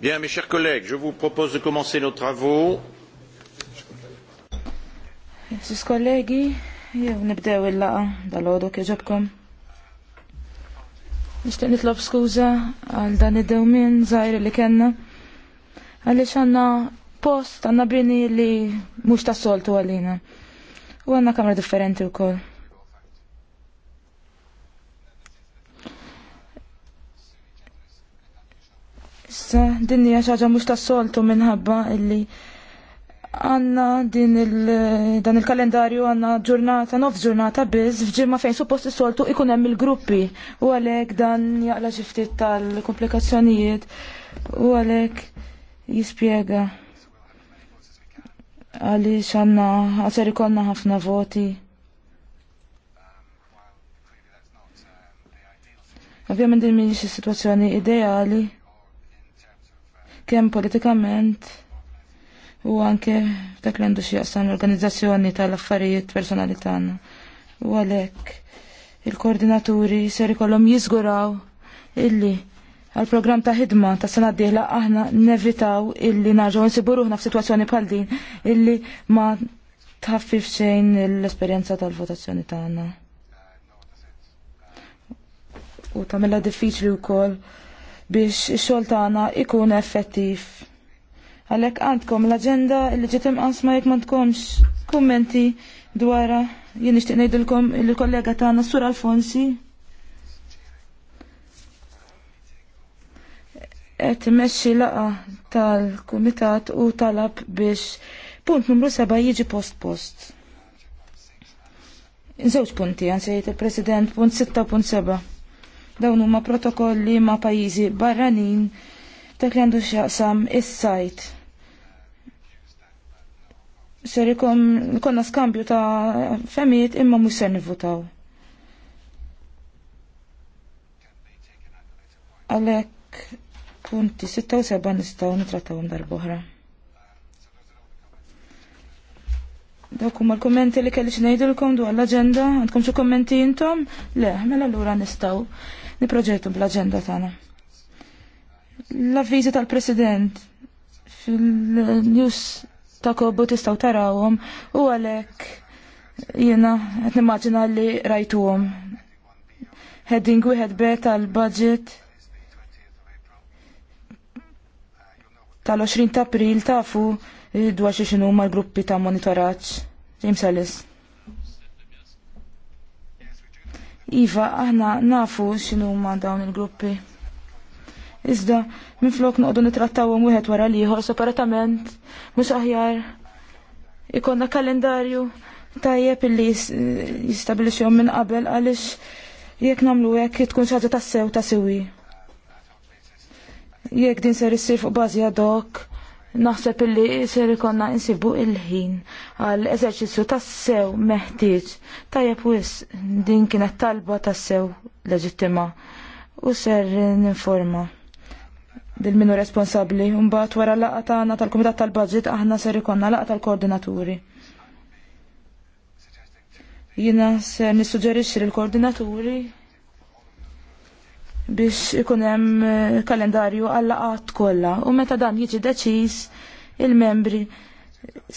Bien, mes chers collègues, je vous propose de commencer nos travaux. Nishtiq nitlob skuża għal dan id-dewmin zaħir li kellna. Għaliex għandna post għandna bini li mhux tas soltu għalina. U għandna kamra differenti wkoll. din hija xi ħaġa mhux tas-soltu minħabba illi għanna din il, dan il-kalendarju għanna ġurnata, nof ġurnata biz, fġimma fejn suppost soltu ikun hemm il-gruppi. U għalek dan jaqla ġiftit tal-komplikazzjonijiet, u għalek jispiega għalix għanna għasar ikonna ħafna voti. Ovvijament din minix situazzjoni ideali kemm politikament u anke dak li għandu xieqsan l-organizzazzjoni tal-affarijiet personali tagħna. U għalhekk il-koordinaturi ser ikollhom jiżguraw illi għal programm ta' ħidma ta' sena d-dieħla aħna nevitaw illi naġgħu nsibu ruħna f'sitwazzjoni bħal din illi ma tħaffif xejn l-esperjenza tal-votazzjoni tagħna. U tagħmilha diffiċli wkoll biex ix-xogħol tagħna ikun effettiv. Għalhekk għandkom l-aġenda li ġiet għasma jekk ma kommenti kummenti dwarha jien nixtieq ngħidilkom il-kollega tagħna Sur Alfonsi. qed imexxi laqa tal-kumitat u talab biex punt numru seba' jiġi post post. Żewġ punti għan sejt il-President punt 6.7. Dawn huma protokolli ma' pajjiżi barranin dak li għandu x'jaqsam is-sajt. Ser ikon konna skambju ta' femijiet imma mhux se nivvutaw. Għalhekk punti 6 u 7 nistgħu nitrattawhom darb'oħra. Dawk huma l-kommenti li kelli xnejdilkom dwar l-aġenda, għandkom xi kommenti intom? Le, mela allura nistgħu niproġettu bl-agenda tagħna. L-avviżi tal-President fil-news ta' kobbu tistaw tarawhom u għalhekk jiena qed nimmaġina li rajtuhom. Heading wieħed B tal-budget tal-20 ta' April tafu dwar xi x'inhu mal-gruppi ta' monitoraġġ. James Ellis. Iva, aħna nafu xinu ma dawn il-gruppi. Iżda, minflok noqdu nitrattawhom wieħed wara liħor separatament, mhux aħjar ikonna kalendarju tajjeb illi jistabilixhom minn qabel għaliex jekk nagħmlu hekk tkun xaġa ħaġa tassew ta' siwi. Jekk din ser issir fuq bażi ad naħseb illi ser ikonna insibu il-ħin għal eżerċizzju tas-sew meħtieġ tajjeb wis din kienet talba tas-sew leġittima u ser ninforma dil minu responsabli mbagħad wara laqgħa tagħna tal-Kumitat tal-Baġġit aħna ser ikonna laqgħa tal-koordinaturi. Jiena ser nissuġġerixxi lill-koordinaturi biex ikun hemm eh, kalendarju għall-laqat kollha u meta dan jiġi deċiż il-membri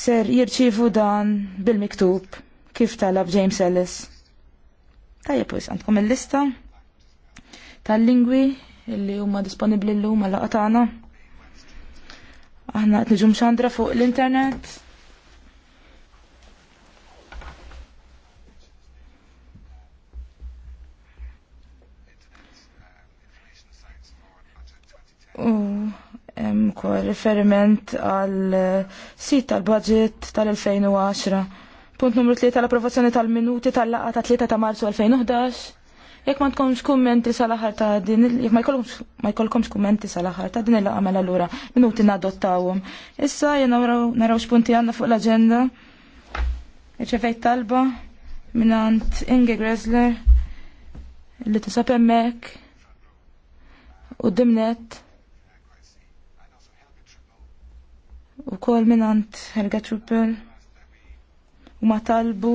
ser jirċivu dan bil-miktub kif talab James Ellis. Tajja pojs għandkom il-lista tal-lingwi li huma disponibbli llum lum laqatana. Aħna qed x'andra fuq l-internet. ukoll referiment għal eh, sit tal-budget tal-2010. Punt numru 3 tal-approvazzjoni tal-minuti tal-laqa ta' 3 ta' Marzu 2011. Jekk ma tkomx kummenti sal-aħħar ta' din, jekk ma jkollkomx kummenti sal-aħħar ta' din il-laqa mela lura, minuti nadottawhom. Issa jena naraw x'punti għandna fuq l-aġenda. Irċevejt talba minant Inge Gressler li tisab hemmhekk u dimnet u kol minant Helga Truppel u ma talbu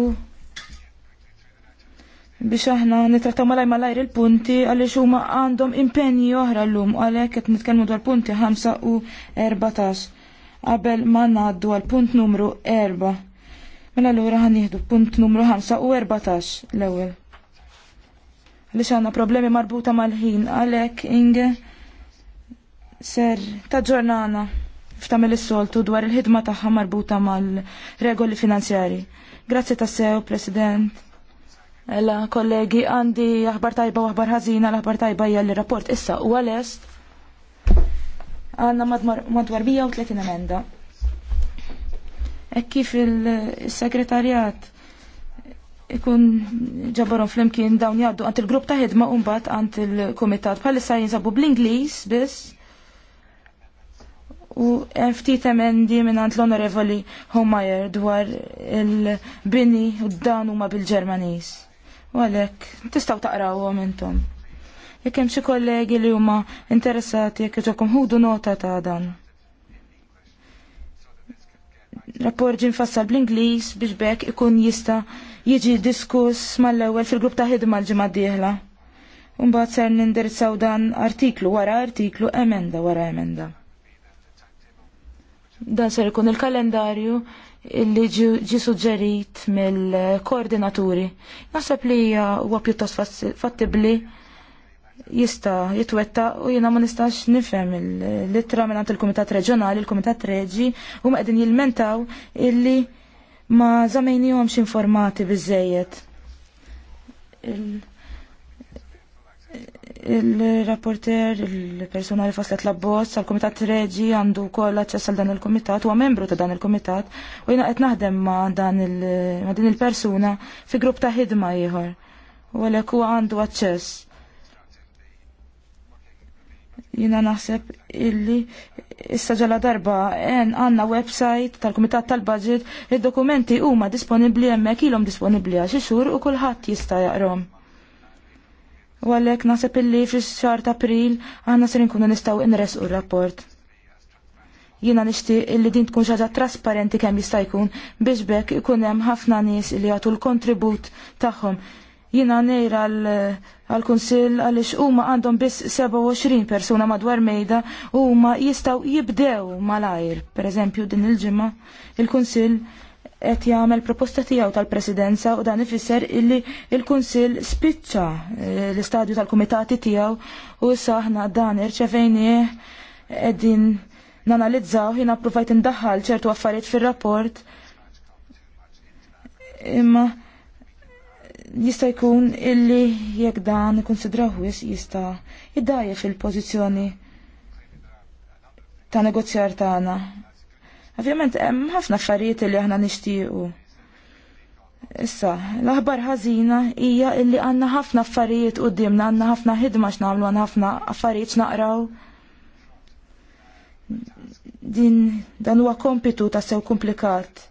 biex aħna nitrattaw malaj malajr il-punti għaliex huma għandhom impenji oħra l-lum għalhekk qed nitkellmu dwar punti 5 u 14 qabel ma ngħaddu għal punt numru 4. Mela allura ħan nieħdu punt numru 5 u 14 l-ewwel. Għaliex għandna problemi marbuta mal-ħin għalhekk Inge ser ta' ġornana f'tamel is-soltu dwar il-ħidma tagħha marbuta mal-regoli finanzjari. Grazzi tassew, President. Ella, kollegi, għandi aħbar tajba u aħbar ħażina, l-aħbar tajba hija li rapport issa huwa lest. Għandna madwar 130 emenda. E kif il-segretarjat ikun fl flimkien dawn jaddu għant il-grupp ta' ħidma mbagħad għant il-komitat bħalissa jinsabu bl-Inglis biss u ftit emendi għand l-onorevoli Homajer dwar il-bini u d-dan huma bil-Ġermanis. U għalek, tistaw taqrawhom intom. Jekk hemm xi kollegi li huma interessati jekk iġokom ħudu nota ta' dan. Rapport ġin fassal bl-Ingliż biex bekk ikun jista' jiġi diskuss mal-ewwel fil-grupp ta' ħidma l-ġimgħa d-dieħla. Umbagħad ser nindirizzaw dan artiklu wara artiklu emenda wara emenda. Dan ser ikun il-kalendarju illi ġi suġġerit mill-koordinaturi. Naħseb li huwa pjuttost fattibli jista jitwetta u jiena ma nistax nifhem l-ittra minn il-Kumitat Reġjonali, il-Kumitat Reġi, u ma jilmentaw illi ma żamejnihomx informati biżejjed. Il il-rapporter, il li faslet la boss, għal-komitat reġi għandu koll aċċess għal dan il-komitat, u membru ta' dan il-komitat, u jina qed naħdem ma' din il-persuna fi grupp ta' ħidma ieħor. U għalhekk huwa għandu aċċess. Jina naħseb illi issa ġala darba en għanna website tal-Kumitat tal-Budget, id-dokumenti huma disponibbli hemmhekk ilhom disponibbli għal xi u kulħadd jista' jaqrom. U għalek nasib illi fil-xar ta' april għanna ser nkunu nistaw inres u rapport. Jina nishti illi din tkun xaġa trasparenti kemm jista' jkun biex bekk ikun hemm ħafna nies li jagħtu l-kontribut tagħhom. Jina nejra għal-Kunsill għaliex huma għandhom biss 27 persuna madwar mejda u huma jistgħu jibdew malajr. Per eżempju din il-ġimgħa il-Kunsill qed jagħmel proposta tiegħu tal-Presidenza u dan ifisser illi il-Kunsill spiċċa eh, l-istadju tal-kumitati tiegħu u issa aħna dan irċevejnieh qegħdin nanalizzaw ħin approvajt indaħħal ċertu affarijiet fir-rapport imma jista' jkun illi jekk dan ikkunsidraw wis jista' jiddajjef fil pożizzjoni ta' negozjar tagħna. Ovvjament hemm ħafna affarijiet li aħna nixtiequ. Issa, l-aħbar ħażina hija illi għandna ħafna affarijiet qudiemna, għandna ħafna ħidma x'nagħmlu, għandna ħafna affarijiet x'naqraw. Din dan huwa kompitu ta' sew komplikat.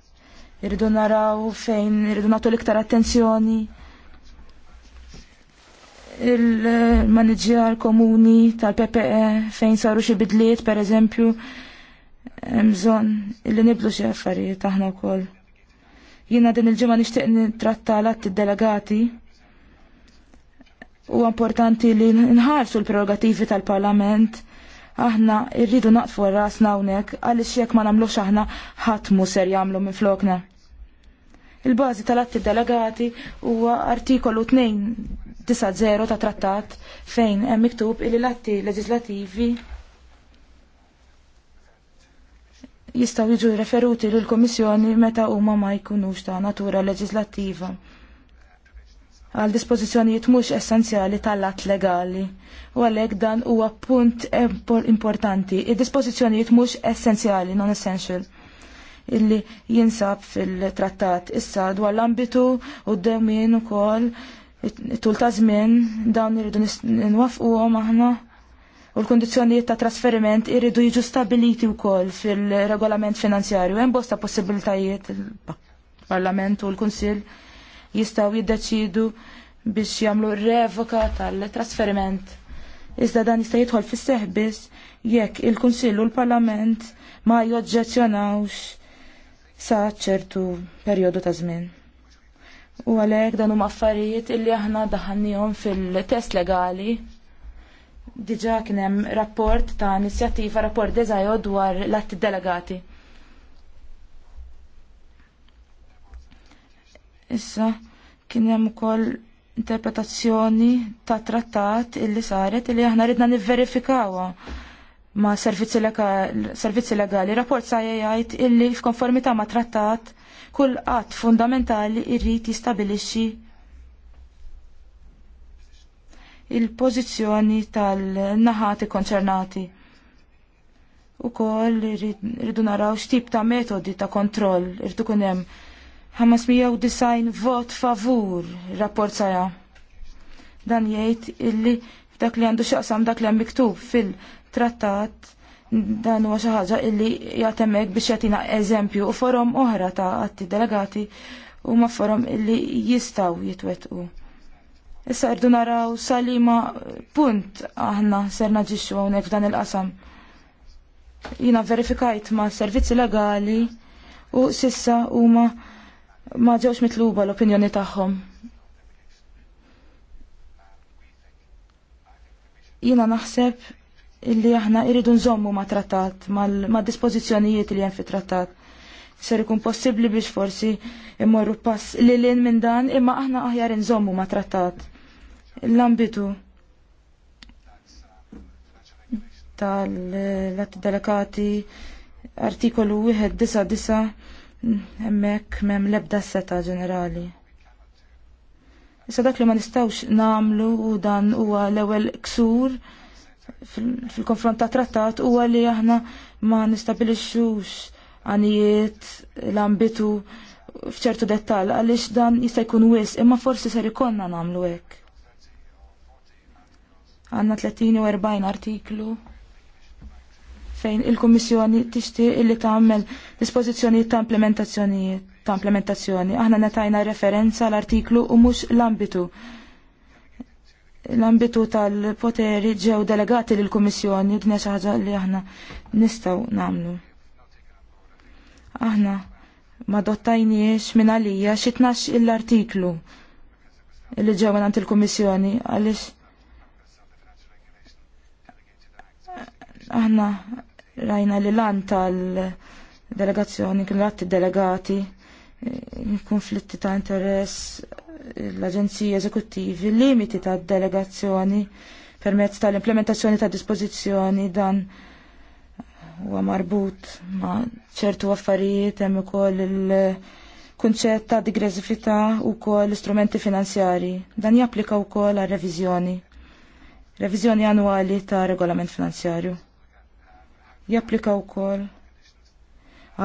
Irridu naraw fejn, irridu nagħtu l-iktar attenzjoni il-manager komuni tal-PPE fejn saru xi bidliet per eżempju Mżon, illi niblu xie affarijiet aħna wkoll. Jiena din il-ġimgħa nixtieq nittratta l-atti delegati. U importanti li nħarsu l-prerogativi tal-Parlament. Aħna rridu naqfu rasna hawnhekk għaliex jekk ma nagħmlux aħna ħatmu ser jagħmlu minn flokna. Il-bażi tal-atti delegati huwa artikolu 2.90 ta' trattat fejn hemm miktub il-atti leġislativi jistaw jiġu referuti lill-Kummissjoni meta huma ma jkunux ta' natura leġislattiva għal dispożizzjonijiet mhux essenzjali tal-att legali. U għalhekk dan huwa punt importanti. Id-dispożizzjonijiet mhux essenzjali, non essential illi jinsab fil-trattat issa dwar l-ambitu u d-demin u kol tul ta' żmien dawn irridu għom aħna u l-kondizjonijiet ta' trasferiment irridu jiġu stabiliti wkoll fil-regolament finanzjarju hemm bosta possibilitajiet il-Parlament u l-Kunsill jistgħu jiddeċidu biex jagħmlu revoka tal-trasferiment. Iżda dan jista' jidħol fis seħħ biss jekk il-Kunsill u l-Parlament ma joġġezzjonawx sa ċertu perjodu ta' żmien. U għalhekk dan huma affarijiet illi aħna daħannihom fil-test legali Diġa kien hemm rapport ta' inizjattiva rapport deżajo dwar l-atti delegati. Issa kien hemm ukoll interpretazzjoni ta' trattat illi saret illi aħna ridna nivverifikawha ma' servizzi legali, Rapport sa' jgħid illi f'konformità ma' trattat kull qatt fundamentali irrid jistabilixxi il-pożizzjoni tal-naħati konċernati. U kol rridu naraw x'tip ta' metodi ta' kontroll irridu kun hemm disajn vot favur rapport saja. Dan jgħid illi dak li għandu xaqsam dak li għam miktub fil-trattat dan huwa xi ħaġa illi jagħtemek biex jagħtina eżempju u forom oħra ta' atti delegati huma forom illi jistgħu jitwettqu. Issa irdu naraw salima punt aħna ser naġixxu hawnhekk f'dan il-qasam. Jina verifikajt ma' servizzi legali u sissa huma ma ġewx mitluba l-opinjoni tagħhom. Jina naħseb illi aħna irridu nżommu ma' trattat, ma' dispożizzjonijiet li hemm fi trattat. Ser ikun possibbli biex forsi immorru pass li minn dan imma aħna aħjar nżommu ma' trattat l-ambitu tal-latti delegati artikolu 199 hemmhekk m'hemm l-ebda seta ġenerali. Issa dak li ma nistawx namlu u dan huwa l-ewwel ksur fil-konfront ta' trattat huwa li aħna ma nistabilixxux għanijiet l-ambitu fċertu dettal għaliex dan jista' jkun wis imma forsi ser ikonna nagħmlu hekk. Għanna 30 u 40 artiklu fejn il-Kummissjoni tixtieq illi tagħmel dispożizzjonijiet ta' implementazzjoni ta' implementazzjoni. Aħna netajna referenza l-artiklu u mhux l-ambitu. L-ambitu tal-poteri ġew delegati lill kummissjoni din xi ħaġa li aħna nistgħu nagħmlu. Aħna ma dottajniex minn għalija xi tnax l-artiklu li ġew minn il-Kummissjoni għaliex Aħna rajna li lan tal-delegazzjoni, kien għatti delegati, eh, konflitti ta' interess, l-Aġenziji Eżekuttivi, limiti ta' delegazzjoni permezz tal-implementazzjoni ta' dispożizzjoni dan huwa marbut ma' ċertu affarijiet hemm ukoll il-kunċett ta' digressività u kol l-istrumenti finanzjari. Dan japplika wkoll għar-reviżjoni. Reviżjoni annwali ta' regolament finanzjarju japplika wkoll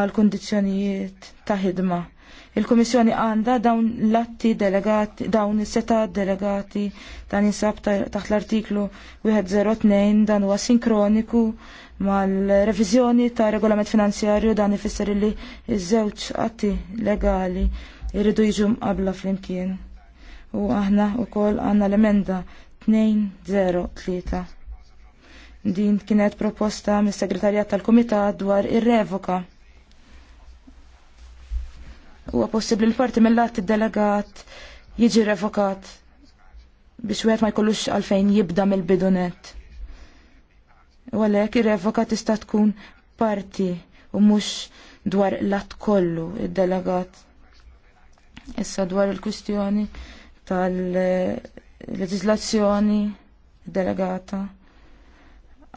għal kondizzjonijiet ta' ħidma. Il-Komissjoni għandha dawn l-atti delegati, dawn is-seta delegati dan jinsab taħt l-artiklu 102 dan huwa sinkroniku mal-reviżjoni ta' regolament finanzjarju dan ifisser li iż-żewġ atti legali jridu jiġu mqabla flimkien. U aħna wkoll għandna l-emenda 203. Din kienet proposta mis-segretarjat tal-Kumitat dwar ir-revoka. Huwa possibbli l-parti mill-att id-delegat jiġi revokat biex wieħed ma jkollux għalfejn jibda mill-bidunet. U għalhekk ir-revoka tista' tkun parti u mhux dwar l-att kollu id-delegat. Issa dwar il-kwistjoni tal-leġislazzjoni delegata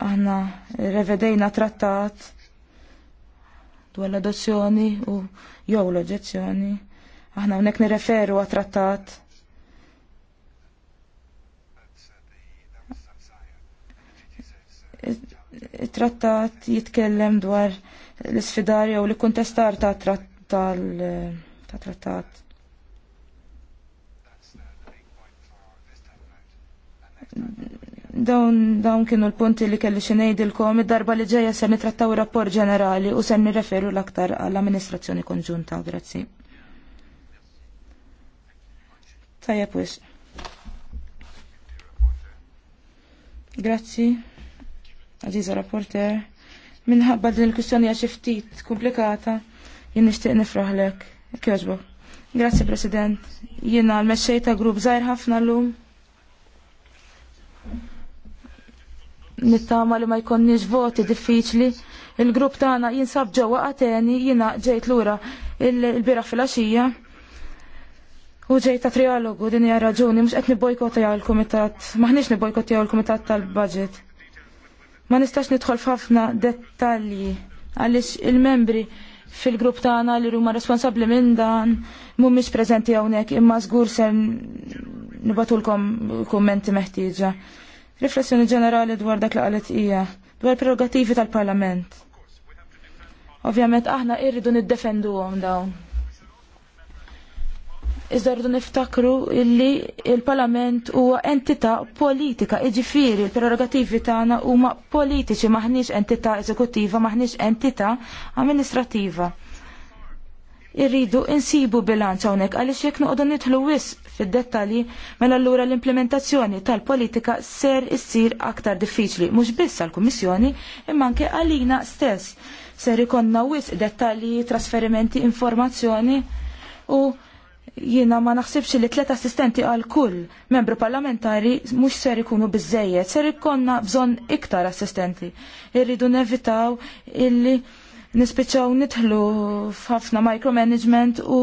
Aħna revedejna trattat dwar l-adozzjoni u jew l-oġezzjoni. Aħna hawnhekk nirreferu għat trattat. Trattat jitkellem dwar l-isfidar jew l ta' ta' trattat dawn dawn kienu l-punti li kelli xinejdilkom id-darba li ġeja se nitrattaw rapport ġenerali u se nirreferu l-aktar għall-amministrazzjoni konġunta, grazzi. Tajja wis. Grazzi, Aziza rapporter. Minħabba din il kustjoni għaxi ftit komplikata, jien nixtieq nifraħlek. Kjoġbok. Grazzi, President. Jiena l-mexxej ta' grupp żgħir ħafna llum nittama li ma jkonniġ voti diffiċli. Il-grupp tagħna jinsab ġewwa Ateni jiena ġejt lura il-bira fil U ġejt ta' trialogu din hija raġuni mhux qed jew l-kumitat, maħniex jew il kumitat tal-budget. Ma nistax nidħol f'ħafna dettalji għaliex il-membri fil-grupp tagħna li huma responsabbli minn dan mhumiex preżenti hawnhekk imma żgur se nibatulkom kummenti meħtieġa. Riflessjoni ġenerali dwar dak li qalet hija dwar prerogativi tal-Parlament. Ovvjament aħna irridu niddefenduhom dawn. Iżda rridu niftakru illi il-Parlament huwa entità politika, iġifieri l-prerogativi tagħna huma politiċi maħniex entità eżekutiva, maħniex entità amministrattiva irridu insibu bilanċ hawnhekk għaliex jekk noqogħdu nidħlu wisq fid-dettalji, mela allura l-implementazzjoni tal-politika ser issir aktar diffiċli, mhux biss għall-Kummissjoni, imma anke għalina stess. Ser ikonna wisq dettalji, trasferimenti, informazzjoni u jiena ma naħsibx li tlet assistenti għal kull membru parlamentari mhux ser ikunu biżejjed, ser ikonna bżonn iktar assistenti. Irridu nevitaw illi nispiċaw nitħlu f'ħafna micromanagement u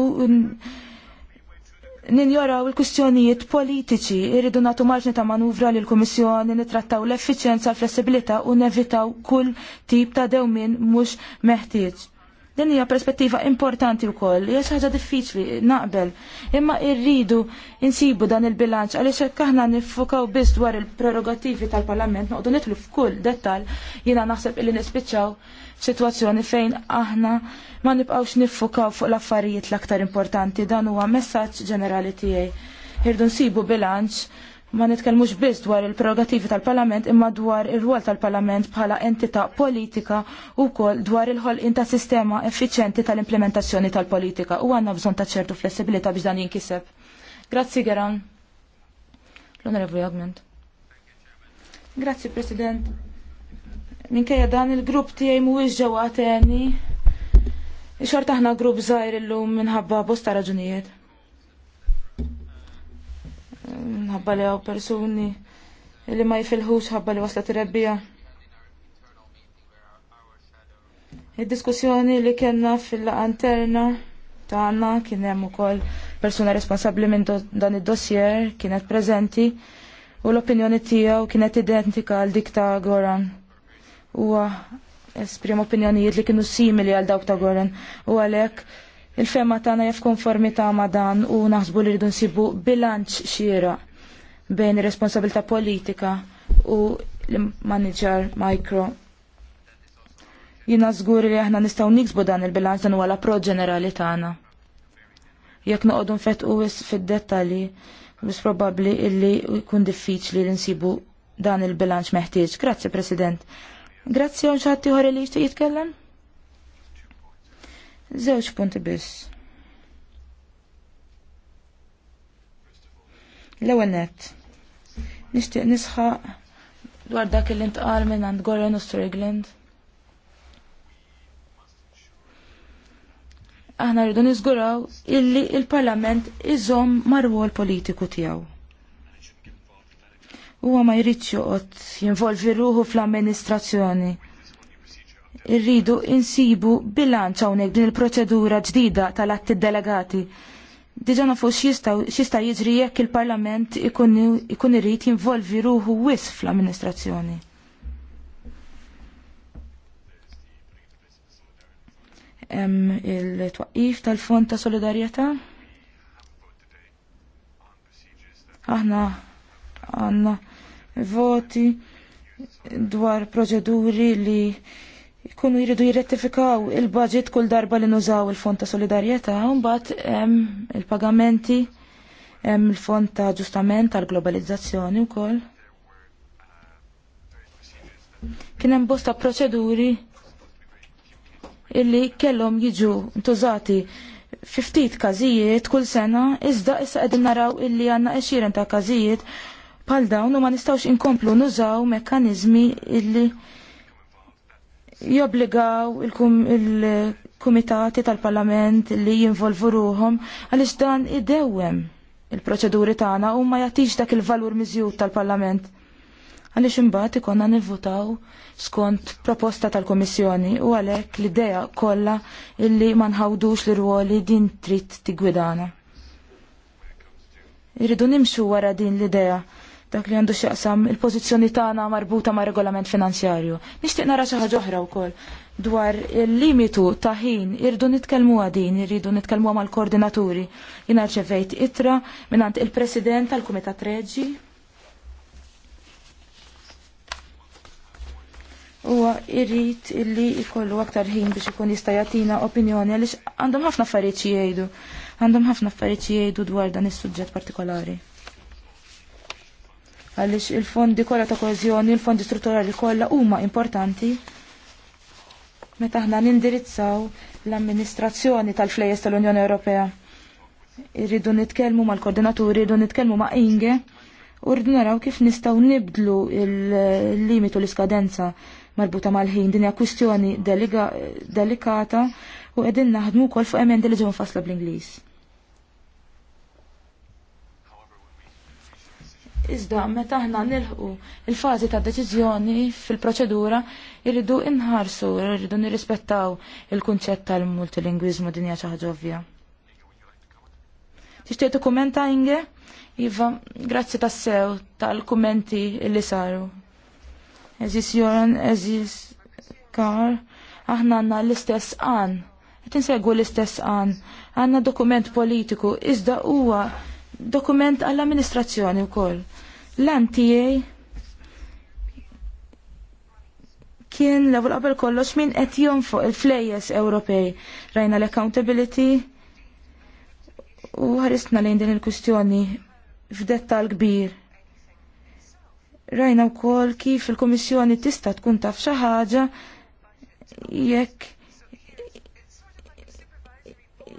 ninjoraw il-kustjonijiet politiċi, irridu natu marġni ta' manuvra li l-Komissjoni nitrattaw l-effiċenza, flessibilità u nevitaw kull tip ta' dewmin mhux meħtieġ. Din hija perspettiva importanti wkoll, hija xi ħaġa diffiċli naqbel, imma rridu insibu dan il-bilanċ għaliex hekk aħna niffukaw biss dwar il-prerogattivi tal-Parlament noqdu nitlu f'kull dettal jiena naħseb illi nispiċċaw situazzjoni fejn aħna ma nibqawx niffukaw fuq l-affarijiet l-aktar importanti dan huwa messaġġ ġenerali tiegħi. Irdu nsibu bilanċ ma nitkellmux biss dwar il-prerogativi tal-Parlament imma dwar ir-rwol tal-Parlament bħala entità politika u kol dwar il-ħolqin ta' sistema effiċenti tal-implementazzjoni tal-politika u għandna bżonn ta' ċertu flessibilità biex dan jinkiseb. Grazzi Geran. L-Onorevoli Augment. Grazzi President. Minkejja dan il-grupp tiegħi mhuwiex ġewwa teni Xorta aħna grupp żgħir illum minħabba bosta raġunijiet. Minħabba li għaw persuni li ma jifilħux ħabba li waslet rebbija. Id-diskussjoni li kienna fil anterna interna tagħna kien hemm ukoll persuna responsabbli minn dan id-dossier kienet preżenti u l-opinjoni tiegħu kienet identika għal dik ta' Goran huwa esprim opinjonijiet li kienu simili għal dawk ta' Goren u għalhekk il-fema tagħna jaf konformità ma' dan u naħsbu li rridu nsibu bilanċ xiera bejn ir-responsabilità politika u l-manager micro. Jina żgur li aħna nistgħu niksbu dan il-bilanċ dan huwa l-approċċ ġenerali tagħna. Jekk noqogħdu nfettqu fid-dettalji, mhux probabbli illi jkun diffiċli li nsibu dan il-bilanċ meħtieġ. Grazzi, President. Grazzi għon xatti għore li jishtiq jitkellem? Zewċ punti biss. L-ewwel nett. Nixtieq nisħaq dwar dak il ntqal minn għand Goran u Strickland. Aħna rridu niżguraw illi il-Parlament iżomm marwol politiku tiegħu huwa ma jridx joqgħod jinvolvi ruħu fl-amministrazzjoni. Irridu insibu bilanċ hawnhekk din il-proċedura ġdida tal-atti delegati. Diġa nafu x'jista' jiġri jekk il-Parlament ikun irid jinvolvi ruħu wis fl-amministrazzjoni. Hemm il-twaqqif tal-Fond ta' Solidarjetà. Aħna għandna voti dwar proċeduri li jkunu jridu jirrettifikaw il-budget kull darba li nużaw il-fond ta' solidarjetà, un hemm il-pagamenti hemm il-fond ta' ġustament tal-globalizzazzjoni wkoll. Kien hemm bosta proċeduri illi kellhom jiġu ntużati ftit każijiet kull sena, iżda issa qegħdin naraw illi għandna għexieren ta' każijiet pal dawn u ma nistawx inkomplu nużaw mekkanizmi illi jobligaw il kumitati tal parlament li jinvolvu ruhom għaliex dan idewwem il-proċeduri tagħna u ma jagħtix dak il-valur miżjud tal-parlament. Għaliex imbagħad ikonna nivvutaw skont proposta tal-Komissjoni u għalhekk l-idea kollha illi ma nħawdux l ruoli din trid tigwidana irridu nimxu wara din l-idea dak li għandu xaqsam il-pozizjoni tagħna marbuta ma' regolament finanzjarju. Nixtieq nara xi ħaġa oħra wkoll dwar il-limitu ta' ħin irdu nitkellmu din, irridu nitkellmu mal-koordinaturi. Jien rċevejt itra minnant il-President tal-Kumitat Reġi. Huwa irrid illi jkollu aktar ħin biex ikun jista' jagħtina opinjoni għaliex għandhom ħafna affarijiet jgħidu. Għandhom ħafna affarijiet jgħidu dwar dan is-suġġett partikolari għaliex il-fondi kollha ta' koeżjoni, il-fondi strutturali kollha huma importanti meta ħna nindirizzaw l-amministrazzjoni tal-flejes tal-Unjoni Ewropea. Irridu nitkellmu mal-koordinaturi, irridu nitkellmu ma' Inge, u rridu naraw kif nistgħu nibdlu il-limitu l-iskadenza marbuta mal-ħin. Din hija kwistjoni delikata u qegħdin naħdmu wkoll fuq emendi li ġew fasla bl-Ingliż. Iżda meta aħna nilħu il-fażi ta' deċiżjoni fil-proċedura irridu inħarsu, irridu nirrispettaw il-kunċett tal-multilingwiżmu din hija xi ħaġa ovvja. Tixtieq dokumenta Inge? Iva, grazzi tassew tal kumenti li saru. Eżis Joran, eżis Kar, aħna għandna l-istess għan. Qed insegwu l-istess għan. Għandna dokument politiku, iżda huwa dokument għall-amministrazzjoni wkoll. L-antijaj kien l-ewwel qabel kollox min qed jonfoq il-flejjes Ewropej. Rajna l-accountability u ħarisna lejn din il-kwistjoni f'dettal kbir. Rajna wkoll kif il-Kummissjoni tista' tkun taf xi ħaġa jekk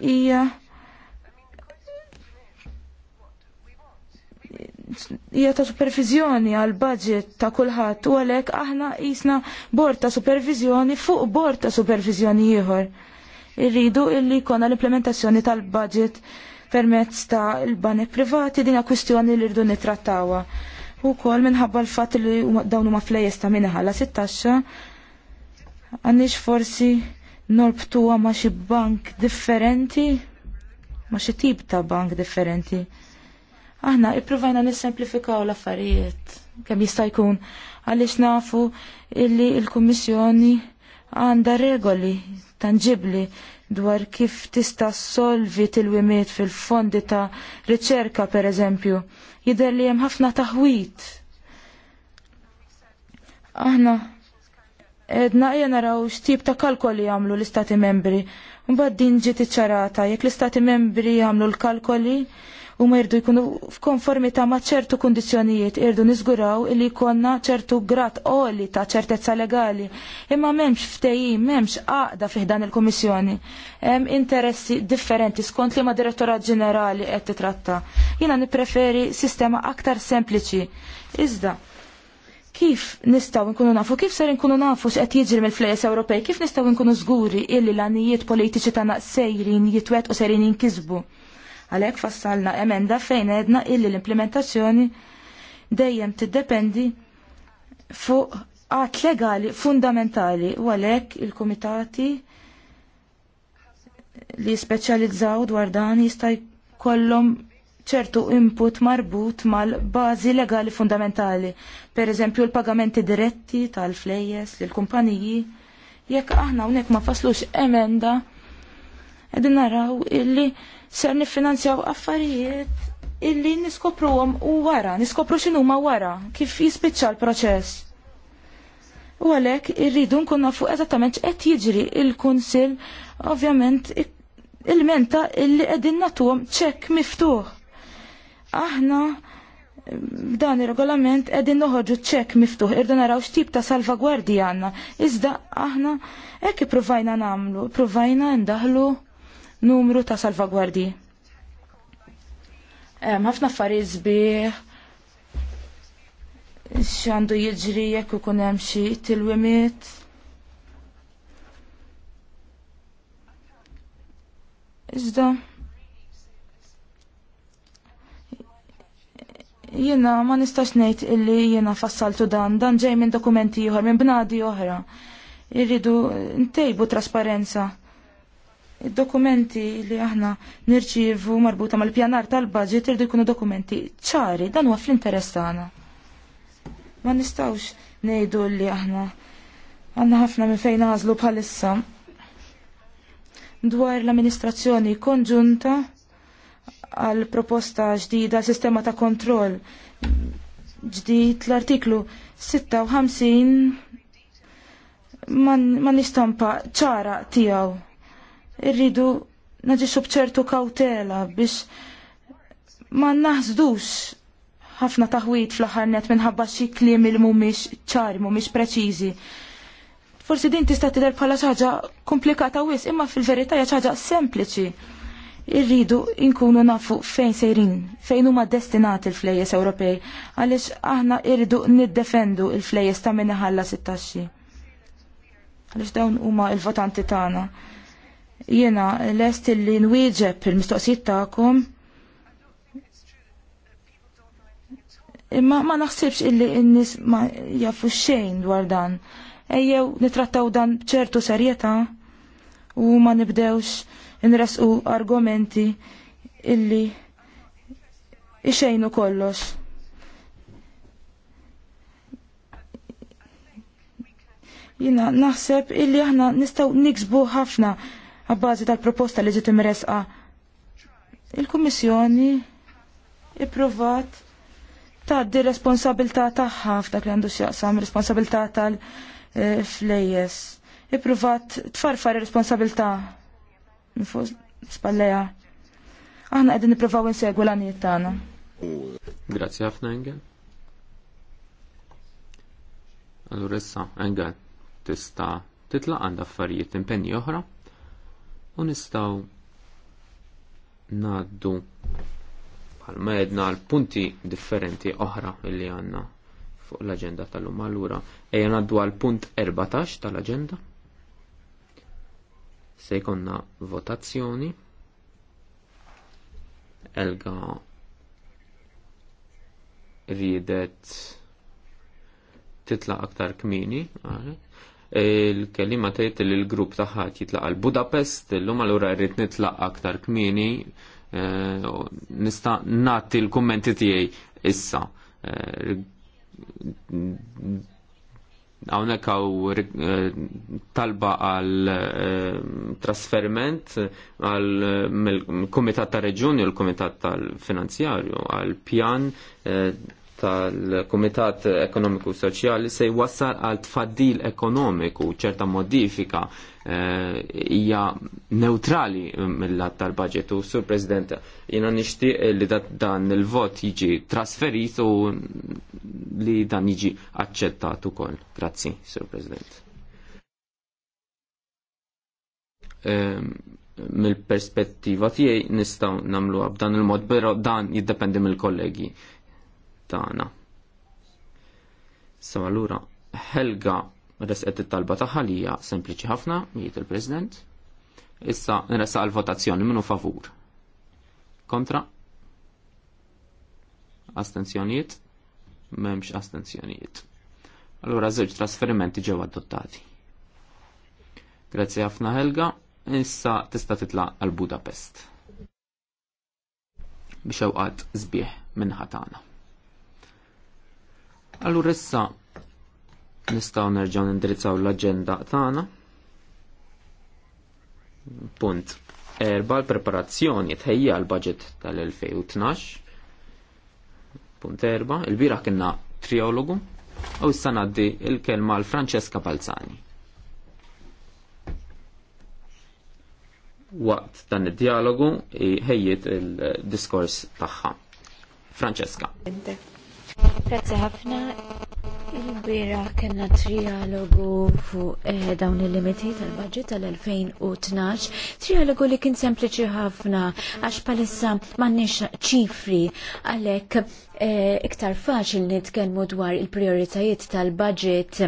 hija hija ta' supervizjoni għal budget ta' kulħadd u għalhekk aħna qisna bord ta' supervizjoni fuq bord ta' supervizjoni ieħor. Irridu illi jkollna l-implementazzjoni tal-budget permezz ta' l-banek privati din kwistjoni li rridu nittrattawha. U kol minħabba l-fatt li dawn huma flejjes ta' minħalla sittaxxa għandix forsi norbtuha ma' xi bank differenti ma' xi tip ta' bank differenti Aħna ippruvajna nissemplifikaw l-affarijiet kemm jista' jkun għaliex nafu illi l-Kummissjoni għandha regoli tanġibli dwar kif tista' solvi wimiet fil-fondi ta' riċerka per eżempju. Jider li hemm ħafna taħwit. Aħna edna jena naraw x'tip ta' kalkoli jagħmlu l-Istati Membri. Mbagħad din ġiet iċċarata jekk l-Istati Membri jagħmlu l-kalkoli u ma jirdu jkunu f'konformità ma' ċertu kundizzjonijiet irdu niżguraw li jkollna ċertu grat oli ta' ċertezza legali. Imma m'hemmx ftehim, m'hemmx għaqda fih dan il-Kummissjoni. Hemm interessi differenti skont li ma' Direttorat Ġenerali qed titratta. Jiena nippreferi sistema aktar sempliċi. Iżda, kif nistaw nkunu nafu, kif ser nkunu nafu x'qed jiġri mill-flejes Ewropej, kif nistaw nkunu żguri illi l-għanijiet politiċi ta' sejrin jitwet u serin jinkisbu. Għalhekk fassalna emenda fejn edna illi l-implementazzjoni dejjem tiddependi fuq għat legali fundamentali u għalhekk il-kumitati li speċjalizzaw dwar dan jista' jkollhom ċertu input marbut mal-bażi legali fundamentali, per eżempju l-pagamenti diretti tal-flejjes l kumpaniji jekk aħna hawnhekk ma faslux emenda qegħdin naraw illi ser nifinanzjaw affarijiet illi niskopruhom u wara, niskopru x'inhuma wara kif jispiċċa l-proċess. U għalhekk irridu nkun nafu eżattament qed jiġri il-Kunsill ovvjament il-menta illi qegħdin nagħtuhom ċekk miftuħ. Aħna b'dan mm, ir-regolament qegħdin noħorġu ċek miftuħ irdu naraw x'tip ta' salvagwardji għandna. Iżda aħna hekk ippruvajna nagħmlu, pruvajna ndaħlu numru ta' salvagwardi. Ħafna affarijiet sbieħ x'għandu jiġri jekk ikun hemm xi tilwimiet. Iżda Jena ma nistax ngħid illi jiena fassaltu dan, dan ġej minn dokumenti ieħor, minn bnadi oħra. Irridu ntejbu trasparenza Id-dokumenti li aħna nirċievu marbuta mal-pjanar tal-budget irdu jkunu dokumenti ċari, dan huwa fl-interess tagħna. Ma nistgħux ngħidu li aħna għandna ħafna minn fejn għażlu bħalissa dwar l-amministrazzjoni konġunta għal proposta ġdida sistema ta' kontroll ġdid l-artiklu 56 man, man istampa ċara tijaw irridu naġiċu bċertu kautela biex ma naħzdux ħafna taħwit fl-aħħar net minħabba xi kliem il mhumiex ċari, mhumiex preċiżi. Forsi din tista' tidher bħala xi ħaġa komplikata wis, imma fil-verità hija xi ħaġa sempliċi. Irridu nkunu nafu fejn sejrin, fejn huma destinati l-flejjes Ewropej, għaliex aħna irridu niddefendu l-flejjes ta' min iħallas it-taxxi. Għaliex dawn huma l-votanti tagħna. Jiena lest li nwieġeb il-mistoqsijiet tagħkom. Imma ma naħsibx illi n-nies ma jafu xejn dwar dan. Ejjew nitrattaw dan b'ċertu serjetà u ma nibdewx nresqu argumenti illi ixejnu kollox. Jina naħseb illi aħna nistaw niksbu ħafna għabbażi tal-proposta li ġiet imresqa. Il-Kummissjoni ipprovat tgħaddi responsabilità tagħha f'dak li għandu x'jaqsam responsabilità tal-flejjes. Ipprovat tfarfar responsabilità fuq spalleja. Aħna qegħdin nippruvaw insegwu l-għanijiet tagħna. Grazzi ħafna Engel. Allura issa Engel tista' titlaq għandha affarijiet impenji oħra u nistaw naddu għal medna l-punti differenti oħra li għanna fuq l-agenda tal-lum allura ejja naddu għal punt 14 tal-agenda se votazzjoni Elga ridet titla aktar kmini, għalek il-kelima tgħid li l-grupp tagħha jitlaqa l-Budapest, illum allura rrit nitlaqa aktar kmieni eh, nista' nagħti l-kummenti tiegħi issa. Eh, hawnhekk hawn eh, talba għal trasferiment għal komitat kumitat ta' Reġuni u l-Kumitat tal-Finanzjarju għal pjan tal-Kumitat Ekonomiku Soċjali se jwassal għal tfaddil ekonomiku ċerta modifika eh, hija e, neutrali mill-lat tal-budget u sur President jiena nixtieq li dan il-vot jiġi trasferit u li dan jiġi aċċettat ukoll. Grazzi, Sur President. Um, mill-perspettiva tiegħi nistgħu nagħmluha b'dan il-mod, però dan jiddependi mill-kollegi tagħna. Sama allura Helga resqet it-talba tagħha li hija sempliċi ħafna, mijiet il-President. Issa nresa l-votazzjoni minnu favur. Kontra? Astenzjonijiet? M'hemmx astenzjonijiet. Allura żewġ trasferimenti ġew adottati. Grazzi ħafna Helga, issa tista' titla' għal Budapest. Bixewqat zbieħ minn ħatana. Allura issa nistgħu nerġgħu nindirizzaw l-aġenda tagħna. Punt. Erba l-preparazzjoni tħejja l-budget tal-2012. Punt erba, il-bira kienna triologu u issa ngħaddi l kelma l Franceska Balzani. Waqt dan id-dialogu ħejjiet il-diskors tagħha. Francesca. Grazie ħafna. Il-bira kena trialogu fuq eh, dawn il-limiti tal-budget tal-2012. Trialogu li kien sempliċi ħafna għax palissa mannix ċifri għalek Eh, iktar faċil nitkellmu dwar il-prioritajiet tal-budget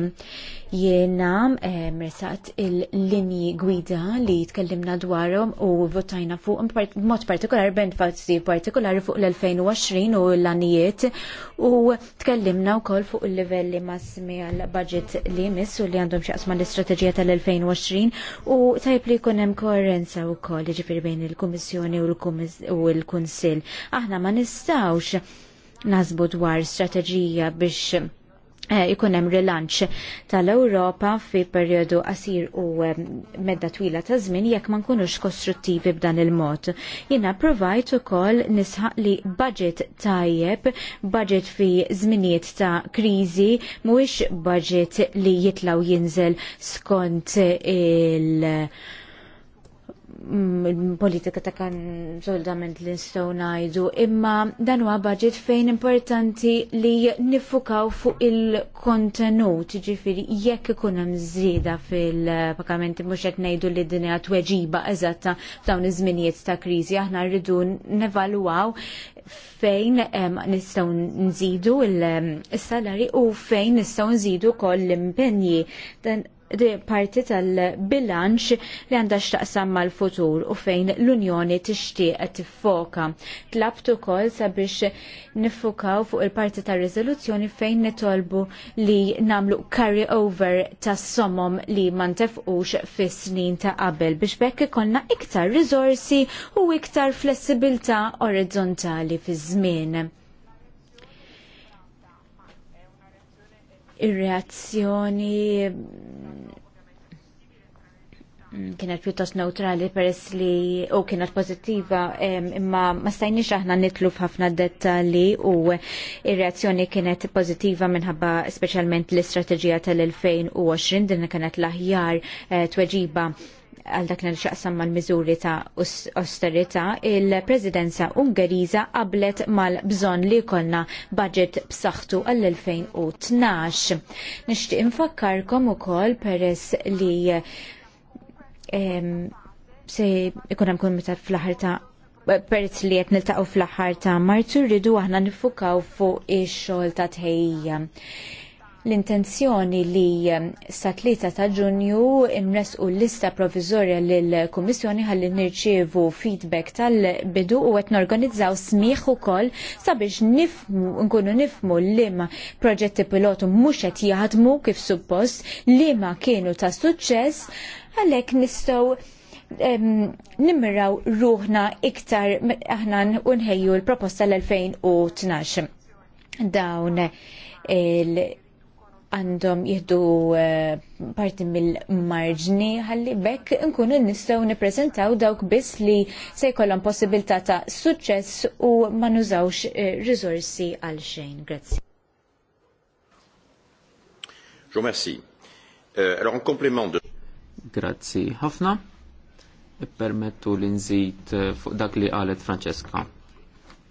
jiena eh, mresat il-linji gwida li tkellimna dwarhom u votajna fuq mod partikolari bent fazzi partikolari fuq l-2020 u l-anijiet u tkellimna wkoll fuq il-livelli massimi għal-budget li jmiss u li għandhom xaqsma l-istrateġija tal-2020 u tajb li jkun hemm koerenza wkoll jiġifieri bejn il-Kummissjoni u l-Kunsill. Aħna ma nistgħux nasbu dwar strateġija biex eh, ikun hemm rilanċ tal-Ewropa fi perjodu qasir u eh, medda twila ta' żmien jekk ma nkunux kostruttivi b'dan il-mod. Jiena provajt ukoll nisħaq li budget tajjeb, budget fi żminijiet ta' kriżi mhuwiex budget li jitlaw jinżel skont il- politika ta' kan soldament li nistgħu ngħidu, imma dan huwa budget fejn importanti li nifukaw fuq il-kontenut, ġifiri jekk ikun hemm żieda fil-pagamenti mhux qed ngħidu li din hija tweġiba eżatta f'dawn iż-żminijiet ta' kriżi, aħna rridu nevalwaw fejn nistgħu nżidu il-salari u fejn nistgħu nżidu koll l-impenji di parti tal-bilanċ li għandha xtaqsam mal-futur u fejn l-Unjoni tixtieq tiffoka. Tlabtu kol sabiex nifukaw fuq il-parti tar-riżoluzzjoni fejn nitolbu li namlu carry over tas somom li ma tefqux fis-snin ta' qabel biex bekk ikollna iktar rizorsi u iktar flessibilità orizzontali fi żmien. ir-reazzjoni kienet pjuttost neutrali peress li u kienet pozittiva imma ma stajniex aħna nitlu f'ħafna dettalji u ir-reazzjoni kienet pozittiva minħabba speċjalment l-istrateġija tal-2020 din kienet l-aħjar eh, tweġiba għal dak li xaqsam mal-miżuri ta' austerita, il-Presidenza Ungeriża qablet mal-bżonn li jkollna budget b'saħħtu għall-2012. Nixtieq infakkarkom ukoll peress li se ikun hemm kumitat fl-aħħar ta' perz li qed niltaqgħu fl-aħħar ta' Marzu rridu aħna nifukaw fuq ix-xogħol ta' tħejja. L-intenzjoni li sa' 3 ta' Ġunju imresqu l-lista proviżorja lill-Kummissjoni ħalli nirċievu feedback tal-bidu u qed norganizzaw smieħ ukoll sabiex nifmu nkunu nifmu liema proġetti pilotu mhux qed jaħdmu kif suppost liema kienu ta' suċċess għalhekk nistgħu nimraw ruħna iktar aħna unħejju l-proposta l-2012. Dawn il għandhom jihdu e, parti mill-marġni ħalli bekk nkunu nistgħu nippreżentaw dawk biss li se jkollhom possibilità ta' suċċess u ma nużawx e, riżorsi għal xejn. Grazzi. Jo merci. Euh, alors en complément de Grazzi ħafna. Permettu li nżid eh, fuq dak li qalet Franceska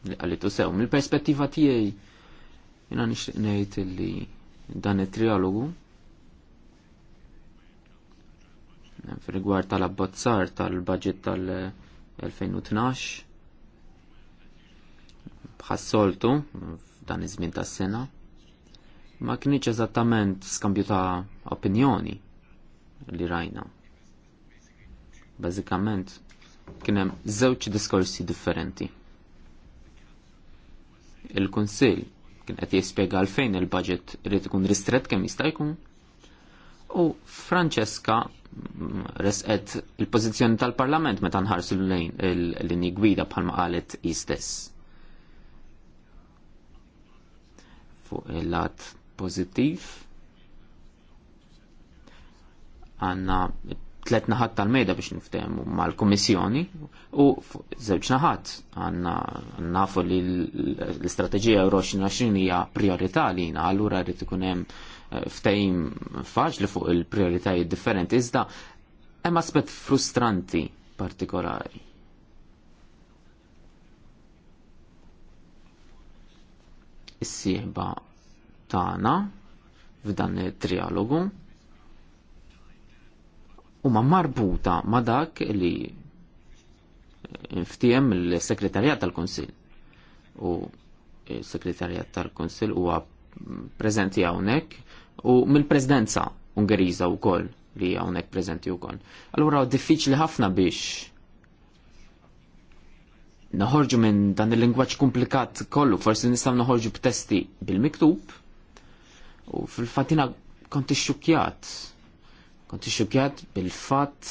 li qalet u sew. mil perspettiva tiegħi jiena nixtieq ngħid li dan it-trialogu fil-rigward tal-abbozzar tal-budget tal-2012 bħassoltu dan iż-żmien tas-sena ma kienx eżattament skambju ta' opinjoni li rajna. Bażikament kien hemm żewġ diskorsi differenti. Il-Kunsill kien qed jispjega għalfejn il-budget irid ikun ristret kemm jista' jkun u Franceska resqet il-pożizzjoni tal-Parlament meta nħarsu lejn l-linji gwida bħalma qalet istess. Fuq il-lat pożittiv għanna tlet naħat tal-mejda biex niftehmu mal-Kummissjoni u żewġ naħat għanna nafu li l-istrateġija Euro hija priorità lina, allura rrid ikun hemm eh, faċ faċli fuq il-prioritajiet differenti iżda hemm aspett frustranti partikolari. Is-sieħba tagħna f'dan it-trialogu huma marbuta ma dak li ftiem il-sekretarjat tal-Konsil. U il-sekretarjat tal-Konsil huwa preżenti hawnhekk u mill-Presidenza Ungeriża wkoll li hawnhekk preżenti wkoll. Allura diffiċli ħafna biex naħorġu minn dan il-lingwaġġ komplikat kollu, forsi nistgħu noħorġu b'testi bil-miktub u fil-fatina konti xukjat. Konti xukjat bil-fat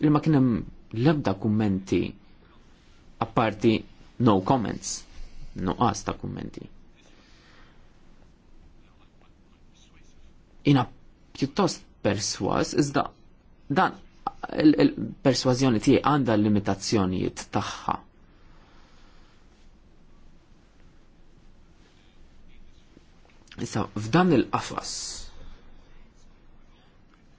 il ma kienem labda kummenti apparti no comments, no asta kummenti. jina pjuttost perswas, izda dan il-perswazjoni tiegħi għandha l-limitazzjonijiet tagħha. Issa, f'dan il-qafas,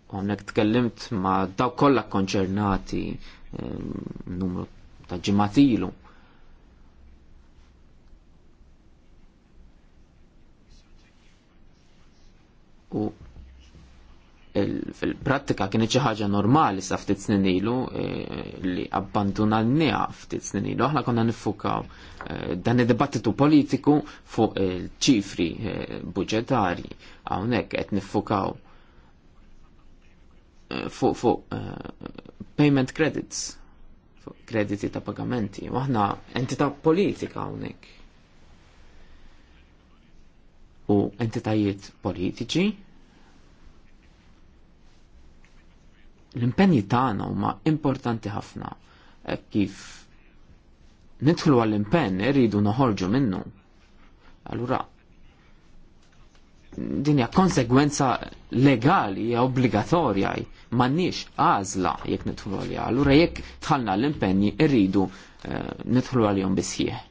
Għonek tkellimt ma daw kollha konċernati numru ta' ġimatilu. U fil-prattika kien xi ħaġa normali sa ftit snin ilu e, li n-nija ftit snin ilu. Aħna konna niffukaw e, dan id-dibattitu politiku fuq il-ċifri e, budġetarji hawnhekk qed niffukaw fuq fuq eh, payment credits fuq krediti ta' pagamenti waħna entita politika hawnhekk u entitajiet politiċi l-impenji tagħna huma importanti ħafna e kif nidħlu għall-impenn irridu noħorġu minnu. Allura dinja konsegwenza legali hija obbligatorja m'għandniex għażla jekk nidħlu għalija. Allura jekk tħallna l-impenni rridu eh, nidħlu għalihom bisħie.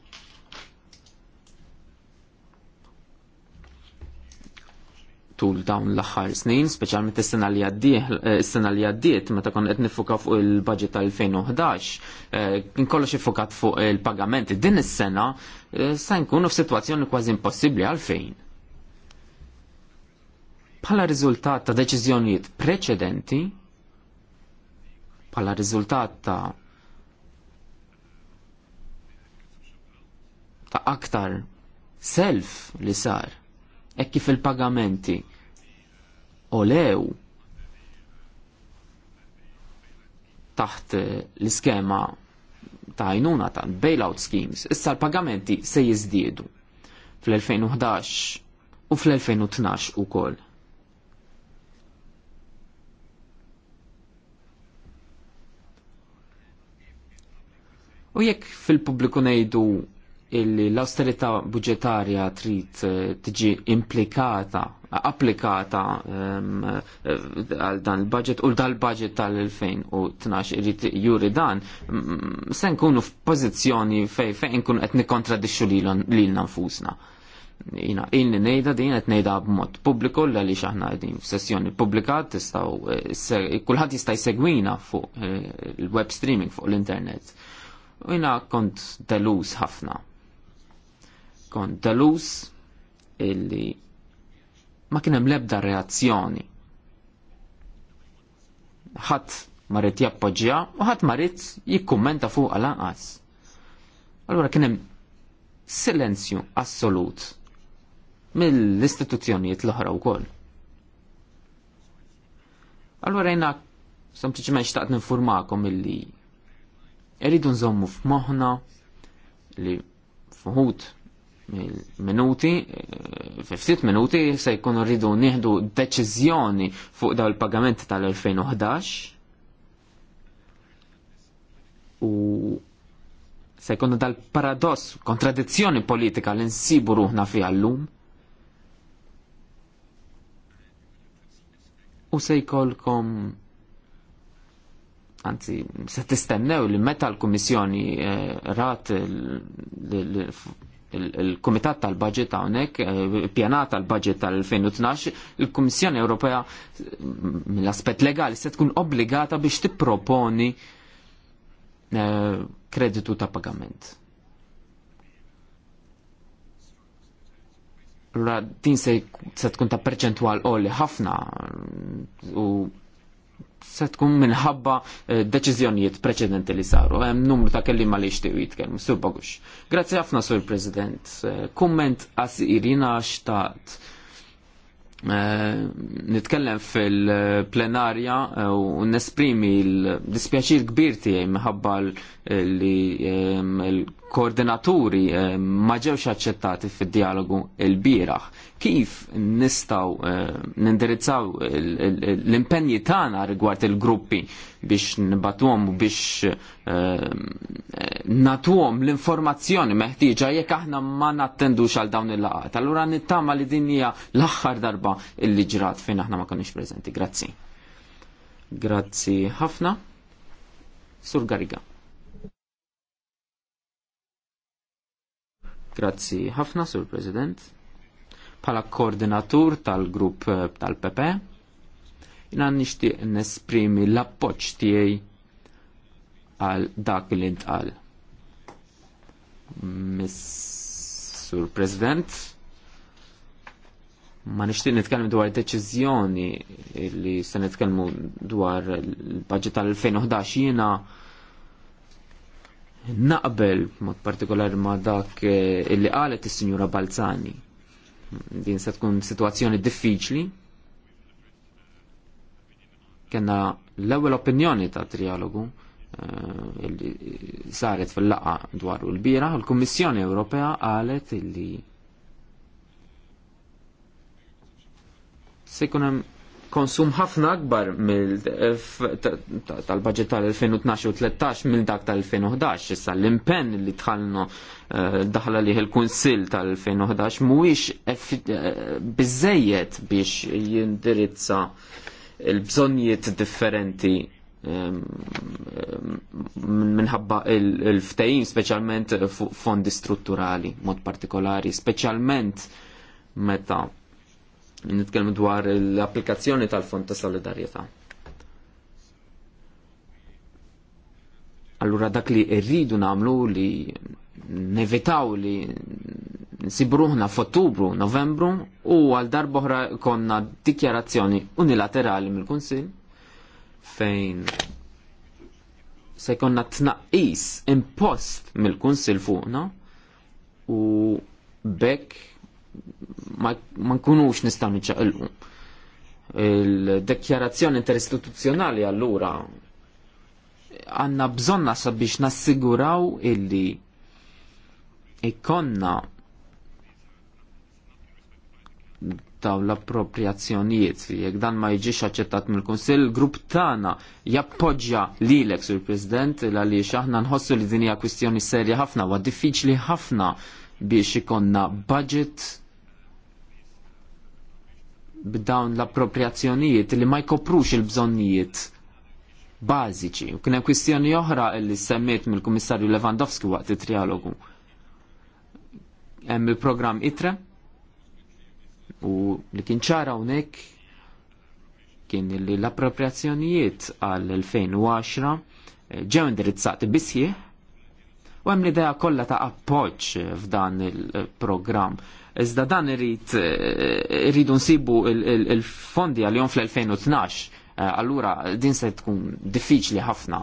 tul dawn l-aħħar snin, speċjalment is-sena li eh, sena li għaddiet meta kon qed nifuka fuq il-budget tal-2011, kien eh, kollox ifukat fuq il-pagamenti. Din is-sena se nkunu f'sitwazzjoni kważi impossibbli għalfejn Bħala riżultat ta' deċiżjonijiet preċedenti, bħala riżultat ta' ta' aktar self li sar, e kif il-pagamenti olew taħt l-iskema ta' jnuna ta' bailout schemes, issa l-pagamenti se jizdiedu fl-2011 u fl-2012 u koll. U jekk fil-pubbliku ngħidu illi l-austerità budgetarja trid eh, tiġi implikata, applikata ehm, eh, għal dan il-budget u dal-budget tal-2012 irid juri dan, mm, se nkunu f'pożizzjoni fejn fejn nkunu qed nikkontradixxu lilna nfusna. Jina, inni nejda din qed nejda b'mod pubbliku l li aħna qegħdin f'sessjoni pubblika tistgħu eh, kulħadd jista' jsegwina fuq il-web streaming fuq l-internet u jina kont delus ħafna. Kont delus illi ma kienem lebda reazzjoni. ħadd marit jappoġġja u ħadd marit jikkummenta fuq lanqas. Allura kien hemm silenzju assolut mill-istituzzjonijiet l-oħra wkoll. Allura jina sempliċement xtaqt ninformakom illi Eridu nżommu f'moħna li fuħut minuti, 50 eh, minuti se jkun rridu nieħdu deċiżjoni fuq daw il-pagament tal-2011 u se jkunu dal-paradoss, kontradizzjoni politika li nsibu ruħna fi għallum. U se jkollkom anzi, se tistennew li meta l-Kummissjoni eh, rat il-Kumitat tal-Budget hawnhekk, eh, pjanat tal-Budget tal-2012, il-Kummissjoni Ewropea mm, mill-aspett legali se tkun obbligata biex tipproponi eh, kreditu ta' pagament. Allora, din se tkun ta' perċentual qoli ħafna mm, u se tkun minħabba eh, deċiżjonijiet preċedenti li saru. Hemm numru ta' kelliema li jixtiequ jitkellmu, Sur Grazzi ħafna Sur President. Eh, kumment qasir jiena xtaqt eh, nitkellem fil-plenarja u nesprimi l-dispjaċir kbir tiegħi minħabba li koordinaturi eh, ma ġewx aċċettati fid-dialogu il-bieraħ. Kif nistaw eh, nindirizzaw l-impenji tagħna rigward il-gruppi biex nibatuhom u biex eh, natuhom l-informazzjoni meħtieġa jekk aħna ma nattendux għal dawn il-laqat. Allura nittama li din hija l-aħħar darba illi ġrat fejn aħna ma konniex preżenti. Grazzi. Grazzi ħafna. Sur Gariga. Grazzi ħafna, Sur President. Pala koordinatur tal-grupp eh, tal-PP, jina nishtiq nesprimi l-appoċ tiegħi għal dak li ntqal. Sur President, ma nixtieq nitkellem dwar deċiżjoni li se nitkellmu dwar il-budget tal-2011 jiena naqbel mod partikolari ma dak eh, illi qalet is-Sinjura Balzani. Din se tkun sitwazzjoni diffiċli. Kenna l-ewwel opinjoni ta' trialogu eh, illi saret fil-laqa dwar u l-bira, l-Kummissjoni Ewropea qalet illi se jkun hemm konsum ħafna akbar tal-budget tal-2012 u 13 mill dak tal-2011. Issa l-impenn li tħallnu eh, daħla liħ il-Kunsill tal-2011 mhuwiex eh, biżejjed biex jindirizza il-bżonjiet differenti ehm, ehm, minħabba il-ftejim, specialment fondi strutturali, mod partikolari, specialment meta nitkellmu dwar l-applikazzjoni tal-Fond ta' Solidarjetà. Allura dak li rridu nagħmlu li nevitaw li nsibruħna f'Ottubru, Novembru u għal darboħra konna dikjarazzjoni unilaterali mill-Kunsill fejn se jkollna tnaqqis impost mill-Kunsill fuqna u bekk ma nkunux nistgħu niċċaqilqu. Il-dekjarazzjoni interistituzzjonali allura għanna naħseb sabiex nassiguraw illi ikonna daw l-appropriazzjonijiet jekk dan ma jiġix aċċettat mill-Kunsill, grupp tagħna jappoġġja lilek sur President għaliex aħna nħossu li din hija kwistjoni serja ħafna u diffiċli ħafna biex ikonna budget b'dawn l-appropriazzjonijiet li ma jkoprux il-bżonnijiet bażiċi. U kien hemm kwistjoni oħra li semmiet mill-Kummissarju Lewandowski waqt it-trialogu. Hemm il-programm ITRE u li kien ċara hawnhekk kien li l-appropriazzjonijiet għal 2010 ġew indirizzati bisħieħ U hemm l-idea kollha ta' appoġġ f'dan il-programm. Iżda dan irid eh, irridu nsibu il-fondi għal jom fl-2012, eh, allura din se tkun diffiċli ħafna.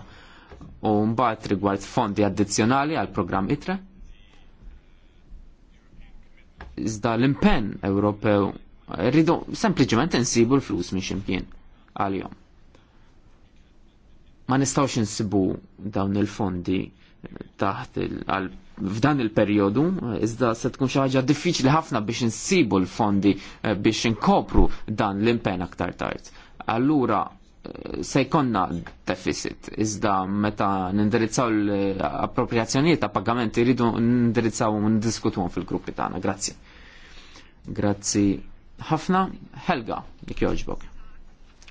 U mbagħad rigward fondi addizzjonali għal programm ITRE. Iżda l-impenn Ewropew rridu sempliċement insibu l-flus minn ximkien għal jom. Ma nistgħux insibu dawn il-fondi taħt f'dan il periodu iżda se tkun xi ħaġa diffiċli ħafna biex insibu l-fondi eh, biex inkopru dan l-impen aktar tard. Allura eh, se jkonna deficit, iżda meta nindirizzaw l-appropriazzjonijiet ta' pagamenti rridu nindirizzaw u ndiskutuhom fil-gruppi tagħna. Grazzi. Grazzi ħafna. Helga, jekk jogħġbok.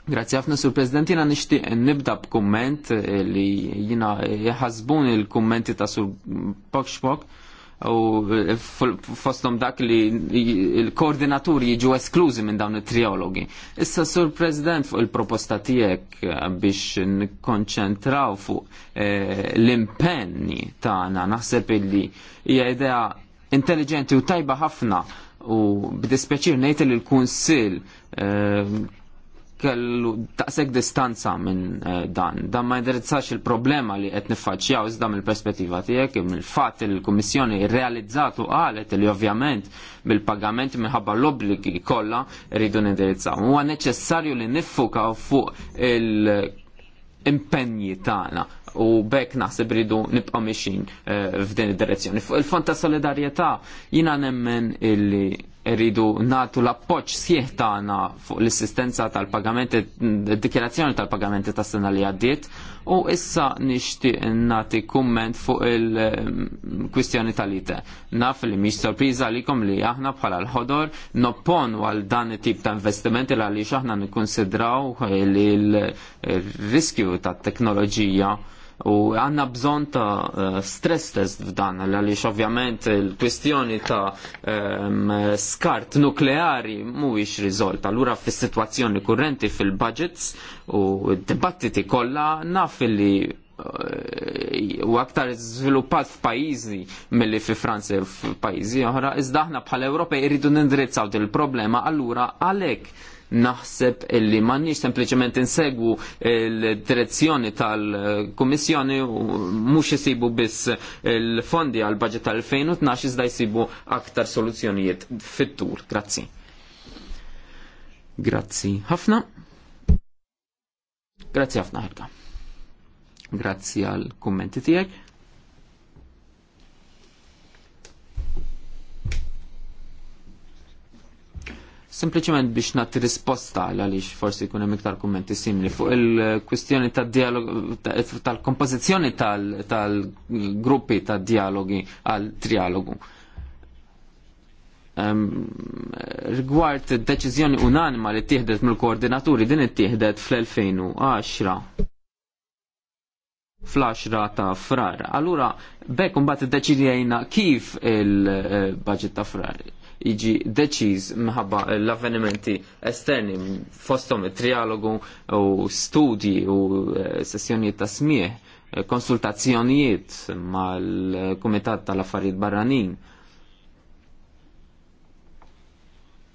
Grazie għafna sur President, jina nishtiq nibda b'komment eh, li jina jħasbun il kommenti ta' sur Pokxpok u eh, fostom dak li il-koordinaturi jiġu esklużi minn dawn il triologi Issa sur President fuq il-proposta tijek eh, biex nkonċentraw fuq l-impenni ta' għana naħseb illi hija idea intelligenti u tajba ħafna u b'dispjaċir nejt li l-Kunsill kellu taqseg distanza minn eh, dan. Dan ma jderizzax il-problema li qed niffaċċjaw iżda mill-perspettiva tiegħek mill-fatt il-Kummissjoni u qalet li ovvjament bil-pagamenti minħabba l-obbligi kollha rridu nindirizzaw. Huwa neċessarju li niffukaw fuq il-impenji tagħna u bekk naħseb ridu nibqa' mixin eh, f'din id-direzzjoni. Fuq il-Fond ta' Solidarjetà jiena nemmen illi rridu natu l-appoċ sieħ tagħna fuq l-assistenza tal-pagamenti, dikjerazzjoni tal-pagamenti tas sena li għaddiet u issa nixtieq nagħti kumment fuq il-kwistjoni tal-ite. Naf li mhix sorpriża għalikom li aħna bħala l-ħodor noppon għal dan it-tip ta' investimenti għaliex aħna nikkonsidraw li l-riskju tat-teknoloġija U għanna bżon ta' eh, stress test f'dan, għaliex ovvjament il-kwistjoni ta' skart nukleari mhuwiex riżolta. Allura fis-sitwazzjoni kurrenti fil-budgets u d-dibattiti kollha naf li eh, u aktar sviluppat f'pajjiżi milli fi Franza f'pajjiżi oħra, iżda aħna bħal Ewropej irridu nindrizzaw il problema allura għalhekk naħseb illi m'għandniex sempliċement insegwu l-direzzjoni tal-Kummissjoni u mhux isibu biss il-fondi għal budget tal-2012 iżda jisibu aktar soluzzjonijiet fit-tur. Grazzi. Grazzi ħafna. Grazzi ħafna ħarka. Grazzi għal kummenti tiegħek. Sempliċement biex nagħti risposta għaliex forsi jkun hemm iktar kummenti simili fuq il-kwistjoni tad dialog tal-kompożizzjoni tal-gruppi tad dialogi għal trialogu. rigward deċiżjoni unanima li tieħdet mill-koordinaturi din ittieħdet fl-2010 fl-10 ta' frar. Allura bekk id iddeċidejna kif il-budget eh, ta' frar jiġi deċiż minħabba l-avvenimenti esterni fostom trialogu u studji u eh, sessjonijiet ta' smieħ, eh, konsultazzjonijiet mal-Kumitat tal-Affarijiet Barranin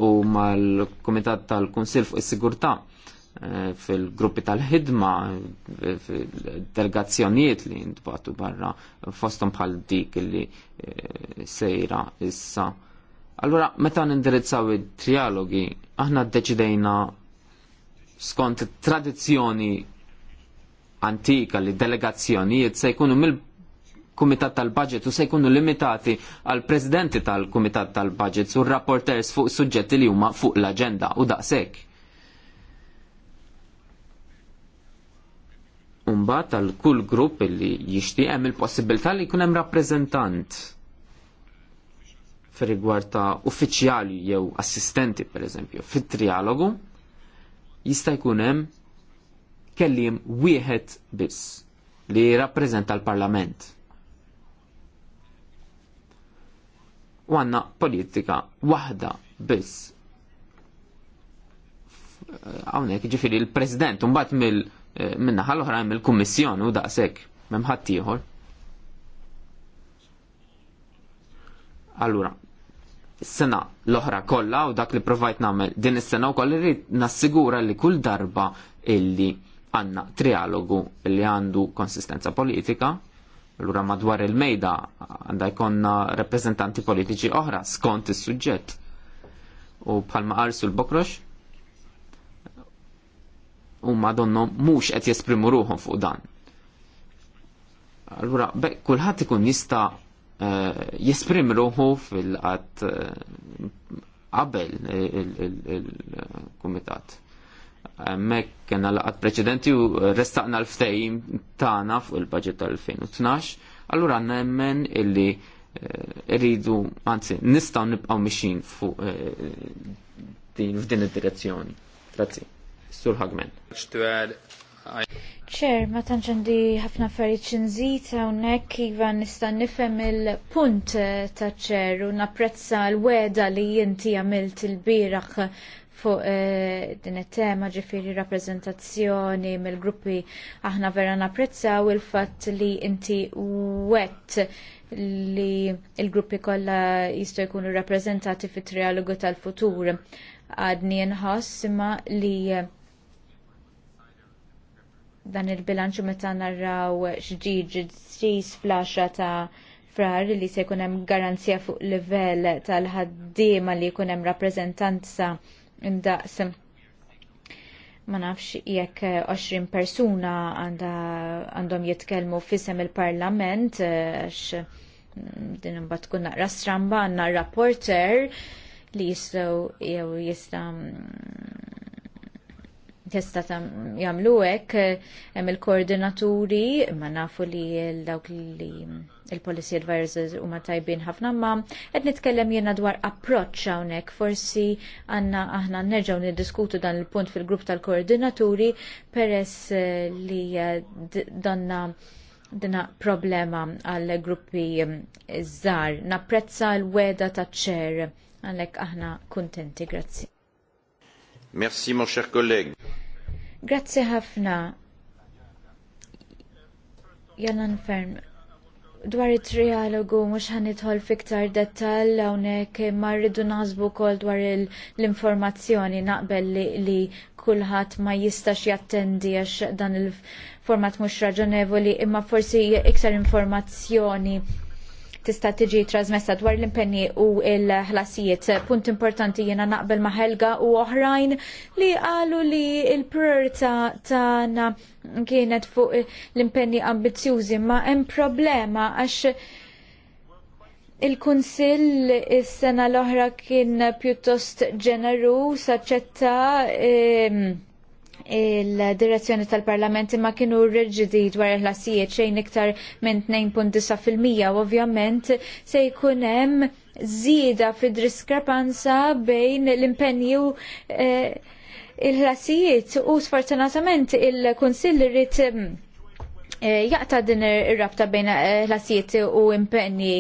u mal-Kumitat tal-Kunsil fuq is-Sigurtà eh, fil-gruppi tal-ħidma, delegazzjonijiet li jintbatu barra, fostom bħal dik li sejra issa Allura, meta nindirizzaw il-trialogi, aħna deċidejna skont tradizzjoni antika li delegazzjonijiet se jkunu mill-Kumitat tal-Budget u se jkunu limitati għal presidenti tal-Kumitat tal-Budget u rapporters fuq suġġetti li huma fuq l-agenda u daqshekk. Umbat għal kull grupp li jixtieq hemm il-possibilità li jkun hemm rappreżentant fir-rigward ta' uffiċjali jew assistenti pereżempju fit-trialogu jista' jkun hemm kelliem wieħed biss li jirrappreżenta l-Parlament. U għandna politika waħda biss. Hawnhekk jiġifieri l-President mbagħad mill eh, minnaħa l-oħra hemm il-Kummissjoni u daqshekk m'hemm ħadd ieħor. Allura, sena l-oħra kollha u dak li provajt nagħmel din is-sena wkoll irrid nassigura li kull darba illi għandna trialogu li għandu konsistenza politika Allura madwar il-mejda għandha jkonna rappreżentanti politiċi oħra skont is-suġġett. U bħalma għarsu l-bokrox u madonno mhux qed jesprimu ruħum fuq dan. Allura kulħadd ikun jista' Eh, jesprim ruħu fil-qatt eh, qabel il-kumitat. Mek kena laqat preċedenti u restaqna l-ftejim tana fuq il-budget tal-2012, allura għanna emmen illi eh, rridu, anzi, nistaw nibqaw mixin fuq din f'din id-direzzjoni. Grazie. Sur Hagman ċer, ma tantx għandi ħafna affarijiet xinżit hawnhekk iva nista' nifhem il-punt eh, ta' ċer u napprezza l-weda li inti għamilt il-bieraħ fuq eh, din it-tema ġifieri rappreżentazzjoni mill-gruppi aħna vera napprezzaw il-fatt li inti wett li il-gruppi kollha jistgħu jkunu rappreżentati fit-trialogu tal-futur. Għadni nħoss imma li dan il-bilanċu meta narraw xġiġ sis flasha ta' frar li se jkun hemm garanzija fuq livell tal-ħaddiema li jkun hemm rappreżentanza indaqs ma nafx jekk 20 persuna għandhom jitkellmu f'isem il-parlament għax mm, din imbagħad tkun naqra stramba għandna rapporter li jistgħu jew jista' mm, testa jamlu hekk hemm il-koordinaturi ma nafu li dawk li il-policy advisors huma tajbin ħafna ma Ed nitkellem jiena dwar approċċ hawnhekk forsi għandna aħna nerġgħu niddiskutu dan il-punt fil-grupp tal-koordinaturi peress eh, li eh, donna dina problema għal gruppi eh, żgħar. Napprezza l-weda ta' ċer għalhekk aħna kuntenti, grazzi. Merci, mon cher collègue. Grazie ħafna. Jalan ferm. Dwar it-trialogu mhux ħanidħol fiktar dettall hawnhekk ma rridu naħsbu wkoll dwar l-informazzjoni naqbel li, li kulħadd ma jistax jattendi għax dan il-format mhux raġonevoli imma forsi iktar informazzjoni tista' tiġi trasmessa dwar l-impenni u l-ħlasijiet. Punt importanti jiena naqbel ma' Helga u oħrajn li qalu li l-priorità tagħna kienet fuq l-impenni ambizzjużi ma' hemm problema għax Il-Kunsill is-sena l-oħra kien pjuttost ġeneru saċċetta ehm, il-direzzjoni tal-parlamenti ma kienu rigidi dwar il-ħlasijiet xejn iktar minn 2.9% u ovvjament se jkun hemm żieda fid-diskrepanza bejn l-impenju eh, il-ħlasijiet u sfortunatament il-Kunsill irrid mm, Eh, jaqta din ir-rabta bejn eh, ħlasijiet u impenni.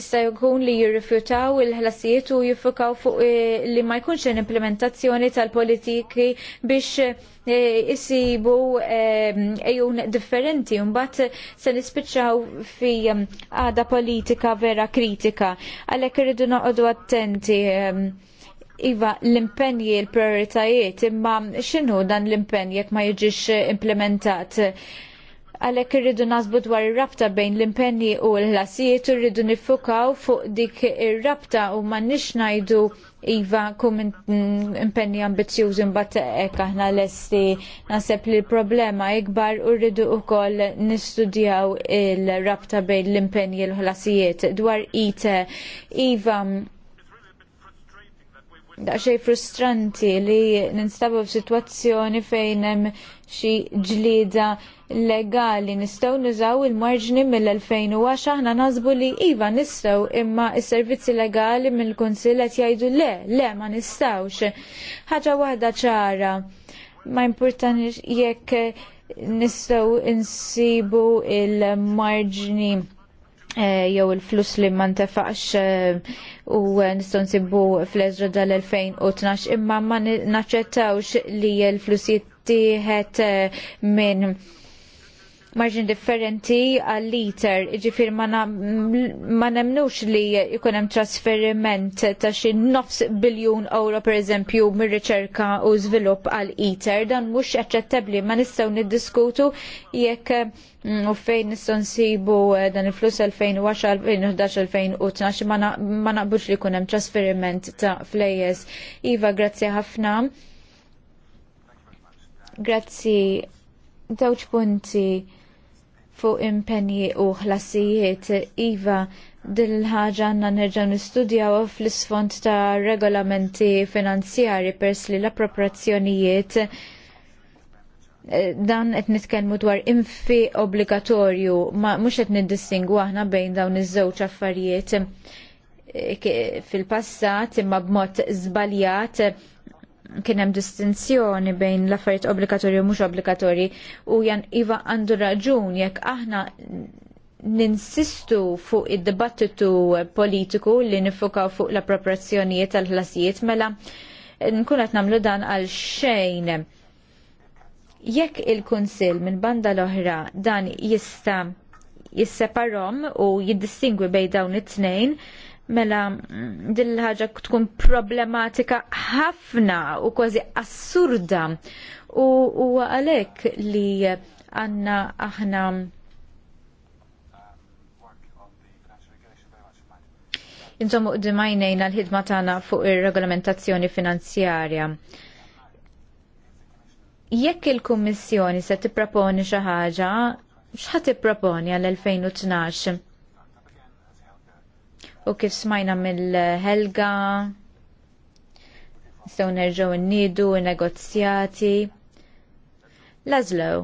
Issa jkun li jirrifjutaw il-ħlasijiet u jiffukaw fuq eh, li ma jkunx implementazzjoni tal-politiki biex jisibu ejjun differenti mbagħad se nispiċċaw fi għada politika vera kritika. Għalhekk irridu noqogħdu attenti. Iva, l-impenji, l-prioritajiet, imma x'inhu dan l-impenji jekk ma jiġix implementat? għalhekk irridu nasbu dwar ir-rabta bejn l-impenni u l-ħlasijiet u rridu nifukaw fuq dik ir-rabta u ma nix ngħidu iva kum impenni ambizjuż imbagħad hekk aħna lesti naħseb li l-problema ikbar u rridu wkoll nistudjaw il-rabta bejn l-impenni l ħlasijiet dwar ite iva daqxej frustranti li ninstabu f'sitwazzjoni fejn hemm xi ġlieda legali nistgħu nużaw il-marġni mill-2010 aħna naħsbu li iva nistgħu imma s-servizzi legali mill-Kunsill qed jgħidu le, le ma nistgħux. Ħaġa waħda ċara. Ma importan jekk nistgħu insibu il-marġni eh, jew il-flus li ma ntefaqx eh, u nistgħu nsibbu fl-eżra dal-2012 imma ma naċċettawx li l-flus jittieħed eh, minn marġin differenti għall-liter, ġifir ma nemnux li jkun hemm trasferiment ta' xi nofs biljun euro per eżempju mir-riċerka u żvilupp għall-iter, dan mhux aċċettabbli ma nistgħu niddiskutu jekk mm, u fejn nistgħu nsibu eh, dan il flus 2010-2011-2012 ma naqbux li jkun hemm trasferiment ta' flejes. Iva, grazzi ħafna. Grazzi dawċ punti fuq impenji u ħlasijiet iva dil-ħaġa għanna nerġaw nistudjaw fl-isfond ta' regolamenti finanzjari pers li l-appropriazzjonijiet eh, dan qed nitkellmu dwar infi obbligatorju ma mhux qed niddistingu aħna bejn dawn iż-żewġ affarijiet eh, fil-passat imma b'mod żbaljat kien hemm distinzjoni bejn l-affarijiet obbligatorji u mhux obbligatorji u jan iva għandu raġun jekk aħna ninsistu fuq id-dibattitu politiku li nifukaw fuq l-appropriazzjonijiet tal-ħlasijiet mela nkun qed nagħmlu dan għal xejn. Jekk il-Kunsill minn banda l-oħra dan jista' jisseparhom u jiddistingwi bejn dawn it-tnejn, Mela, din l-ħaġa tkun problematika ħafna u kważi assurda u huwa għalhekk li għandna aħna Insomma, d-dimajnejna l-ħidma tagħna fuq ir-regolamentazzjoni finanzjarja. Jekk il-Kummissjoni se tipproponi xi ħaġa, x'ħa tipproponi għal 2012? u kif smajna mill-Helga nistgħu nerġgħu nnidu n-negozjati. Lazlow.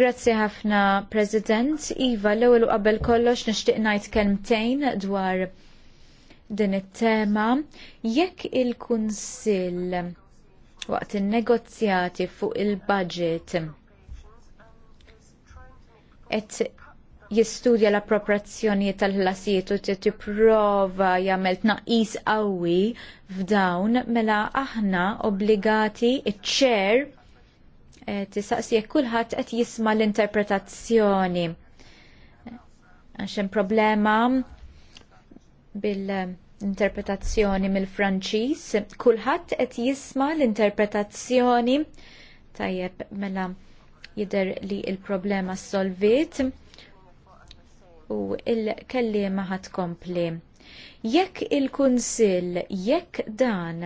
Grazzi ħafna, President. Iva, l-ewwel u qabel kollox nixtieq ngħid kelmtejn dwar din it-tema. Jekk il-Kunsill waqt il negozjati fuq il-budget qed jistudja l-appropriazzjoni tal-ħlasijiet u tipprova jagħmel tnaqqis qawwi f'dawn mela aħna obbligati iċ-ċer eh, tisaqsi jekk kulħadd qed jisma' l-interpretazzjoni. Għax hemm problema bil-interpretazzjoni mill-Franċiż, kulħadd qed jisma' l-interpretazzjoni tajjeb mela jidher li l problema solvit u il-kellima ħat kompli. Jekk il-kunsill, jekk dan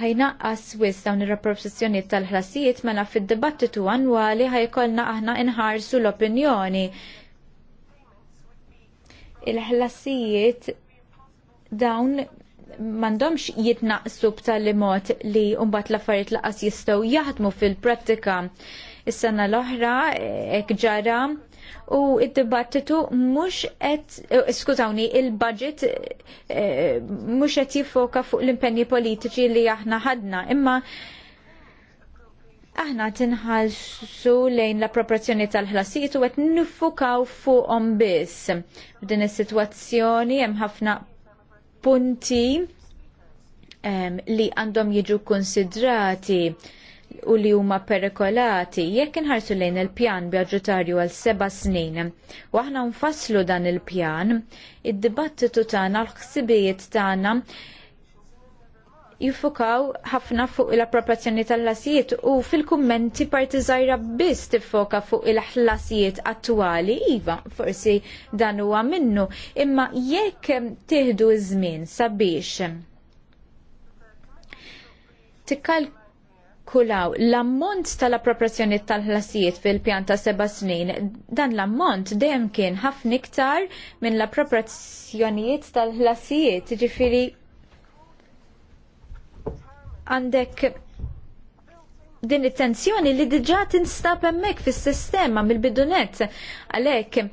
ħajnaqqas wis dawn ir-rapproporzjonijiet tal-ħlasijiet mela fid-dibattitu annwali ħajkollna aħna inħarsu l-opinjoni. Il-ħlasijiet dawn mandomx jitnaqsu b'tali mod li umbat l-affarijiet laqas jistgħu jaħdmu fil-prattika. Is-sena l-oħra hekk ġara u id-dibattitu mhux qed eh, skużawni il-budget eh, mhux qed jiffoka fuq l-impenni politiċi li aħna ħadna imma aħna tinħalsu lejn l-appropriazzjoni tal-ħlasijiet u qed nifukaw fuqhom biss. Din is-sitwazzjoni hemm ħafna punti um, li għandhom jiġu konsidrati u li huma perikolati jekk inħarsu lejn il-pjan budgetarju għal seba' snin. U aħna nfasslu dan il-pjan, id-dibattitu tagħna l-ħsibijiet tagħna jiffokaw ħafna fuq il-appropriazzjoni tal-lasijiet u fil-kummenti parti żgħira biss tiffoka fuq il-ħlasijiet attwali, iva, forsi dan huwa minnu, imma jekk tieħdu żmien sabiex kulaw l-ammont tal-appropriazzjoni tal-ħlasijiet fil-pjan ta' seba' snin, dan l-ammont dejjem kien ħafna iktar minn l-appropriazzjonijiet tal-ħlasijiet, ġifiri għandek din it-tensjoni li diġa tinstab hemmhekk fis-sistema mill-bidunet għalhekk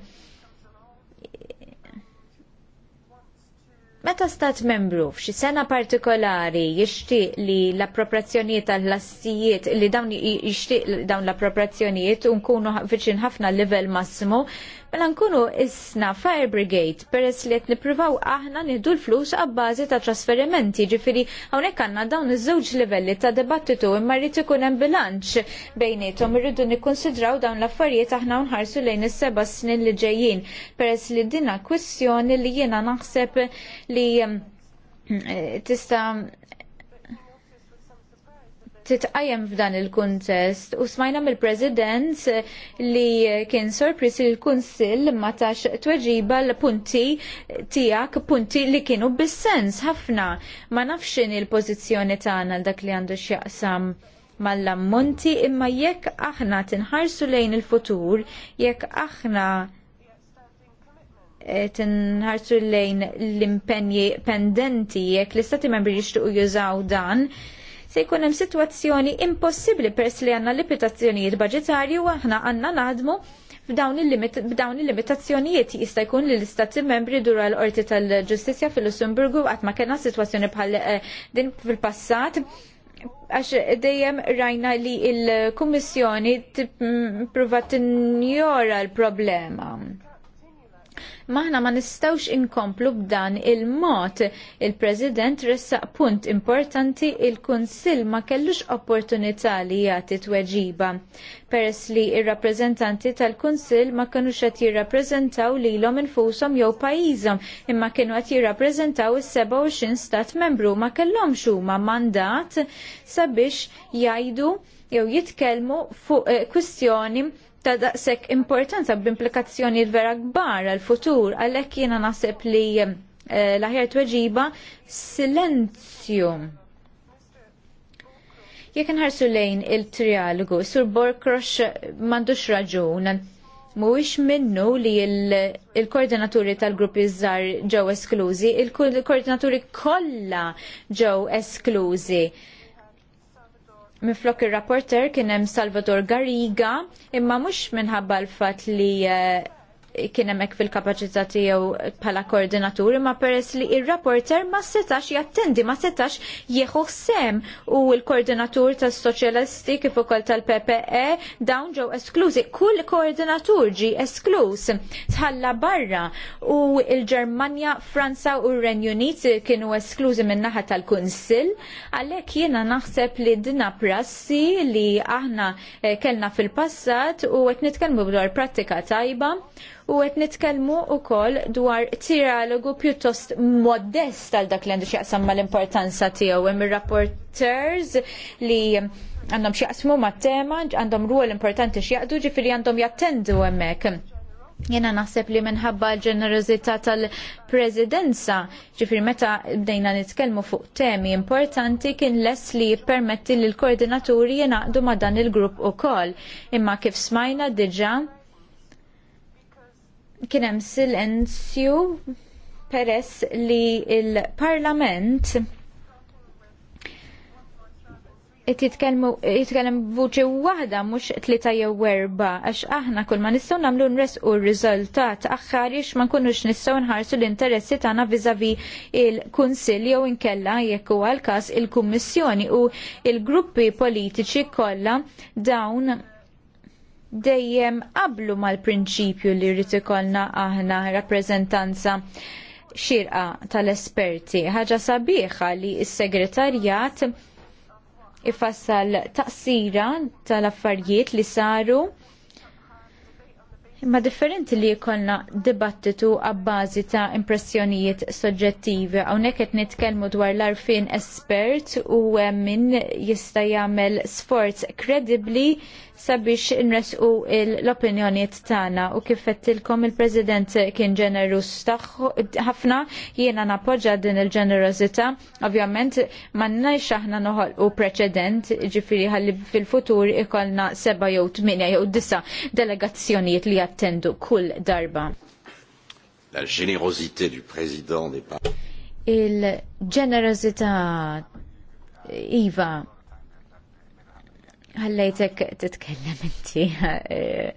Meta stat membru f'xi sena partikolari jixtieq li l-appropriazzjonijiet tal-lassijiet li dawn jixtieq dawn l-appropriazzjonijiet u nkunu viċin ħafna livell massimu, Mela nkunu isna Fire Brigade peress li qed nippruvaw aħna nidu l-flus għabbażi ta' trasferimenti, ġifiri hawnhekk għandna dawn iż-żewġ livelli ta' debattitu imma rrid ikun hemm bilanċ bejnietom irridu nikkonsidraw dawn l-affarijiet aħna nħarsu lejn is-seba' snin li ġejjin peress li dinna kwistjoni li jiena naħseb li mm, eh, tista' titqajem f'dan il-kuntest u smajna mill-President li kien sorpris il-Kunsill ma tax tweġiba l-punti tijak, punti li kienu bis-sens ħafna. Ma nafxin il-pozizjoni tagħna dak li għandu x'jaqsam mal-ammonti imma jekk aħna tinħarsu lejn il-futur, jekk aħna eh, tinħarsu lejn l-impenji pendenti, jekk l-istati membri jixtiequ jużaw dan, se jkun hemm sitwazzjoni impossibbli pers li għandna limitazzjonijiet budġetarji u aħna għandna naħdmu b'dawn il-limitazzjonijiet jista' jkun li l-istati membri dura l-Qorti tal-Ġustizzja fil-Lussemburgu qatt ma kellna sitwazzjoni bħal eh, din fil-passat għax dejjem rajna li l kummissjoni t tinjora l-problema maħna ma nistawx inkomplu b'dan il-mod. Il-President ressaq punt importanti il-Kunsill ma kellux opportunità li jagħti tweġiba. Peress li ir-rappreżentanti tal-Kunsill ma kinux qed jirrappreżentaw lilhom infushom jew pajjiżhom, imma kienu qed jirrappreżentaw is-27 stat membru ma kellhomx huma mandat sabiex jgħidu jew jitkellmu fuq eh, kwistjoni ta' daqsek importanza b'implikazzjoni vera kbar għall futur għalhekk jiena naħseb li eh, l-aħjar tweġiba silenzju. Jekk inħarsu lejn il-trialogu, Sur Borkrox m'għandux raġun, Mhuwiex minnu li il-koordinaturi tal grupp żgħar ġew esklużi, il-koordinaturi kollha ġew esklużi. Miflok ir rapporter kien hemm Salvador Garriga imma mhux minħabba l-fatt li eh, kien hemmhekk fil-kapaċità tiegħu bħala koordinatur imma peress li ir-rapporter ma setax jattendi ma setax jieħu sem u l-koordinatur tas-soċjalisti kif ukoll tal-PPE dawn ġew esklużi. Kull koordinatur ġi esklus tħalla barra u l-Ġermanja, Franza u r-Renju Unit kienu esklużi min-naħa tal-Kunsill għalhekk jiena naħseb li dinha prassi li aħna eh, kellna fil-passat u qed nitkellmu dwar prattika tajba u qed nitkellmu wkoll dwar tiralogu pjuttost modest għal dak li għandu x'jaqsam mal-importanza tiegħu hemm ir-rapporters li għandhom x'jaqsmu mat-tema għandhom ruol importanti x'jaqdu ġifieri għandhom jattendu hemmhekk. Jena naħseb li minħabba l-ġenerozità tal-prezidenza, ġifir meta bdejna nitkellmu fuq temi importanti kien less li jippermetti li l-koordinaturi jenaqdu ma dan il-grupp u Imma kif smajna diġa, kien hemm silenzju peress li l parlament jitkellem vuċi waħda mhux tlieta jew erba għax aħna kull ma nistgħu nagħmlu nresqu r-riżultat aħħar jiex ma nkunux nistgħu nħarsu l-interessi tagħna viżavi il-Kunsill jew inkella jekk huwa l-każ il-Kummissjoni u l gruppi politiċi kollha dawn dejjem qablu mal-prinċipju li rrid ikollna aħna rappreżentanza xirqa tal-esperti. Ħaġa sabiħa li s-segretarjat ifassal taqsira tal-affarijiet li saru imma differenti li jkollna dibattitu għabbażi ta' impressjonijiet soġġettivi. Hawnhekk qed nitkellmu dwar l-arfin espert u minn jista' jagħmel sforz kredibbli sabiex nresqu l-opinjoniet tagħna u kif qedtilkom il-President kien ġenerus ħafna jiena napoġġa din il-ġenerosità. Ovvjament nnajx aħna noħolqu preċedent, ġifiri ħalli fil-futur ikollna seba' jew tminja jew disa delegazzjonijiet li jattendu kull darba. La generosité du président n'est pas il-ġenerosità Iva ħallejtek titkellem inti eh,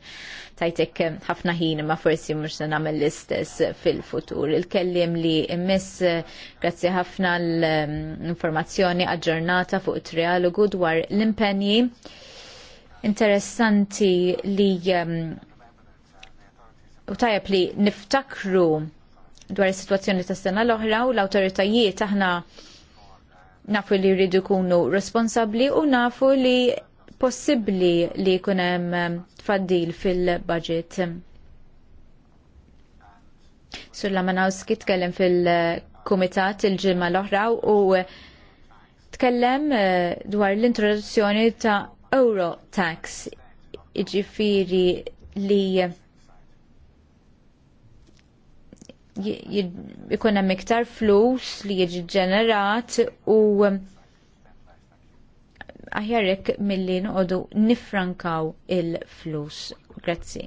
tajtek eh, ħafna ħin ma forsi mux se nagħmel l-istess fil-futur. Il-kellim li immiss eh, grazzi ħafna l-informazzjoni aġġornata fuq it trialogu dwar l-impenji interessanti li u tajab li niftakru dwar is-sitwazzjoni tas sena l-oħra u l-awtoritajiet aħna nafu li jridu jkunu responsabbli u nafu li possibbli li jkun hemm ehm, tfaddil fil-budget. Sur Manawski tkellem fil-kumitat il ġimma l-oħra u eh, tkellem eh, dwar l-introduzzjoni ta' euro tax iġifiri li eh, ikun hemm iktar flus li jiġi ġenerat u Aħjarek mill milli noqogħdu nifrankaw il-flus. Grazzi.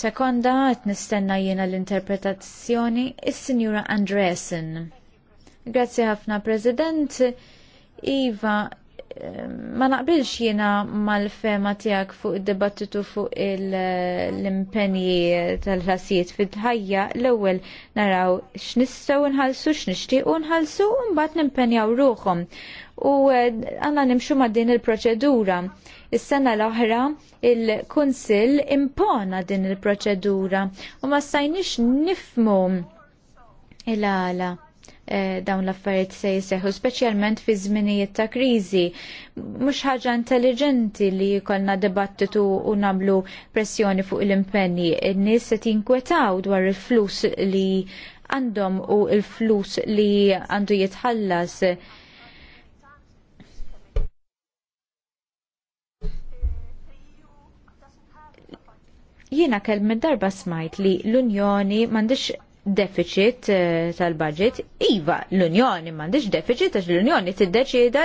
Sekonda, qed nistenna jiena l-interpretazzjoni, is-Sinjura Andresen. Grazzi ħafna, President. Iva, ma naqbilx jiena mal-fema tiegħek fuq id debattitu fuq l-impenji tal-rasijiet fid-ħajja l-ewwel naraw x'nistgħu nħalsu, x'nixtiequ nħallsu u mbagħad nimpenjaw ruhom. U eh, għandna nimxu ma' din il-proċedura. Is-sena l-oħra il-Kunsill impona din il-proċedura u ma stajniex nifmu il-għala Eh, dawn l-affarijiet se jseħħu, speċjalment fi żminijiet ta' kriżi. Mhux ħaġa intelligenti li jkollna dibattitu u nagħmlu pressjoni fuq l-impenni. In-nies se tinkwetaw dwar il-flus li għandhom u il-flus li għandu jitħallas. Jiena kelm darba smajt li l-Unjoni mandiċ deficit eh, tal-budget, iva l-Unjoni m'għandix deficit għax l-Unjoni tiddeċida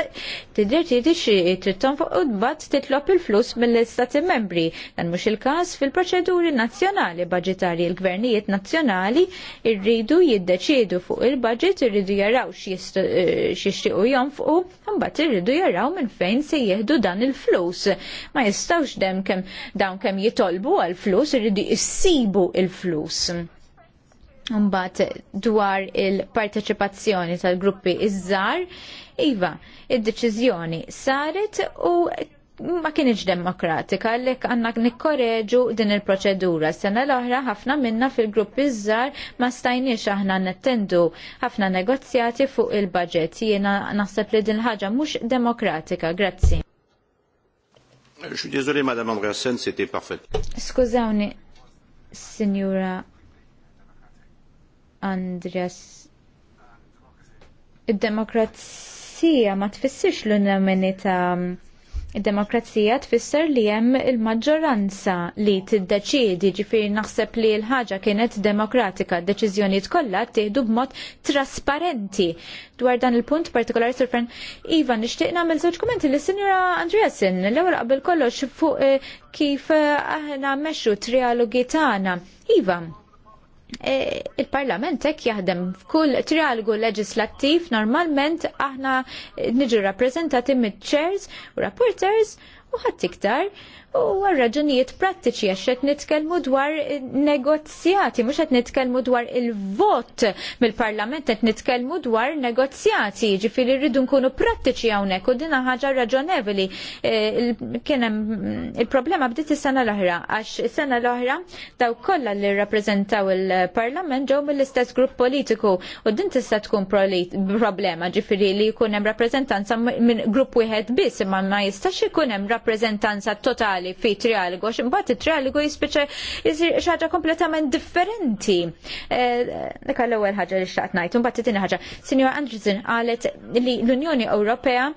tiddeċidi xi tritton fuq u dbat titlob il-flus mill-Istati membri. Dan mhux il-każ fil-proċeduri nazzjonali budġetarji il-gvernijiet nazzjonali irridu jiddeċidu fuq il-budget irridu jaraw x'jixtiequ eh, jonfqu mbagħad irridu jaraw minn fejn se jieħdu dan il-flus. Ma jistgħux dem kemm dawn kemm jitolbu għal-flus irridu jissibu il il flus Mbagħad dwar il-parteċipazzjoni tal-gruppi iż żgħar iva, id-deċiżjoni saret u ma kienx demokratika għalhekk għandna nikkoreġu din il-proċedura. Sena l-oħra ħafna minna fil-gruppi żgħar ma stajniex aħna nettendu ħafna negozjati fuq il-budget. Jiena naħseb li din ħaġa mhux demokratika. Grazzi. Je suis désolé, Madame Andreasen, c'était parfait. Skużawni, Signora Andres. Id-demokrazija ma tfissirx l-unanimità. Id-demokrazija tfisser li hemm il-maġġoranza li tiddeċiedi ġifieri naħseb li l-ħaġa kienet demokratika, deċiżjonijiet kollha ttieħdu b'mod trasparenti. Dwar dan il-punt partikolari sirfen Iva nixtieq nagħmel żewġ kummenti li sinjura Andreasen l-ewwel qabel kollox fuq eh, kif eh, aħna mexxu trialogi tagħna. Iva, E, il-parlament hekk jaħdem f'kull trialgu leġislattiv normalment aħna niġu rappreżentati mit chairs u rapporters u ħadd iktar u raġunijiet prattiċi għax qed nitkellmu dwar negozjati, mhux qed nitkellmu dwar il-vot mill-Parlament qed nitkellmu dwar negozjati, ġifieri rridu nkunu prattiċi hawnhekk u dinha ħaġa raġonevoli. Eh, kien hemm mm, il-problema bdiet is-sena l-oħra għax is-sena l-oħra daw kollha li rrappreżentaw il-Parlament ġew mill-istess grupp politiku u din tista' tkun problema ġifieri li jkun hemm rappreżentanza minn grupp wieħed biss imma ma jistax ikun hemm rappreżentanza totali legali fi trialgo, ximbat trialgo jispiċa jisir xaġa kompletament differenti. Nekallu eh, l ewwel ħaġa li xtaqt najt, un bat t ħaġa. Signor Andrzin għalet li l-Unjoni Ewropea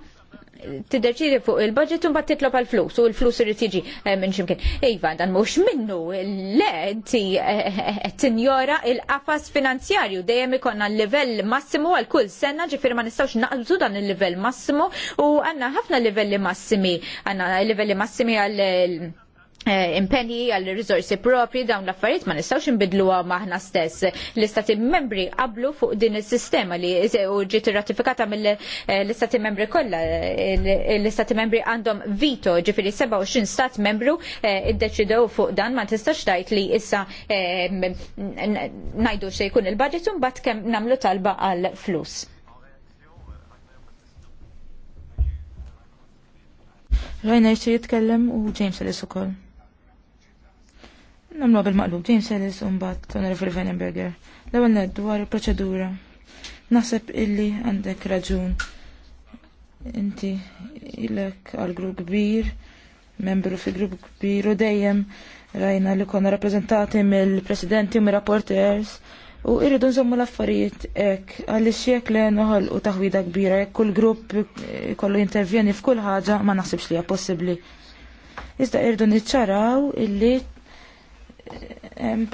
tiddeċidi fuq il-budget un titlob għal-flus u l-flus irrid tiġi eh, minn ximkien. Iva, dan mhux minnu le ti eh, eh, tinjora il-qafas finanzjarju dejjem ikonna l-livell massimu għal kull sena ġifier ma nistgħux naqbżu dan il-livell massimu u għandna ħafna livelli massimi għandna livelli massimi għal Eh, impenji għall risorsi propri dawn l-affarijiet ma nistgħux inbidluha maħna stess. L-istati membri qablu fuq din is-sistema li u ġiet irratifikata mill-istati eh, membri kollha. L-istati membri għandhom vito, ġifiri 27 stat membru eh, iddeċidew fuq dan ma tistax tgħid li issa najdu se jkun il-budget u mbagħad kemm nagħmlu talba għal flus. Rajna jitkellem u James għal-isukoll. Namlu bil-maqlub, James Ellis unbat l-Onorevoli Weinenberger. L-ewel dwar il-proċedura. Naħseb illi għandek raġun. Inti ilek għal-grupp kbir, membru fi grupp kbir u dejjem rajna li konna rappresentati mill-presidenti u mir rapporters u irridu nżommu l-affarijiet ek għalli xiek li noħol u taħwida kbira jekk kull grupp kollu intervjeni f'kull ħaġa ma naħsibx li possibbli. Iżda irridu niċċaraw illi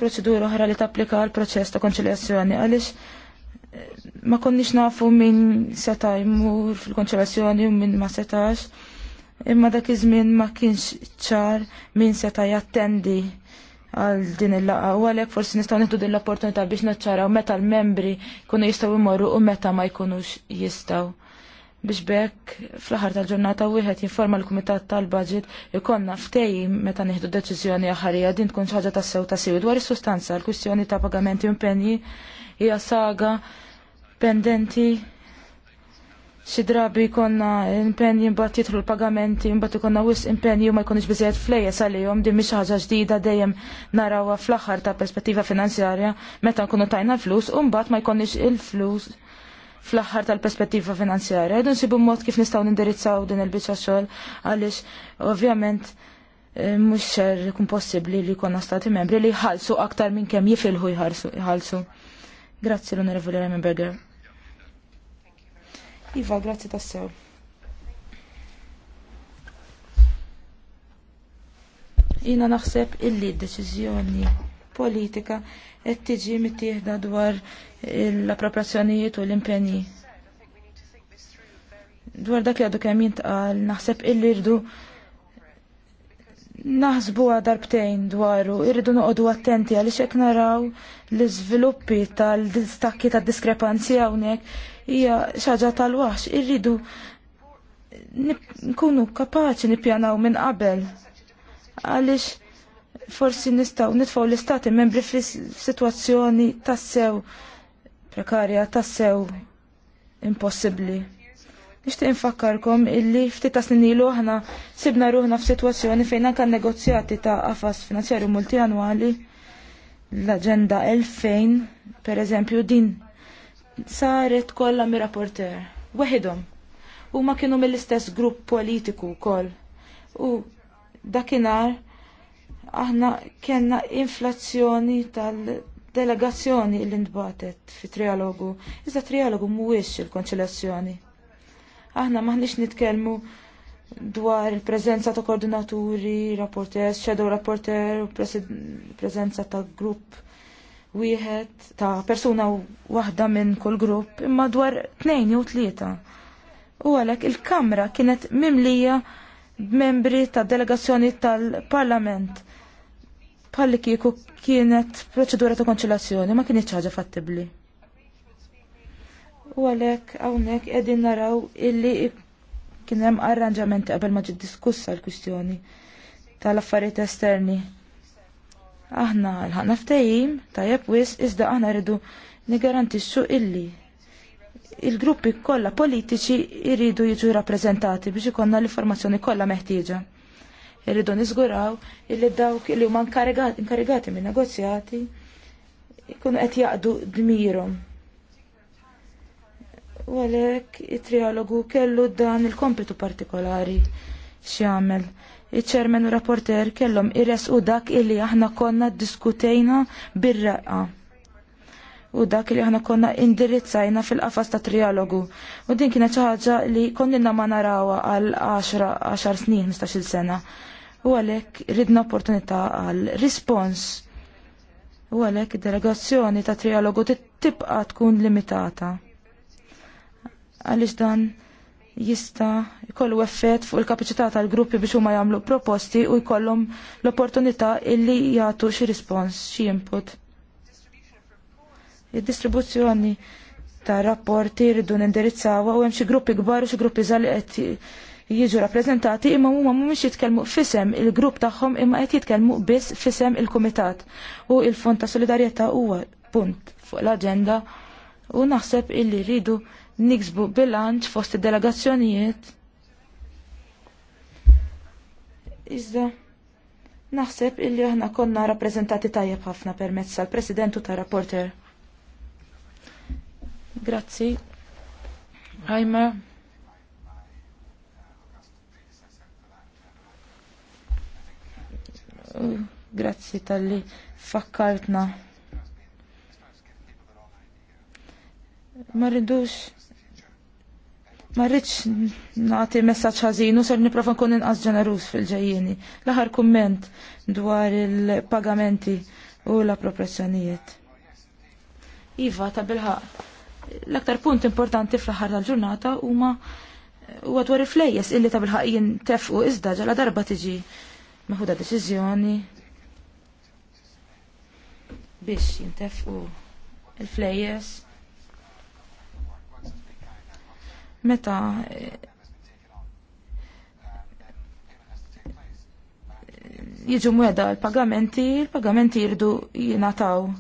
proċedura oħra li tapplika għal proċess ta' konċiljazzjoni għaliex eh, ma konniex nafu min seta' jmur fil-konċiljazzjoni u min ma setax imma dak iż-żmien ma kienx ċar min seta' jattendi għal din il-laqa u għalhekk forsi nistgħu nieħdu din l-opportunità biex naċċaraw meta l-membri jkunu jistgħu jmorru u meta ma jkunux jistgħu biex bekk fl-aħħar tal-ġurnata wieħed jinforma l-Kumitat tal-Budget ikonna ftejji meta nieħdu deċiżjoni aħħarija din tkun ħaġa tas-sew ta' sew dwar is-sustanza l-kwistjoni ta' pagamenti impenji hija saga pendenti xi drabi jkollna impenji mbagħad jidħlu l-pagamenti mbagħad ikonna wis impenji u ma jkunx biżejjed flejjes għalihom din mhix ħaġa ġdida dejjem narawha fl-aħħar ta' perspettiva finanzjarja meta nkunu tajna flus u mbagħad ma jkunx il-flus il flus fl-aħħar tal-perspettiva finanzjarja. Għedun sibu mod kif nistaw nindirizzaw din il-bicċa xogħol għaliex ovvjament eh, mhux xer ikun possibbli li jkollna stati membri li jħallsu aktar minn kemm jifilħu jħalsu. Grazzi l-Onorevoli Remenberger. Iva, grazzi tassew. Jina naħseb illi d deċiżjoni politika qed tiġi mittieħda dwar l-appropriazzjonijiet u l-impenji. Dwar dak li għadu kemm jintqal, naħseb illi rdu naħsbu darbtejn dwaru, irridu noqogħdu attenti għaliex hekk naraw l-iżviluppi tal-distakki tad-diskrepanzi hawnhekk hija xi ħaġa tal-waħx, irridu nkunu kapaċi nippjanaw minn qabel għaliex forsi nistaw nitfaw l-istati membri fi situazzjoni tassew prekarja, tassew impossibli. Nishtiq infakkarkom illi ftit ta' snilu aħna sibna ruħna f'sitwazzjoni fejn anke negozjati ta' qafas finanzjarju multianwali l-Aġenda 2000 per eżempju din saret kollha mi rapporter Weħidhom. Huma kienu mill-istess grupp politiku wkoll. U dakinhar aħna kena inflazzjoni tal-delegazzjoni li ntbatet fi trialogu. Iżda trialogu mhuwiex il-konċilazzjoni. Aħna maħniex nitkellmu dwar il-prezenza ta' koordinaturi, rapporter, shadow rapporter, prezenza ta' grupp wieħed ta' persuna waħda minn kull grupp, imma dwar tnejn jew tlieta. U għalhekk il-Kamra kienet mimlija b'membri ta' delegazzjoni tal-Parlament bħalli kieku kienet proċedura ta' konċilazzjoni ma kienet ħaġa fattibli. U għalhekk hawnhekk qegħdin naraw illi kien hemm arranġamenti qabel ma ġid diskussa l-kwistjoni tal-affarijiet esterni. Aħna l-ħana ftehim tajjeb wis iżda aħna rridu nigarantixxu illi il-gruppi kollha politiċi jridu jiġu rappreżentati biex ikonna l-informazzjoni kollha meħtieġa irridu niżguraw illi dawk illi huma inkarigati minn negozjati jkunu qed jaqdu dmirhom. U għalhekk it-trialogu kellu dan il-kompitu partikolari x'jagħmel. Iċ-ċermen u rapporter kellhom irresqu dak illi aħna konna ddiskutejna bir-raqqa u dak li aħna konna indirizzajna fil-qafas ta' trialogu. U din kienet xi ħaġa li konnilna ma narawha għal 10 snin, 15-il sena u għalhekk ridna opportunità għal rispons u għalhekk id-delegazzjoni ta' trialogu tibqa' tkun limitata. Għaliex dan jista' jkollu effett fuq il-kapaċità tal-gruppi biex huma jagħmlu proposti u jkollhom l-opportunità illi jagħtu xi rispons, xi input. Id-distribuzzjoni ta' rapporti rridu nindirizzawa u hemm xi gruppi kbar u xi gruppi żgħar qed jiġu rappreżentati imma huma mhumiex jitkellmu fisem il-grupp tagħhom imma qed jitkellmu biss fisem il-kumitat. U il-Fond ta' Solidarjetà huwa punt fuq l-aġenda u naħseb illi rridu niksbu bilanċ fost id-delegazzjonijiet. Iżda naħseb illi aħna konna rappreżentati tajjeb ħafna permezz tal-President u tar-Rapporter. Grazzi. Heimer. Grazzi tal-li fakkartna. Ma rridux ma rridx nagħti messaġġ ħażin u ser nipprova nkun inqas ġenerus fil-ġejjieni. L-aħħar kumment dwar il-pagamenti u l-appropriazzjonijiet. Iva, ta' bilħa, L-aktar punt importanti fl-aħħar tal-ġurnata huma u dwar il-flejjes illi ta' bilħaq jintefqu iżda ġala darba tiġi Maħuda deċiżjoni biex jintefqu il-flejjes meta eh, jiġu mweda l-pagamenti, l-pagamenti jirdu jinataw.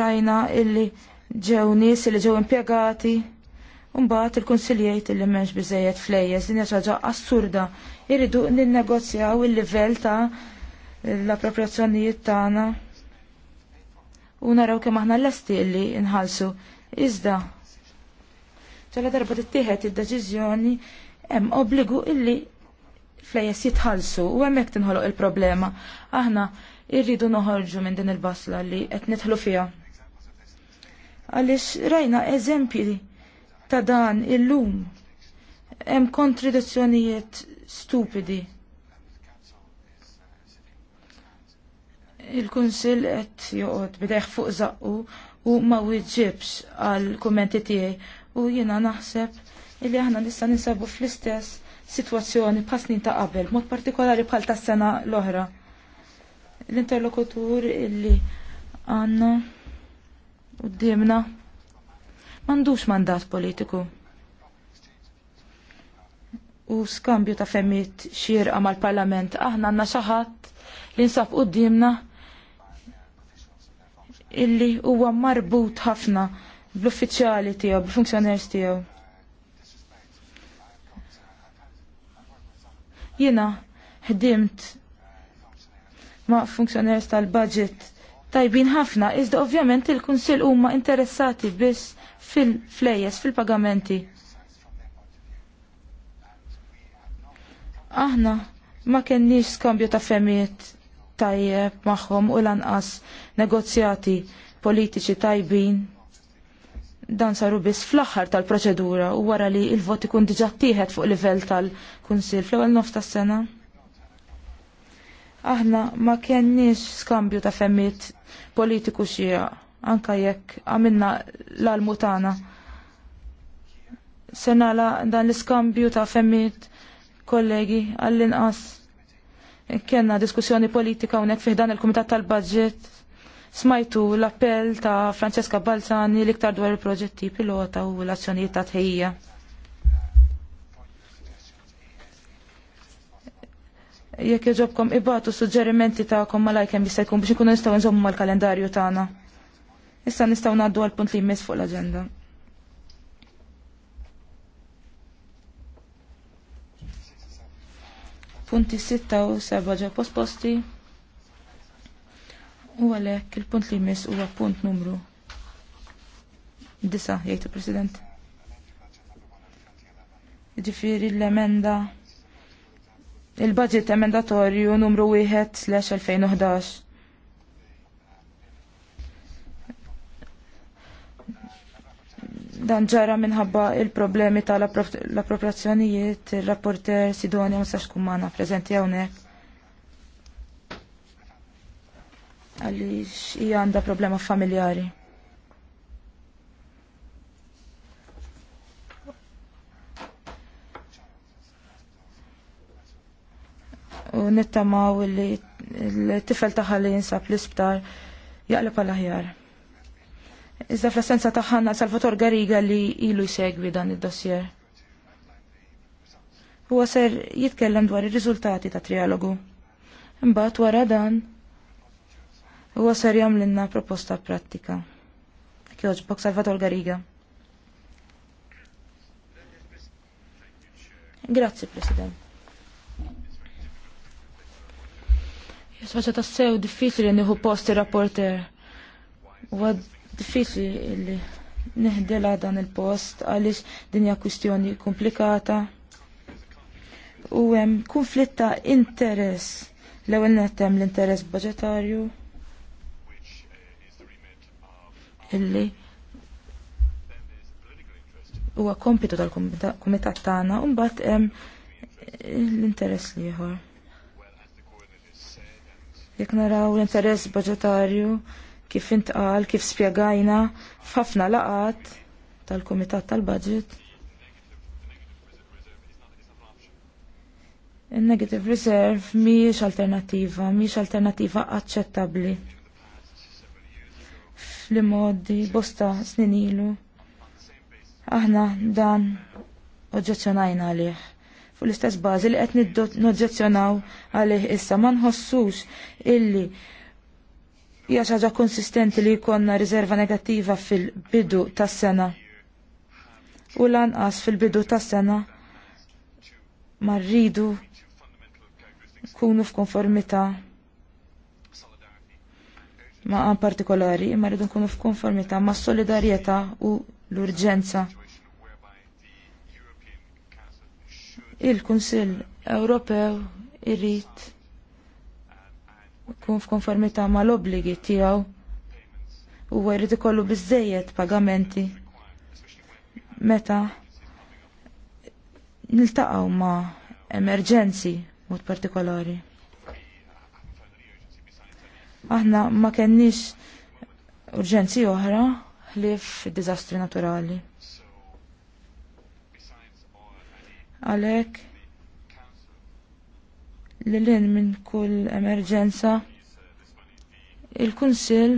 Rajna illi ġew nis illi ġew impiegati Umbat il-konsiljiet li menx bizzejiet flejjes din ħaġa assurda. Irridu ninnegozjaw il-livell ta' l-appropriazzjonijiet tagħna. U naraw kemm aħna lesti li nħallsu. Iżda. Ċala darba tittieħed id-deċiżjoni hemm obbligu illi flejjes jitħallsu u hemmhekk tinħoloq il-problema. Aħna irridu noħorġu minn din il-basla li qed nidħlu fiha. Għaliex rajna eżempji ta' dan illum hemm kontradizzjonijiet stupidi. Il-Kunsill qed joqgħod bidejh fuq zaqqu u ma wieġibx għal kummenti tiegħi u jiena naħseb illi aħna nista' ninsabu fl-istess sitwazzjoni bħal snin ta' qabel, mod partikolari bħal tas sena l-oħra. L-interlokutur illi għandna u għandux mandat politiku. U skambju ta' femmit xir mal-parlament, aħna għanna xaħat li nsab d-dimna illi huwa marbut ħafna bl-uffiċjali tiegħu, bl-funzjoners tiegħu. Jiena ħdimt ma' funzjoners tal-budget tajbin ħafna, iżda ovvjament il-Kunsill huma interessati biss fil-flejes, fil-pagamenti. Aħna ma kenniex skambju ta' femijiet tajjeb magħhom u lanqas negozjati politiċi tajbin. Dan saru biss fl-aħħar tal-proċedura u wara li il voti kun diġà tieħed fuq livell tal-Kunsill fl-ewwel nofs tas-sena. Aħna ma kenniex skambju ta' femijiet politiku xija anka jekk għamilna l-almu tagħna. Se nagħla dan l-iskambju ta' femmit kollegi għall-inqas. Kenna diskussjoni politika hawnhekk fih dan il-Kumitat tal-Budget. Smajtu l-appell ta' Francesca Balzani l-iktar dwar il-proġetti pilota u l-azzjonijiet ta' tħejja. jekk jġobkom ibatu suġġerimenti ta' ma lajkem jista' jkun biex nkunu nistgħu nżommu mal-kalendarju tagħna. Issa nistgħu ngħaddu għal punt li jmiss fuq l-aġenda. Punti 6 u 7 ġew posposti. U għalhekk il-punt li jmiss huwa punt numru Disa, jgħid il-President. Ġifiri l-emenda. Il-budget emendatorju numru 1/2011. Dan ġara minħabba il-problemi tal-appropriazzjonijiet, il-rapporter Sidonia Musax Kumana prezenti hawnhekk. Għaliex hija għandha problema familjari. U nittamaw li l-tifel taħħa li jinsab l-isptar jaqleb għal aħjar. Iżda fl-essenza taħħanna Salvator Gariga li ilu jsegwi dan id-dossier. Huwa ser jitkellem dwar ir-riżultati ta' trialogu. Mbagħad wara dan huwa ser jagħmlilna proposta prattika. Kjoġbok Salvator Gariga. Grazzi, President. Jisfaċa tassew diffiċli nieħu posti rapporter. U diffiċli li neħdela dan il-post għaliex din hija kwistjoni komplikata. U hemm konflitt interess l nettem l-interess budgetarju illi huwa kompitu tal-kumitat tagħna u mbagħad hemm l-interess liħor. Jekk naraw l-interess budġetarju kif intqal, kif spjegajna f'ħafna laqat tal-Kumitat tal-Budget. Il-negative reserve miex alternativa, miex alternativa accettabli. Fli modi, bosta sninilu. Aħna dan oġġezzjonajna għalih. Fu l-istess bażi li qed noġġezzjonaw għalih issa ma nħossux illi hija xi ħaġa konsistenti li jkollna riserva negattiva fil-bidu tas-sena. U lanqas fil-bidu tas-sena ma rridu nkunu f'konformità ma' għan partikolari, imma rridu nkunu f'konformità ma' solidarjetà u l-urġenza. Il-Kunsill Ewropew irrid kun f'konformità mal-obbligi tiegħu u jrid ikollu biżżejjed pagamenti meta niltaqgħu ma' emerġenzi mod partikolari. Aħna ma kenniex urġenzi oħra li f'diżastri naturali. Għalhekk l-lin minn kull emerġenza. Il-Kunsil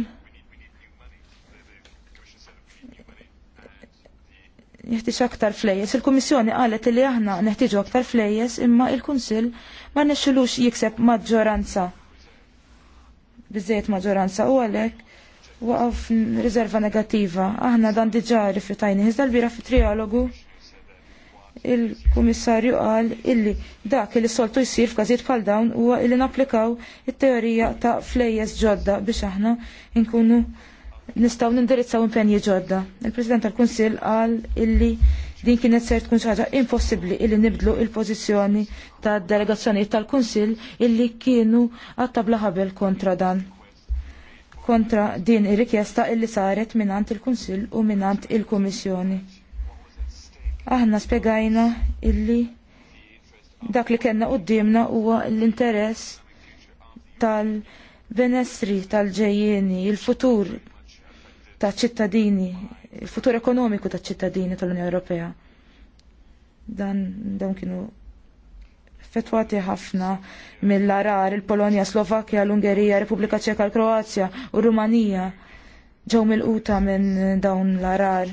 jihtiġ aktar flejjes. Il-Kummissjoni qalet li aħna neħtieġu aktar flejjes imma il-Kunsil ma nexxilux jikseb maġġoranza. Biżejjed maġġoranza u għalhekk waqaf riserva negattiva. Aħna dan diġà rifjutajni iżda l-bira fit-trialogu il-Kummissarju qal illi dak li soltu jsir f'każijiet bħal dawn huwa illi napplikaw it-teorija ta' flejjes ġodda biex aħna nkunu nistgħu nindirizzaw impenji ġodda. Il-President tal-Kunsill qal illi din kienet ser tkun ħaġa impossibbli illi nibdlu il-pożizzjoni tad delegazzjonijiet tal-Kunsill illi kienu għattabla ħabel kontra dan kontra din ir-rikjesta illi saret minant il-Kunsill u minant il-Kummissjoni. Aħna spiegajna illi dak li kena qoddimna huwa l-interess tal-benessri tal-ġejjeni, il-futur ta' ċittadini, il-futur ekonomiku ta' ċittadini tal-Unjoni Ewropea. Dan dan kienu fetwati ħafna mill-arar il-Polonja, Slovakkja, l-Ungerija, Repubblika Ċeka, l-Kroazja u Rumanija ġew mill-quta minn dawn l-arar.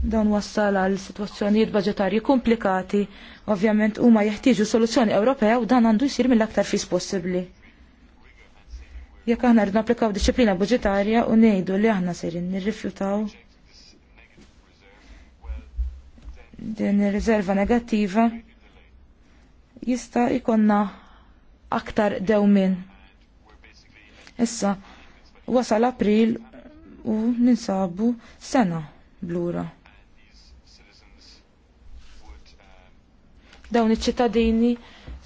Dan wassal għal situazzjonijiet budgetarji komplikati, ovvjament huma jeħtieġu soluzzjoni Ewropea u dan għandu jsir mill-aktar fis possibbli. Jekk aħna rridu applikaw disċiplina budgetarja u ngħidu li aħna serin nirrifjutaw din ir-riserva negattiva jista' jkollna aktar dewmin. Issa, wasal april u ninsabu sena blura. dawn iċ-ċittadini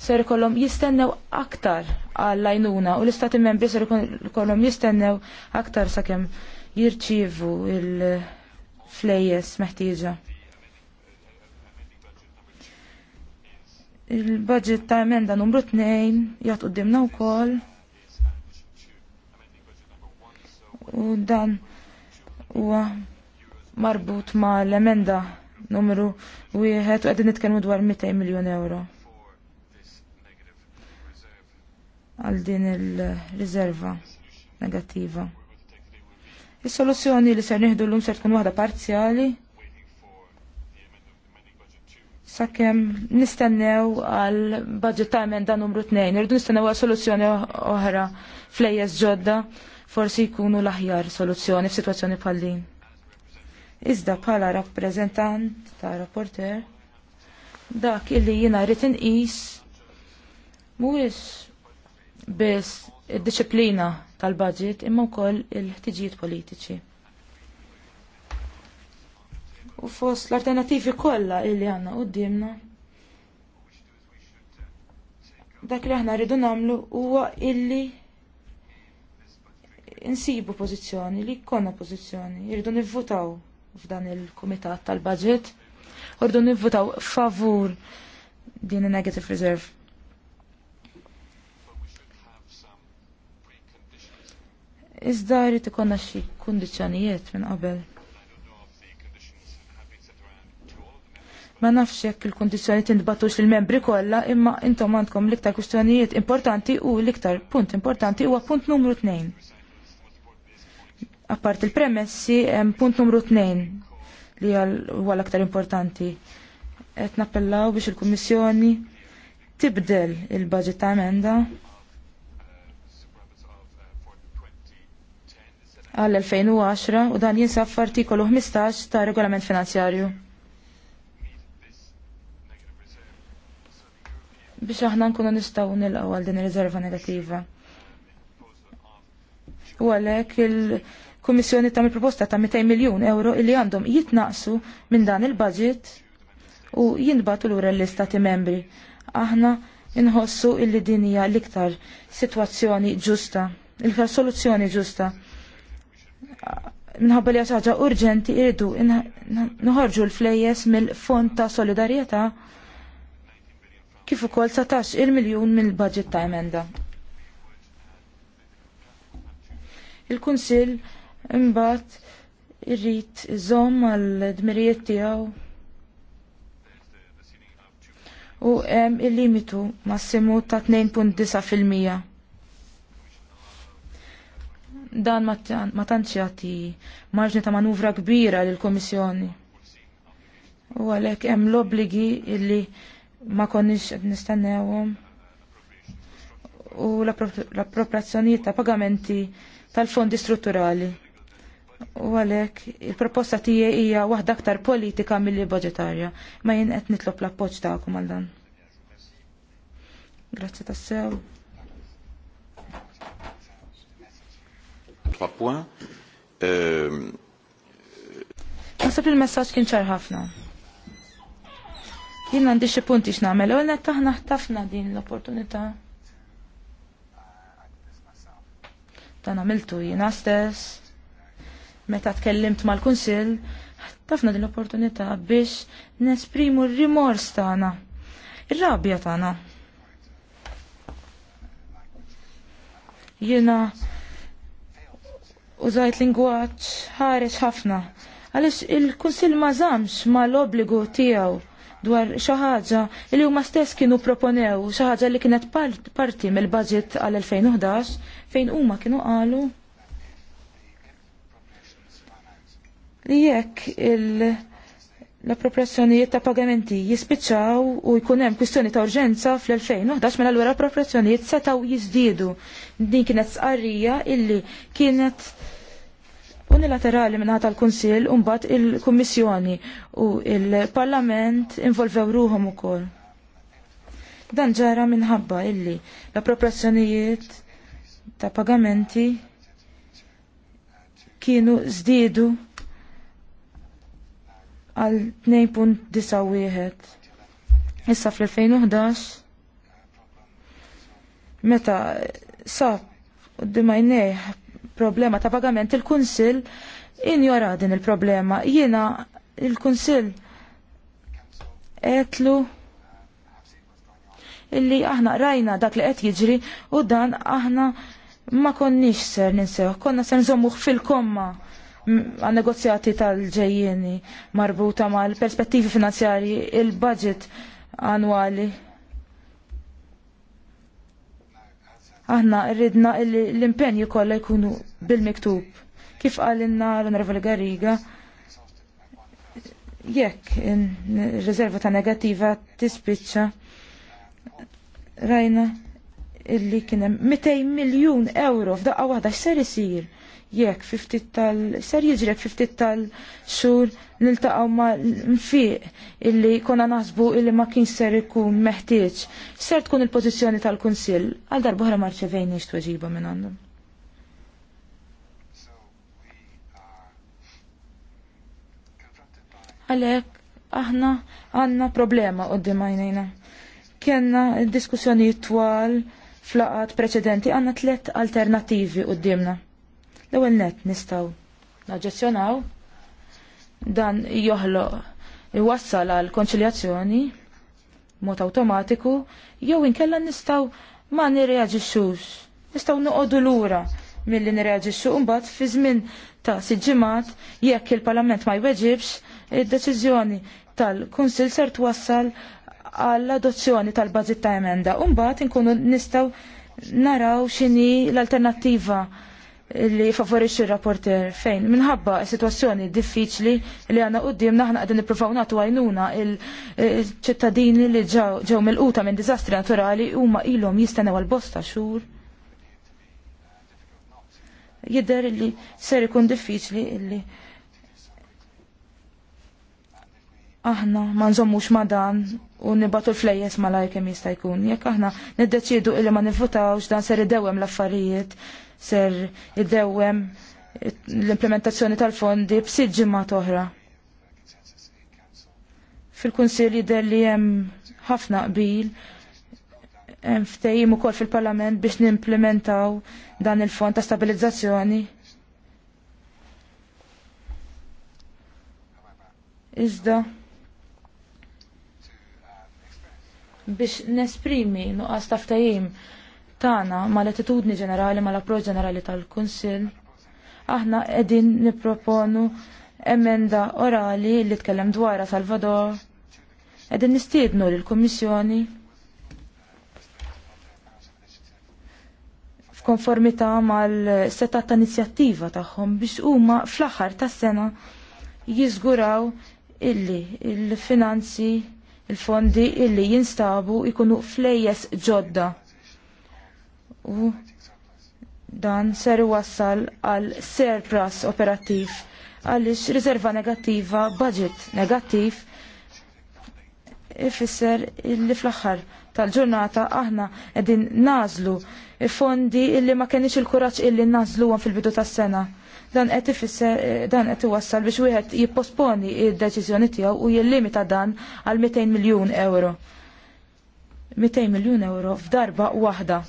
ser ikollhom jistennew aktar għall-għajnuna u l-istati membri ser ikollhom jistennew aktar sakemm jirċievu il-flejjes meħtieġa. Il-budget ta' emenda numru 2 jgħat u wkoll. U dan huwa marbut ma' l-emenda numru wieħed u qegħdin nitkellmu dwar 200 miljun euro. Għal din il-riserva negattiva. Is-soluzzjoni li ser nieħdu llum ser tkun waħda parzjali sakemm nistennew għal budget ta' emenda numru 2, irridu nistennew għal soluzzjoni oħra flejjes ġodda forsi jkunu l-aħjar soluzzjoni f'sitwazzjoni bħal din. Iżda bħala rappreżentant ta' rapporter dak illi jiena rrid inqis mhuwiex biss id-disciplina tal-budget imma wkoll il-ħtiġijiet politiċi. U fost l-alternativi kollha illi għandna dimna dak li aħna rridu nagħmlu huwa illi insibu pożizzjoni, li jkollna pożizzjoni, rridu nivvutaw f'dan il-Kumitat tal-Budget. Ordu nivvutaw favur din il-Negative Reserve. Iżda jrid ikonna xi kundizzjonijiet minn qabel. Ma nafx jekk il-kundizzjonijiet intbatux lill-membri kollha, imma intom għandkom l-iktar kwistjonijiet importanti u l-iktar punt importanti huwa punt numru 2 Appart il-premessi, punt numru 2 li għal aktar importanti. Et nappellaw biex il-Kummissjoni tibdel il-budget ta' emenda għal-2010 u dan jinsab f'artikolu 15 ta' regolament finanzjarju. biex aħna nkunu nistgħu nilqgħu għal din ir-riserva negattiva. U għalhekk il- kummissjoni tam il-proposta ta' 200 miljon euro illi għandhom jitnaqsu minn dan il-budget u jinbatu lura l-istati membri. Aħna inħossu illi dinija l-iktar situazzjoni ġusta, l-iktar soluzzjoni ġusta. Minħabba li ħaġa urġenti irridu nħorġu l-flejjes mill-fond ta' solidarieta kif ukoll satax il-miljun mill-budget ta' emenda. Il-Kunsill imbagħad irrid iżomm għal dmirijiet tiegħu u hemm il-limitu massimu ta' 2.9 Dan ma tantx jagħti marġni ta' manuvra kbira lill kummissjoni U għalhekk hemm l-obbligi illi ma konniex qed nistennewhom u l appropriazzjoni ta' pagamenti tal-fondi strutturali. U għalek, il-proposta tijie hija waħda aktar politika mill budgetarja. Ma jien qed nitlob l-appoġġ tagħkom għal dan. Grazzi tassew. Trois points. Euh, Nasab il-messaġġ kien ċar ħafna. Jien għandi xi punti x'nagħmel, u għalnet taħna ħtafna din l-opportunità. Ta' għamiltu jiena stess meta tkellimt mal-Kunsill, tafna din l-opportunità biex nesprimu r-rimors tagħna, ir-rabja tagħna. Jiena użajt lingwaġġ ħares ħafna għaliex il-Kunsill ma żamx mal-obbligu tiegħu dwar xi ħaġa li huma stess kienu proponew xi ħaġa li kienet parti mill-budget għal 2011 fejn huma kienu qalu li jekk l-appropriazzjonijiet ta' pagamenti jispiċċaw u jkun hemm kwistjoni ta' urġenza fl-2011 mela l-wera appropriazzjonijiet setgħu jiżdiedu. Din kienet sqarrija illi kienet unilaterali minna tal u mbagħad il-Kommissjoni u il-Parlament involvew ruhom ukoll. Dan ġara minħabba illi l-appropriazzjonijiet ta' pagamenti kienu żdiedu għal 2.91. Issa fl-2011 meta sab għajnejh problema ta' pagament il-Kunsil injora din il-problema. Jiena il-Kunsil etlu illi aħna rajna dak li qed jiġri u dan aħna ma konniex ser ninsew, konna ser nżommuh fil-komma għan negozjati tal-ġejjeni marbuta mal-perspettivi finanzjari il-budget annwali. Aħna rridna l-impenji kollha jkunu bil-miktub. Kif għalinna l-Onorevoli Garriga, jekk riserva ta' negattiva tispiċċa rajna illi kienem 200 miljun euro f'daqqa waħda x'ser isir jekk fiftit tal ser jiġrek fiftit tal xur niltaqgħu ma nfiq illi konna naħsbu illi ma kienx ser ikun meħtieġ. Ser tkun il-pożizzjoni tal-Kunsill għal darbohra ma rċevejniex tweġiba minn għandhom. Għalek, aħna għanna problema qoddim għajnejna. Kenna diskussjoni twal flaqat preċedenti għanna tlet alternativi qoddimna. L-ewwel net nistgħu naġġezzjonaw dan joħloq iwassal għal konċiljazzjoni mod awtomatiku jew inkella nistgħu ma nirreaġixxux. Nistgħu noqogħdu lura milli nirreaġixxu mbagħad fi żmien ta' siġġimat jekk il-Parlament ma jweġibx id-deċiżjoni tal-Kunsil ser twassal għall-adozzjoni tal-bażit ta' emenda. Mbagħad inkunu nistgħu naraw x'inhi l-alternattiva li favorixxi r-rapporter fejn minħabba situazzjoni diffiċli li għana qudiem naħna qegħdin nippruvaw nagħtu għajnuna il-ċittadini li ġew mill-quta minn diżastri naturali huma ilhom jistennew għal bosta xhur. Jidder li ser ikun diffiċli li aħna ma nżommux ma dan u nibatu l-flejjes ma lajkem jista' jkun. Jekk aħna niddeċiedu illi ma nivvutawx dan ser idewhem l-affarijiet, ser id-dewem l-implementazzjoni tal-fondi b'sitt ġimgħat oħra. fil kunsilli jidher hemm ħafna qbil hemm ftehim ukoll fil-Parlament biex nimplementaw dan il-fond ta' stabilizzazzjoni. Iżda biex nesprimi nuqqas ta' ftehim tagħna mal-attitudni ġenerali mal approċ ġenerali tal-Kunsill. Aħna qegħdin nipproponu emenda orali li tkellem dwarha Salvador. Qegħdin nistiednu lill-Kummissjoni f'konformità mal-setat ta' inizjattiva tagħhom biex huma fl-aħħar tas-sena jiżguraw illi il-finanzi il-fondi illi jinstabu ikunu flejjes ġodda u dan ser wassal għal surplus operattiv għaliex riserva negattiva, budget negattiv, ifisser li fl-axħar tal-ġurnata aħna edin nażlu fondi illi ma kenix il-kuraċ illi nażlu fil-bidu tas-sena. Dan qed ifisser eh, dan qed iwassal biex wieħed jipposponi id-deċiżjoni tiegħu u jillimita dan għal 200 miljun euro. 200 miljun euro f'darba waħda.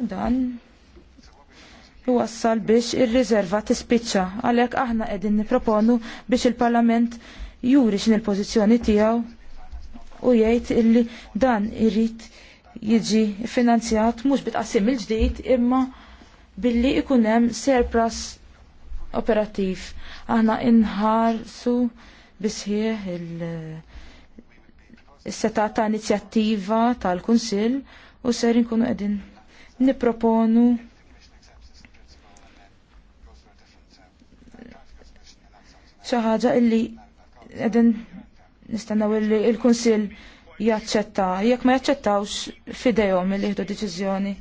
Dan jwassal biex ir rizerva tispiċċa għalhekk aħna qegħdin nipproponu biex il-Parlament juri x'in il-pożizzjoni tiegħu u jgħid illi dan irid jiġi finanzjat mhux bitqasim il-ġdid imma billi ikun hemm surplus operattiv. Aħna inħarsu bisħieħ il-seta setata inizjattiva tal-Kunsill u ser inkunu qegħdin niproponu xi ħaġa illi għedin nistennew illi l-Kunsill jaċċetta, jekk ma jaċċettawx fidejhom illi jieħdu deċiżjoni.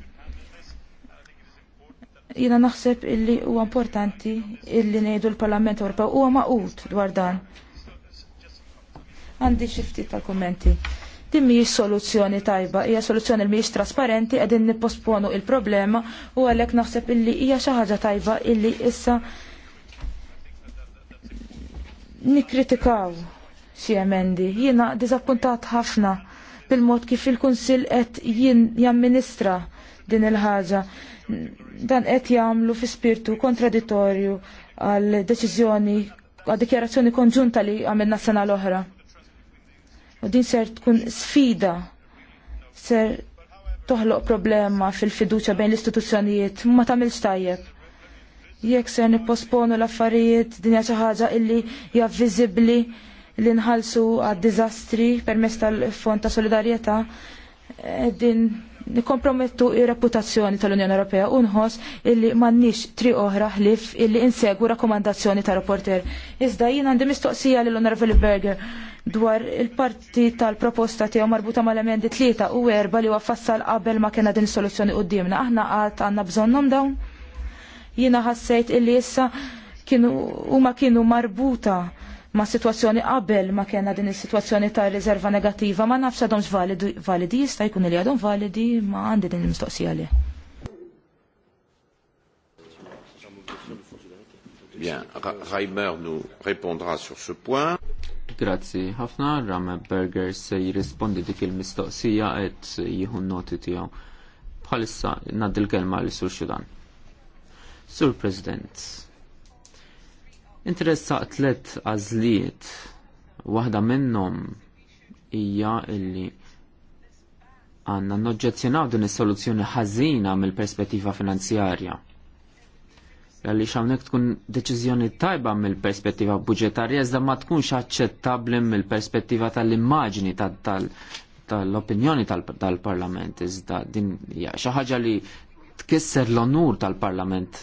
Jiena naħseb illi huwa importanti illi ngħidu l-Parlament Ewropew huwa maqut dwar dan. Għandi xi ftit tal-kummenti. Din mhijiex soluzzjoni tajba, hija soluzzjoni li mhijiex trasparenti qegħdin nipposponu il-problema u għalhekk naħseb illi hija xi ħaġa tajba illi issa nikkritikaw xi emendi. Jiena diżappuntat ħafna bil-mod kif il-Kunsill qed jamministra din il-ħaġa. Dan qed jagħmlu fi spirtu kontradittorju għal deċiżjoni għad dikjarazzjoni konġunta li għamilna s-sena l-oħra. U din ser tkun sfida ser toħloq problema fil-fiduċa bejn l-istituzzjonijiet ma tagħmilx tajjeb. Jekk ser nipposponu l-affarijiet din hija xi ħaġa illi hija viżibbli li nħallsu għad-diżastri permezz tal-Fond ta' Solidarjetà eh, din nikompromettu ir-reputazzjoni tal-Unjoni Ewropea u nħoss illi m'għandniex tri oħra ħlif illi insegwu rakkomandazzjoni ta' reporter. Iżda jien għandi mistoqsija lil Honorable Berger dwar il-parti tal-proposta tiegħu marbuta mal-emendi tlieta u erba li waffassal qabel ma kena din soluzzjoni qudiemna. Aħna għad għandna bżonnhom dawn. Jiena ħassejt illi issa kienu huma kienu marbuta ma' situazzjoni qabel ma' kena din is-situazzjoni ta' riserva negativa. ma' nafx għadhomx validi, jista' jkun li għadhom validi ma' għandi din il-mistoqsija li. Bien, Reimer nous répondra sur ce point. Grazzi, ħafna Berger se jirrispondi dik il-mistoqsija et jieħu noti tiegħu. Bħalissa naddil l-kelma li sur Xudan. Sur President, Interessa tlet għażliet waħda minnhom hija illi għandna noġġezzjonaw din is-soluzzjoni ħażina mill-perspettiva finanzjarja. Għalli hawnhekk tkun deċiżjoni tajba mill-perspettiva budġetarja iżda ma tkunx aċċettabbli mill-perspettiva tal-immaġni tal-opinjoni tal-Parlament iżda din hija ħaġa li tkisser l-onur tal-Parlament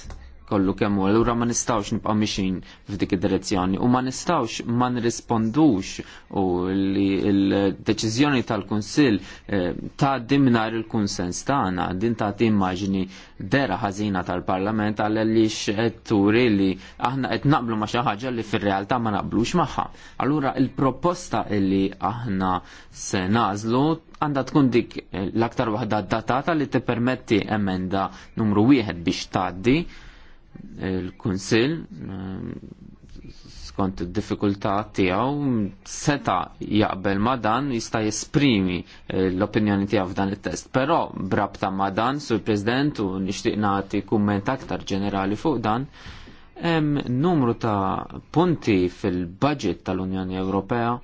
kollu kemmu, allura ma nistawx nibqa' mixin f'dik id-direzzjoni u ma nistawx ma nirrispondux u li l-deċiżjoni tal-Kunsill eh, ta' dimnar il-kunsens tagħna din ta' immaġini dera ħażina tal-Parlament għal li qed turi li aħna qed naqblu ma' xi ħaġa li fir-realtà ma naqblux magħha. Allura il-proposta li aħna se nażlu għandha tkun dik eh, l-aktar waħda datata li tippermetti emenda numru wieħed biex tgħaddi il-Kunsill um, skont id-diffikultà tiegħu seta jaqbel ma dan jista' jesprimi eh, l-opinjoni tiegħu f'dan it-test. Però brabta ma dan sur President u nixtieq nagħti kumment aktar ġenerali fuq dan hemm numru ta' punti fil-budget tal-Unjoni Ewropea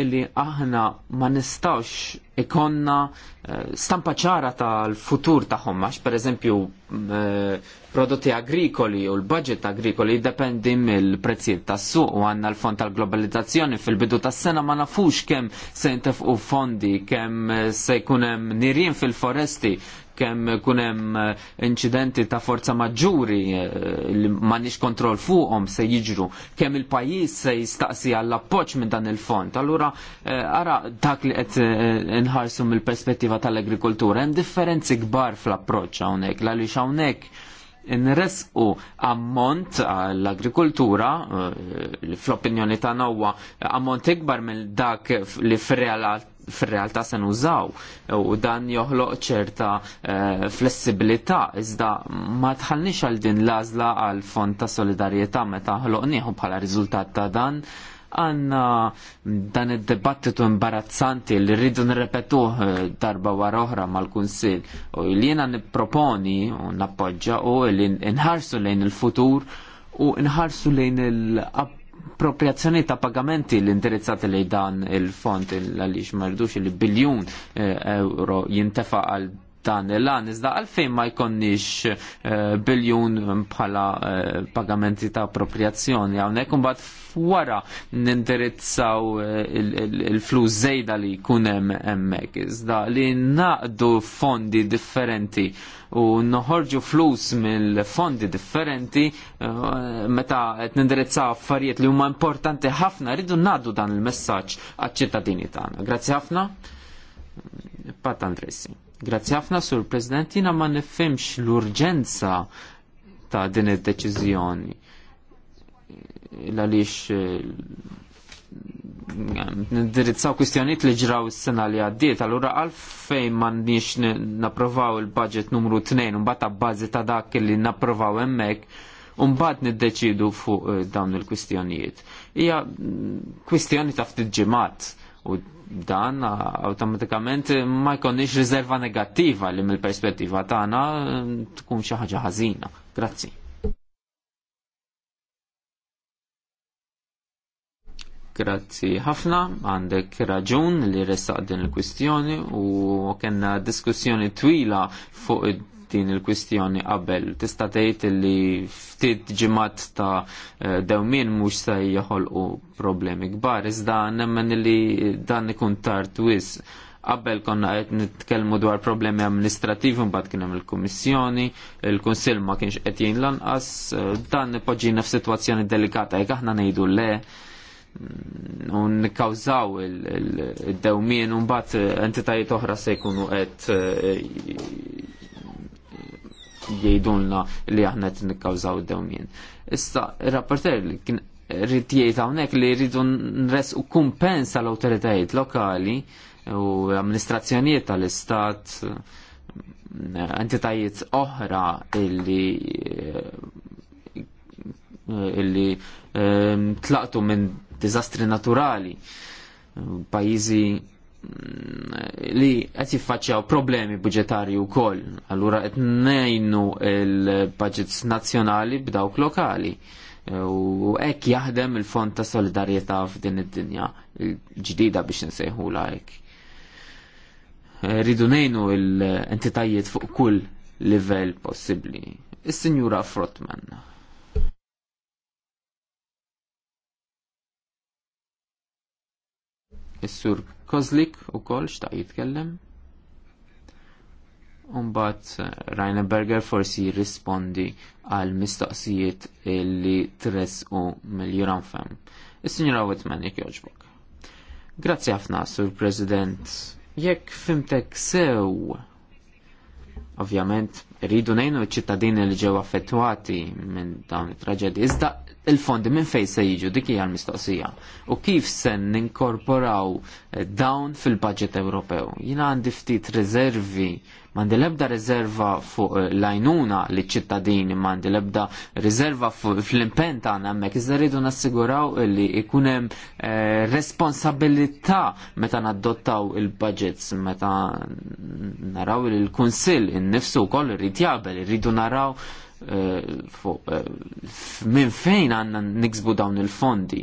illi aħna ma nistawx ikonna eh, stampa ċara tal-futur tagħhom għax pereżempju eh, prodotti agrikoli u l-budget agrikoli jiddependi mill-prezzijiet tas-suq u għandna l-fond tal-globalizzazzjoni fil-bidu tas-sena ma nafux kemm se jintefqu fondi, kemm eh, se jkun hemm nirien fil-foresti, kemm kunem eh, incidenti ta' forza maġġuri eh, li nix kontroll fuqhom se jiġru, kemm il-pajjiż se jistaqsi għall appoġġ minn dan il-fond. Allura eh, ara dak li qed inħarsu mill-perspettiva tal-agrikoltura hemm differenzi kbar fl-approċċ hawnhekk għaliex hawnhekk nresqu ammont l-agrikoltura fl-opinjoni ta' huwa ammont ikbar minn dak li f'realat fir-realtà se nużaw u dan joħloq ċerta eh, flessibilità iżda ma tħallniex għal din l-għażla għal fond ta' solidarjetà meta ħloqnieħu bħala riżultat ta' dan għanna dan id-debattitu imbarazzanti li rridu nirrepetuh eh, darba wara oħra mal-Kunsil u li jena nipproponi u nappoġġa u li nħarsu lejn il-futur u nħarsu lejn il-app appropriazzjoni ta' pagamenti l-indirizzati li dan il-fond għaliex mardux il-biljun eh, euro jintefa għal dan l għan iżda għalfejn ma jkonniex eh, biljun bħala eh, pagamenti ta' appropriazzjoni, għawnek mbagħad bat wara nindirizzaw eh, il-flus zejda li kunem emmek, iżda li naqdu fondi differenti u noħorġu flus mill-fondi differenti meta qed nindirizzaw affarijiet li huma importanti ħafna rridu naddu dan il-messaġġ għaċ-ċittadini tagħna. Grazzi ħafna. Pat Andressi. Grazzi ħafna sur President, jina ma nifhimx l-urġenza ta' din id-deċiżjoni. Għaliex eh, nindirizzaw kwistjonijiet li ġraw s sena li għaddiet, allura għalfejn m'għandniex napprovaw il-budget numru 2 mbagħad ta' bażi ta' dak li napprovaw hemmhekk Umbat niddeċidu fuq eh, dawn il-kwistjonijiet. Hija mm, kwistjoni ta' ftit ġimgħat u dan awtomatikament ma jkunniex riserva negattiva li mill-perspettiva tagħna tkun xi ħaġa ħażina. Grazzi. Grazzi ħafna, għandek raġun li ressaq din il-kwistjoni u kena diskussjoni twila fuq din il-kwistjoni qabel. Tista' tgħid li ftit ġimat ta' eh, dewmien mhux se joħolqu problemi kbar, iżda nemmen li dan ikun tard wis. Qabel konna qed nitkellmu dwar problemi amministrativi mbagħad kien hemm il-Kummissjoni, il-Kunsill ma kienx qed jinlanqas, eh, dan dan nipoġġina f'sitwazzjoni delikata jekk aħna ngħidu le mm, un kawżaw il-dewmien un bat entitajiet oħra se jkunu qed eh, jgħidulna li aħna qed nikkawżaw id-dewmien. Issa ir-rapporter li kien rrid jgħid hawnhekk li rridu nres u kumpens għall awtoritajiet lokali u amministrazzjonijiet tal-istat entitajiet oħra illi illi eh, tlaqtu minn diżastri naturali pajjiżi. Mm, li qed jiffaċċjaw problemi budġetarji wkoll. Allura qed ngħinu l-budgets nazzjonali b'dawk lokali. E, u hekk jaħdem il-Fond ta' Solidarjetà f'din id-dinja l ġdida biex nsejħula hekk. E, rridu ngħinu l-entitajiet fuq kull livell possibbli. Is-Sinjura Frotman. Is-sur Kozlik u kol xtaq jitkellem. Umbat eh, Reineberger forsi jirrispondi għal mistoqsijiet illi tres u miljuran fem. Is-Sinjora Whitman jek joġbok. Grazzi ħafna, Sur President. Jekk fimtek sew, ovvjament, rridu nejnu ċittadini li ġew affettwati minn dawn it-traġedi. Iżda il-fondi minn fejn se jiġu dik hija l-mistoqsija u kif se ninkorporaw eh, dawn fil-budget Ewropew. Jiena għandi ftit rezervi, mandi l-ebda riserva fuq eh, l li ċittadini, mandi l-ebda riserva fl-impen tagħna hemmhekk, iżda rridu nassiguraw li jkun hemm eh, responsabilità meta naddottaw il-budgets, meta naraw il-Kunsill innifsu wkoll irid rritjabel, rridu naraw Eh, eh, minn fejn għanna niksbu dawn il-fondi.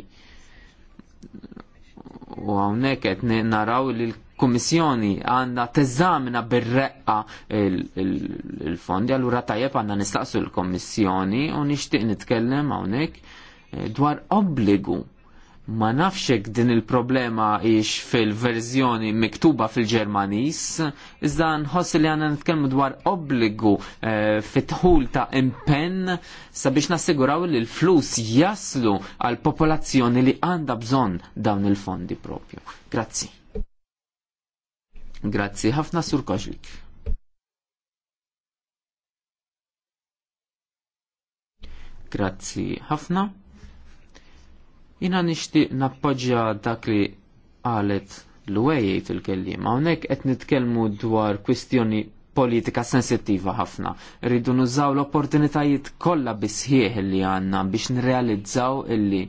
U għawnek qed naraw li l-Kummissjoni għanna teżamina bir-reqqa il-fondi, allura tajjeb għandna nistaqsu l-Kommissjoni u nixtieq nitkellem hawnhekk eh, dwar obbligu Ma nafxek din il-problema ix fil-verżjoni miktuba fil-Ġermanis, iżda nħossi li għanna nitkellmu dwar obbligu e, eh, fitħul ta' impenn sabiex nassiguraw li l-flus jaslu għal popolazzjoni li għanda bżon dawn il-fondi propju. Grazzi. Grazzi, ħafna sur koġlik. Grazzi, ħafna. Jina nixtieq nappoġġja dak li qalet l-wejjejt il kellima Hawnhekk qed nitkellmu dwar kwistjoni politika sensittiva ħafna. Rridu nużaw l-opportunitajiet kollha bisħieħ li għandna biex nirrealizzaw illi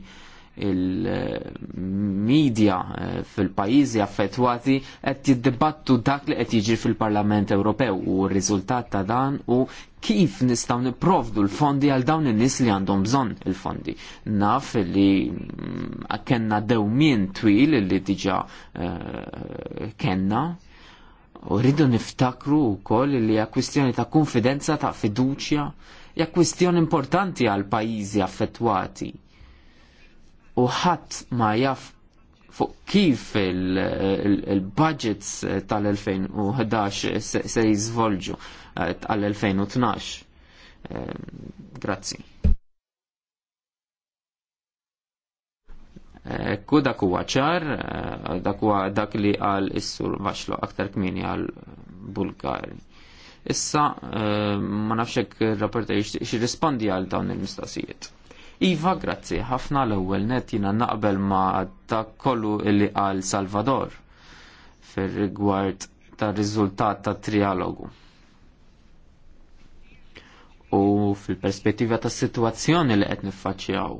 il-medja eh, fil-pajizi affettwati qed jiddibattu dak li qed jiġi fil-Parlament Ewropew u r-riżultat ta' dan u kif nistaw niprovdu l-fondi għal dawn in-nies li għandhom bżonn il-fondi. Naf li mm, kenna dewmien twil li diġa uh, eh, kenna u rridu niftakru wkoll li hija kwistjoni ta' konfidenza ta' fiduċja hija kwistjoni importanti għal pajjiżi affettwati u ħadd ma jaf fuq kif il-budgets tal-2011 se jizvolġu eh, tal-2012. Eh, grazzi. Eh, ku dak huwa ċar, dak huwa dak li għal issur vaxlu aktar kmini għal Bulgari. Issa ma nafxek il-rapporta xirrispondi għal dawn il-mistoqsijiet. Iva, grazzi, ħafna l-ewwel net jiena naqbel ma dak kollu illi qal Salvador fir-rigward tar-riżultat tat-trialogu u fil-perspettiva ta' situazzjoni li qed niffaċċjaw.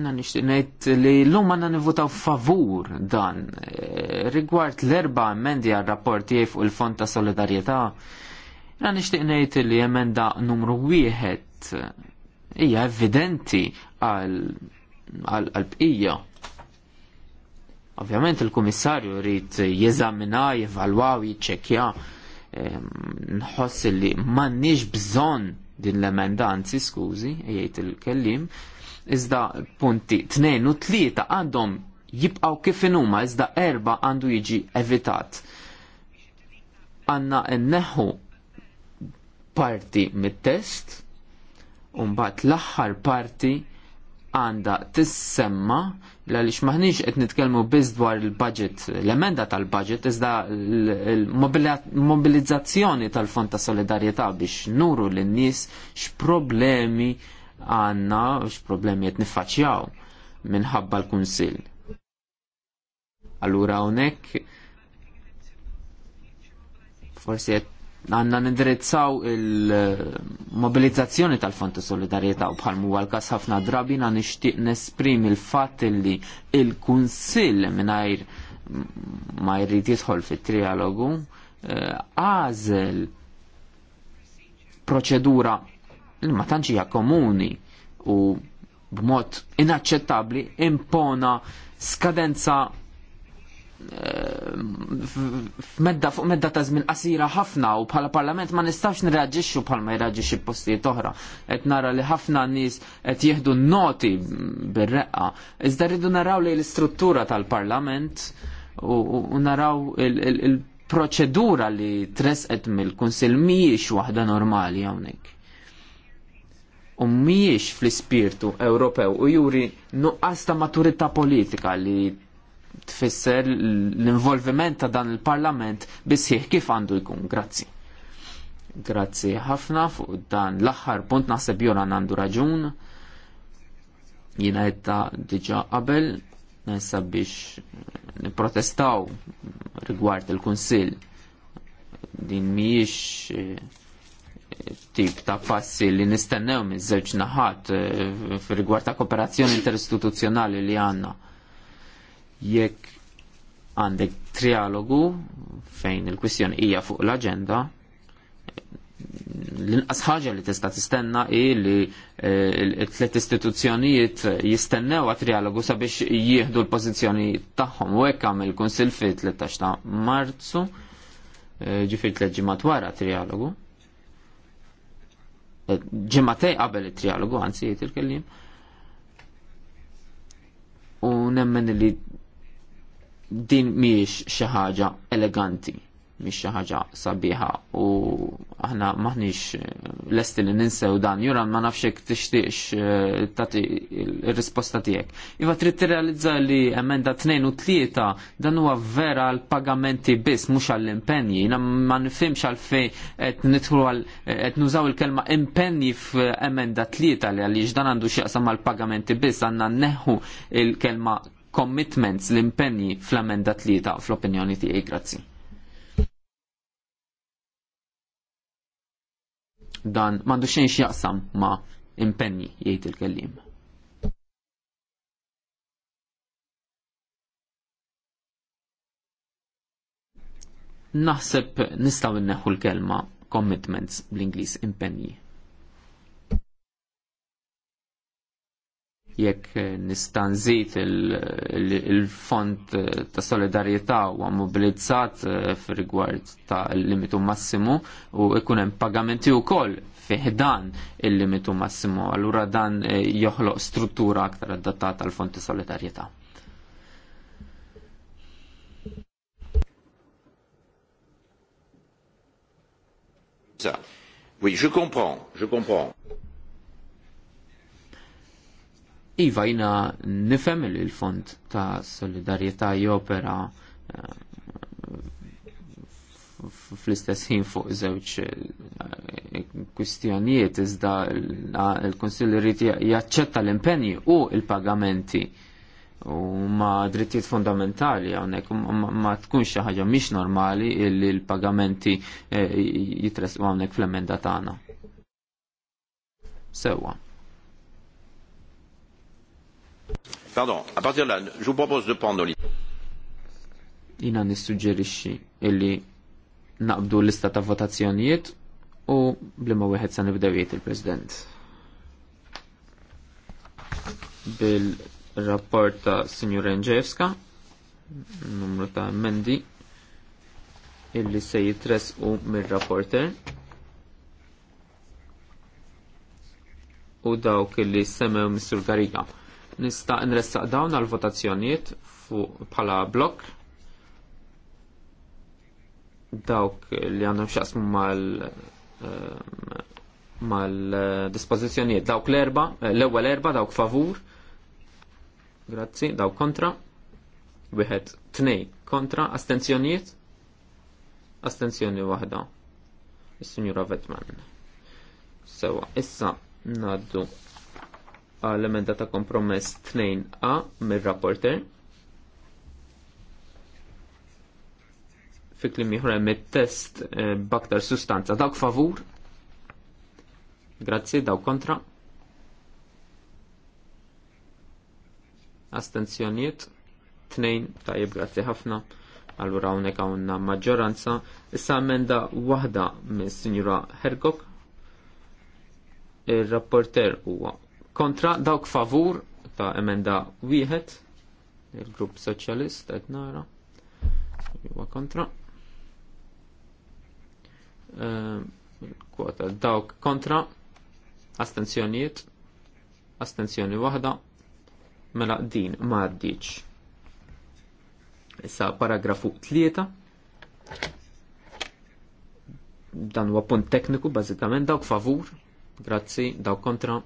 Na nixtieq ngħid li llum għandna nivvutaw favur dan eh, rigward l-erba' emendi għar rapport tiegħi fuq il-Fond ta' Solidarjetà Na nishtiq nejt li emenda numru wieħed hija evidenti għal-bqija. Ovvjament il-Kummissarju rrit jeżamina, jevalwaw, jiċċekja nħoss li m'għandniex bżonn din l-emenda, anzi skużi, jgħid il-kellim, iżda punti tnejn u tlieta għandhom jibqaw kif huma iżda erba għandu jiġi evitat. Għanna nneħħu parti mit-test, u mbagħad l-aħħar parti għandha tissemma għaliex maħniex qed nitkellmu biss dwar il-budget, l-emenda tal-budget iżda l-mobilizzazzjoni tal-Fond ta' Solidarjetà biex nuru lin-nies x'problemi għandna x'problemi qed niffaċċjaw minħabba l-Kunsill. Allura hawnhekk forsi qed għanna nindirizzaw il-mobilizzazzjoni tal-Fond Solidarieta u bħal muwa l-kas ħafna drabi na nixtieq nesprim il fat li il-Kunsill mingħajr ma jrid jidħol fit-trialogu eh, għażel proċedura li ma tantx hija komuni u b'mod inaċċettabbli impona skadenza f'medda fuq medda ta' żmien qasira ħafna u bħala parlament ma nistax nirraġixxu bħal ma jraġixxi postijiet oħra. Qed nara li ħafna nies qed jieħdu noti bir-reqqa. Iżda rridu naraw li l-istruttura tal-parlament u naraw il-proċedura li tresqet mill-kunsil mhijiex waħda normali hawnhekk. U mhijiex fl-ispirtu Ewropew u juri nuqqas ta' maturità politika li tfisser l-involviment ta' dan il-Parlament bisħiħ kif għandu jkun. Grazzi. Grazzi ħafna fuq dan l-aħħar punt naħseb jona għandu raġun. Jina jetta diġa qabel naħseb biex niprotestaw rigward il-Kunsill. Din miex eh, tip ta' passi li nistennew miż-żewġ naħat eh, fir rigward ta' kooperazzjoni interistituzzjonali li għandna jekk għandek trialogu fejn il-kwistjoni hija fuq l-agenda, l-inqas ħaġa li tista' tistenna i li t-tliet eh, istituzzjonijiet jistennew għat-trialogu sabiex jieħdu l-pożizzjoni tagħhom u hekk għamel kunsil fi 13 ta' Marzu eh, ġifir tliet ġimgħat wara trialogu. Eh, Ġimgħatej qabel it-trialogu anzi jgħid il-kellim. U nemmen li din miex xi ħaġa eleganti, miex xi ħaġa sabiħa u aħna maħniex eh, lesti li ninsew dan. Juran ma nafx hekk tixtieqx eh, tagħti risposta tiegħek. Iva trid tirrealizza li emenda tnejn u tlieta dan huwa vera l pagamenti biss mhux għall impenji. jina ma nifimx għal fej eh, qed nitħu għal qed nużaw il-kelma impenji f'emenda tlieta li għaliex dan għandu x'jaqsam għal pagamenti biss għandna neħu il-kelma commitments l impenni fl-amenda tlieta fl-opinjoni tiegħi grazzi. Dan m'għandu xejn x'jaqsam ma' impenni jgħid il-kellim. Naħseb nistgħu nneħħu l-kelma commitments bl-Ingliż impenji. jekk nistanżit il-fond il eh, ta' solidarjetà u mobilizzat eh, f'rigward ta' limitu massimu u ikun hemm pagamenti wkoll fiħdan il-limitu massimu, allura dan eh, joħloq struttura aktar adattata għal fond ta' solidarjetà. Oui, je comprends, je comprends. Iva jina nifem li l-fond ta' solidarieta jopera eh, fl-istess ħin fuq żewġ eh, kwistjonijiet iżda l-Konsil irid jaċċetta l impenju u l-pagamenti u ma drittijiet fundamentali hawnhekk ma tkunx xi ħaġa mhix normali li l-pagamenti eh, jitresqu hawnhekk fl-emenda tagħna. Sewwa. Pardon, a partir là, je vous propose de prendre l'idée. Jina nissuġġerixxi illi naqbdu l-lista ta' votazzjonijiet u blimma wieħed sa nibdewiet il-President. Bil-rapport ta' Signor Enġevska, numru ta' Mendi, illi se jitres u mir-rapporter. U dawk illi semmew Mr. Gariga nista' nressaq dawn għal votazzjonijiet fuq bħala blok dawk li għandhom xaqsmu mal eh, mal eh, dispożizzjonijiet dawk l-erba, eh, l-ewwel erba dawk favur. Grazzi, dawk kontra. Wieħed tnej kontra, astenzjonijiet. Astenzjoni waħda. Is-Sinjura Vetman. Sewa, issa naddu għal emenda ta' kompromess 2A mir-rapporter. Fi klim ieħor mit test eh, baktar sustanza dawk favur. Grazzi, dawk kontra. Astenzjonijiet tnejn tajjeb grazzi ħafna. Allura hawnhekk hawnna maġġoranza. Issa emenda waħda minn Sinjura Hergok. Ir-rapporter huwa kontra dawk favur ta' emenda wieħed il-grupp soċjalist qed nara huwa kontra ehm, kwota dawk kontra astenzjonijiet astenzjoni waħda mela din ma għaddiċ. Issa paragrafu 3 dan huwa punt tekniku bażikament dawk favur, grazzi, dawk kontra,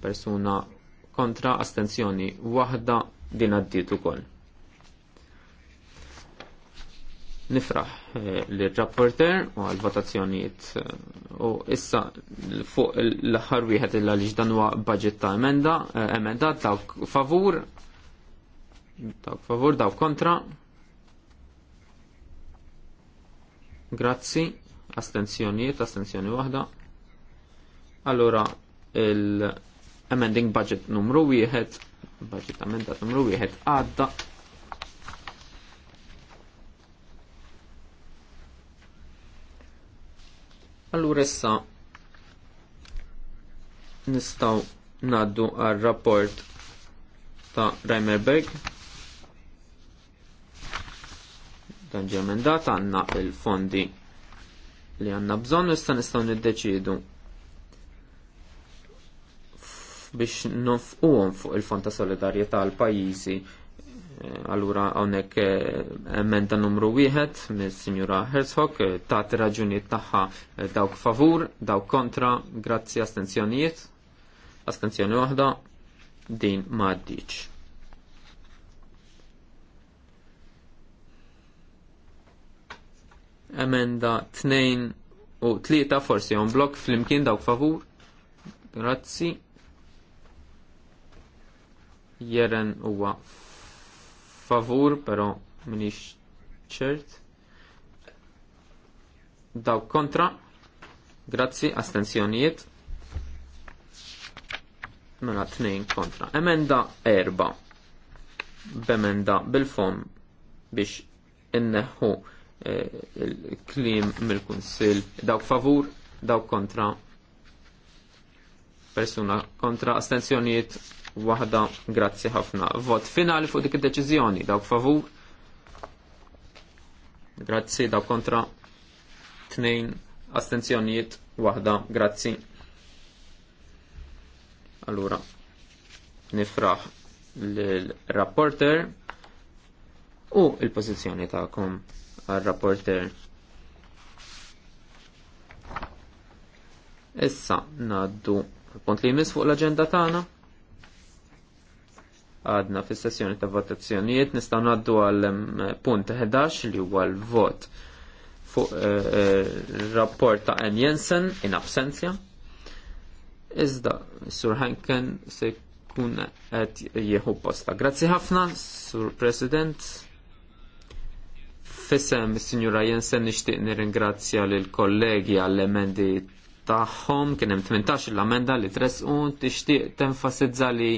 persuna kontra astenzjoni waħda din għaddiet ukoll. Nifraħ eh, l-rapporter u għal-votazzjonijiet eh, u issa fuq l-aħħar wieħed illa li dan huwa budget ta' emenda, eh, emenda ta' favur, ta' favur, ta' kontra. Grazzi, astenzjonijiet, astenzjoni waħda. Allora, il-amending budget numru wieħed, budget amendat numru wieħed għadda Allura issa nistgħu ngħaddu għal rapport ta' Reimerberg. Dan ġemendat għandna il-fondi li għandna bżonn issa nistgħu niddeċidu biex nonfquhom fuq il-Fond ta' Solidarjetà għal pajjiżi. Eh, allura hawnhekk eh, emenda numru wieħed mis-Sinjura Herzog eh, tagħti raġunijiet tagħha dawk favur, dawk kontra, grazzi astenzjonijiet. Astenzjoni waħda din m'għaddiċ. Emenda 2 u 3 forsi on blok flimkien dawk favur. Grazzi Jeren huwa favur, però minix ċert. Daw kontra. Grazzi, astensjonijiet. Mela tnejn kontra. Emenda erba. B'emenda bil-fom biex inneħu eh, il-klim mill-kunsil dawk favur, dawk kontra persuna kontra astenzjonijiet waħda grazzi ħafna. Vot finali fuq dik id-deċiżjoni, dawk favur. Grazzi, dawk kontra. Tnejn astenzjonijiet, waħda grazzi. Allura, nifraħ l-rapporter u il-pozizjoni ta'kom għal-rapporter. Issa naddu punt li jmiss fuq l-agenda tagħna għadna fis sessjoni ta' votazzjonijiet nistgħu ngħaddu għal punt 11 li huwa l-vot fuq eh, eh, rapport ta' N. Jensen in absenzja. Iżda, Sur Hanken se jkun qed jieħu posta. Grazzi ħafna, Sur President. Fissem, Signora Jensen, nixtieq nirringrazzja lill kollegi għall-emendi tagħhom kien hemm 18 l-amenda li tresqu tixtieq tenfasizza li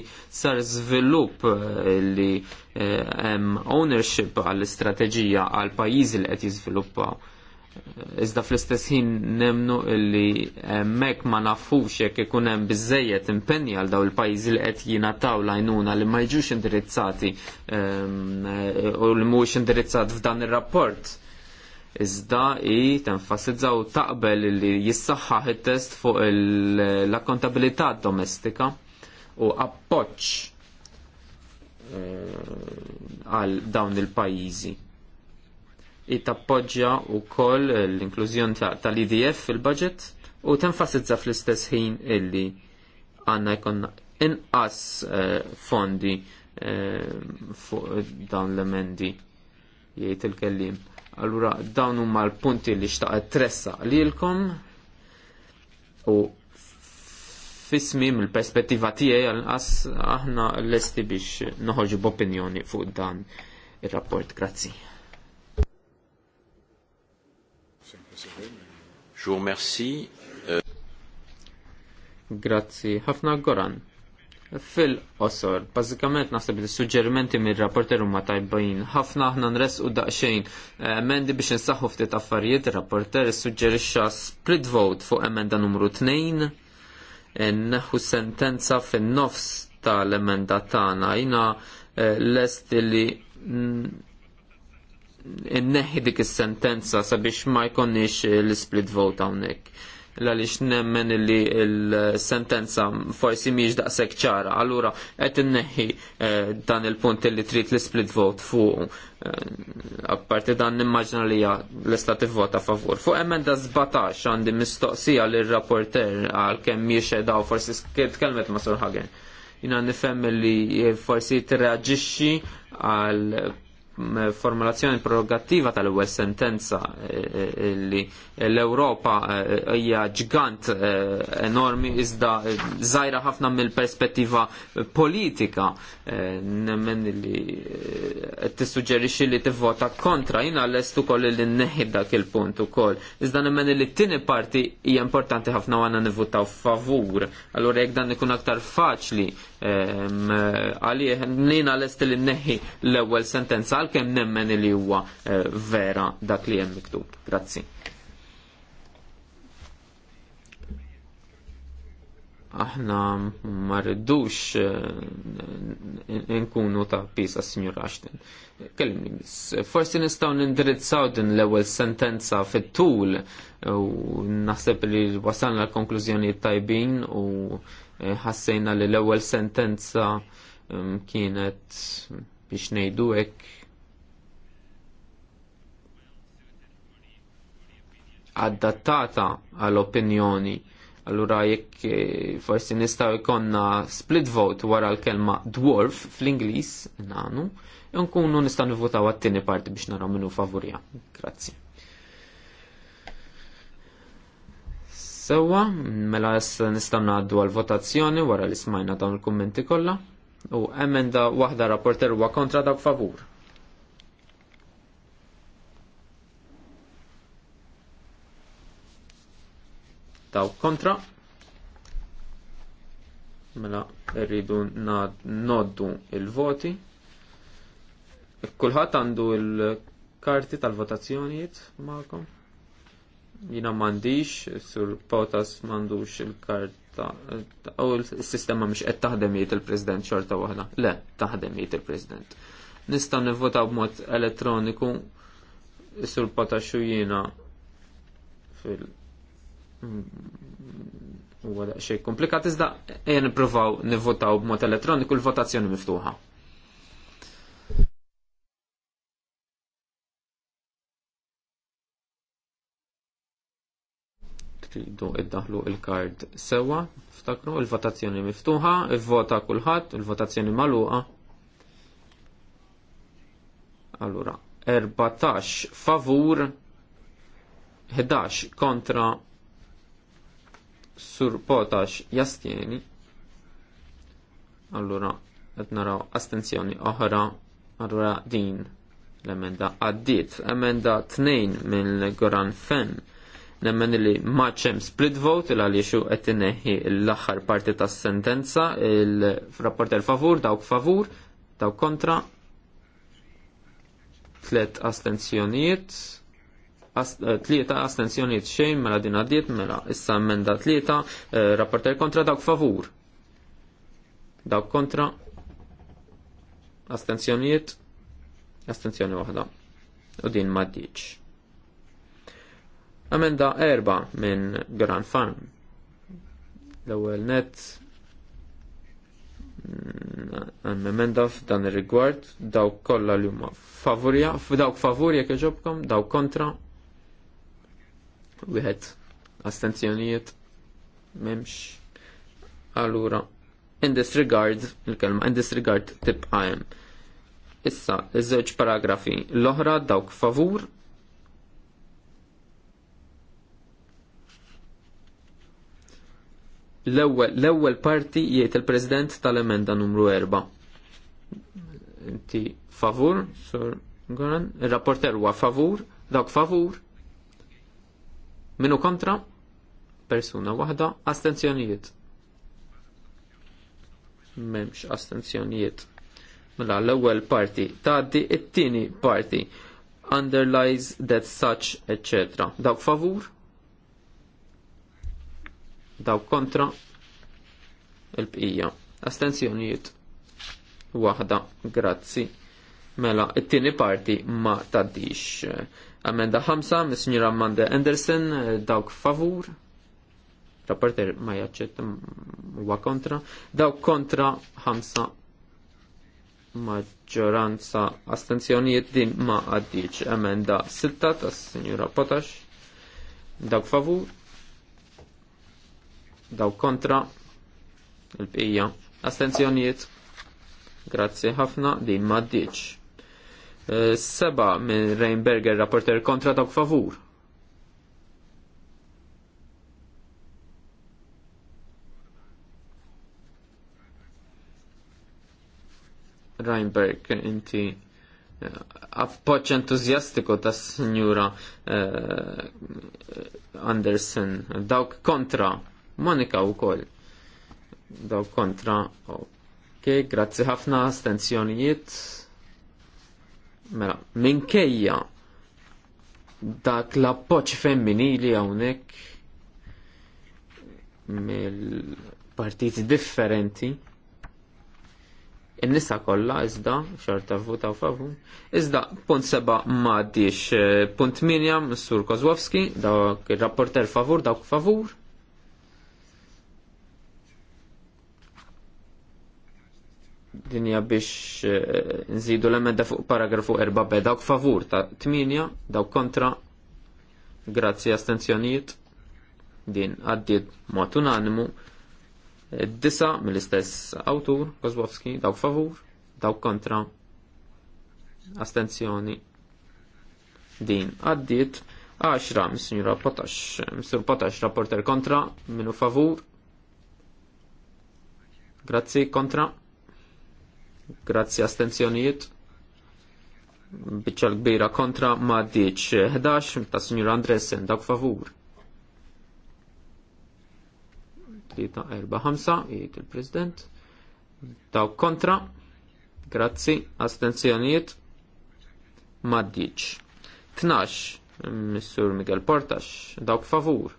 sar żvilupp eh, li eh, hemm ownership għall-istrateġija għal pajjiżi li qed jiżviluppaw. Eh, iżda fl-istess ħin nemnu li hemmhekk ma nafux jekk ikun hemm biżejjed impenni għal daw il-pajjiżi li qed jingħataw lajnuna li ma jiġux indirizzati ehm, u li mhuwiex indirizzat f'dan ir-rapport iżda i tenfasizza u taqbel li jissaħħaħ it-test fuq l-akkontabilità domestika u appoġġ eh, għal dawn il-pajjiżi. I tappoġġja wkoll l-inklużjoni tal-IDF fil-budget u tenfasizza fl-istess ħin illi għandna jkollna inqas eh, fondi eh, fuq dawn l-emendi jgħid il-kellim. Allura dawn huma l-punti li xtaqet tressa lilkom u fismi mill-perspettiva tiegħi għal-qas aħna lesti biex noħorġu b'opinjoni fuq dan ir-rapport. Grazzi. Je merci. Grazzi ħafna Goran. Fil-qosor, bazzikament nasib li suġġerimenti mir rapporter huma tajbajin. Ħafna aħna nresqu daqsxejn eh, emendi biex insaħħu ftit affarijiet, rapporter suġġerixxa split vote fuq emenda numru 2. Neħu sentenza fin-nofs tal-emenda tagħna. Jina eh, lest li inneħi dik is-sentenza sabiex ma jkonniex eh, l-split vote hawnhekk għaliex nemmen li l-sentenza forsi miġ daqshekk ċara. Allura qed inneħħi eh, dan il-punt li trid l-split vote fuq eh, apparti dan nimmaġna li l-esta tivvota favur. Fuq emenda 17 għandi mistoqsija lir rapporter għal kemm miex forsi kelmet ma' Sur Hagen. Jina nifhem li forsi tirreaġixxi għal formulazzjoni prerogattiva tal-ewwel sentenza eh, eh, li l-Ewropa eh, hija ġgant enormi iżda żgħira ħafna mill-perspettiva politika nemmen li qed tissuġġerixxi li tivvota kontra jiena lest ukoll li nneħħi dak il-punt ukoll. Iżda nemmen li t-tieni parti hija importanti ħafna u għandna nivvutaw favur. Allura jekk dan ikun aktar faċli għalih nina l-est li neħi l ewel sentenza għalkemm nemmen li huwa eh, vera dak li hemm miktub. Grazzi. Aħna marridux eh, nkunu ta' pisa signor Ashton. Kellimni biss. Forsi nistgħu nindirizzaw din l ewel sentenza fit-tul u naħseb li wasalna l-konklużjoni tajbin u Eh, ħassejna li l-ewwel sentenza mm, kienet biex ngħidu hekk adattata għall-opinjoni. Allura jekk eh, forsi nistgħu jkollna split vote wara l-kelma dwarf fl-Ingliż nagħnu, e nkunu nistgħu nivvotaw għat-tieni parti biex naraw minnu favorija. Grazzi. Sewa, mela jessa nistaw naddu għal-votazzjoni wara li smajna dawn il-kommenti kollha u emenda waħda rapporter huwa kontra dawk favur. Dawk kontra. Mela rridu noddu il-voti. Kulħadd għandu il-karti tal-votazzjonijiet, Malcolm jina mandiċ, sur potas mandux il-karta, u il-sistema mux qed taħdemijiet il-president xorta waħda. Le, taħdemijiet il-president. Nista' nivvota b'mod elettroniku sur potas xu jina fil- mm, u għada xej komplikat, iżda jen niprofaw nivvotaw b'mod elettroniku l-votazzjoni miftuħa. jekk tridu iddaħlu il-kard sewa, ftakru il-votazzjoni miftuħa, il-vota kulħadd, il-votazzjoni magħluqa. Allura, 14 favur, 11 kontra sur potax Allura, qed naraw astenzjoni oħra, allura din l-emenda għaddiet. Emenda 2 minn Goran Fenn nemmen li maċem split vote il għaliexu qed inneħi l-aħħar parti tas sentenza il-rapporter favur, dawk favur, dawk kontra, tlet astenzjonijiet, eh, tlieta astenzjonijiet xejn mela din għaddiet mela issa emenda tlieta, eh, rapporter kontra dawk favur. Dawk kontra, astenzjonijiet, astenzjoni waħda. U din ma Amenda erba minn Gran Fan. L-ewwel net mm, emenda f'dan ir-rigward dawk kollha li huma favorja, f'dawk favur jekk iġobkom, dawk kontra. Wieħed astenzjonijiet m'hemmx allura in regard, il-kelma in regard tip għajem. Issa, iż-żewġ paragrafi l-oħra dawk favur L-ewwel l-ewwel parti jgħid il-President tal-emenda numru 4. Inti favur, Sur Goran, ir-rapporter huwa favur, dawk favur. Minu kontra? Persuna waħda, astenzjonijiet. Memx astenzjonijiet. Mela l-ewwel parti tgħaddi it-tieni parti underlies that such etc. Dawk favur? daw kontra il-bqija. Astenzjonijiet waħda, grazzi. Mela, it-tieni parti ma taddix. Amenda 5, mis-Sinjura Amanda Anderson, dawk favur. Rapporter ma jaċċetta huwa kontra. Dawk kontra 5 maġġoranza astenzjonijiet din ma għaddiċ. Amenda 6 tas-Sinjura Potash. Dawk favur daw kontra il-bqija astenzjonijiet grazzi ħafna din maddiċ eh, seba minn Reinberger rapporter kontra dawk favur Reinberg, inti eh, appoċ entuzjastiku tas signura uh, eh, Anderson, dawk kontra Monika u koll. Daw kontra. Ok, grazzi ħafna, stenzjonijiet. Mela, minkejja dak l-appoċ femminili għawnek mill-partiti differenti. In-nisa kollha iżda xorta votaw favur. Iżda punt seba m'għaddix eh, punt minja m-Sur Kozłowski, dawk ir-rapporter favur, dawk favur. dinja biex eh, nżidu l-emenda fuq paragrafu 4b dawk favur ta' 8 dawk kontra grazzi astenzjonijiet din għaddit mod unanimu eh, disa mill-istess autur Kozłowski dawk favur dawk kontra astenzjoni din għaddit 10 Mr. Potash, Mr. Potash, rapporter kontra, minu favur, grazzi kontra. Grazzi astenzjonijiet. Biċċa l-kbira kontra ma 11 ta' Signor Andresen dak favur. 3-4-5 jgħid il-President. Dawk kontra. Grazzi astenzjonijiet. Ma 12 Missur Miguel Portax dawk favur.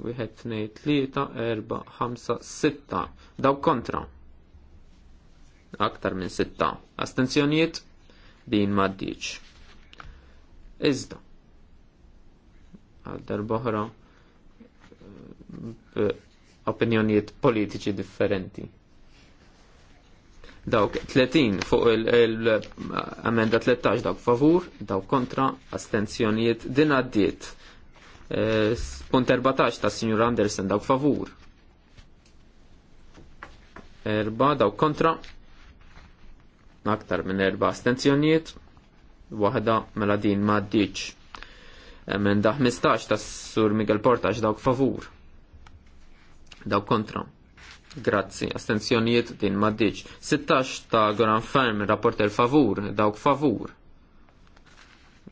Wieħed, tnej, tlieta, erba, ħamsa, sitta. Daw kontra. Aktar minn sitta. Astenzjonijiet din maddiċ. Iżda. Għal darboħra eh, opinjonijiet politiċi differenti. Dawk 30 fuq il-amenda eh, 13 dawk favur, dawk kontra, astenzjonijiet din għaddiet. Punt 14 ta' Signor Anderson dawk favur. Erba dawk kontra. Aktar minn erba astenzjonijiet. Waħda mela din ma' Minn Emenda 15 ta' Sur Miguel Portax dawk favur. Dawk kontra. Grazzi, astenzjonijiet din ma' diċ. 16 ta' Goran Ferm, rapporter favur, dawk favur.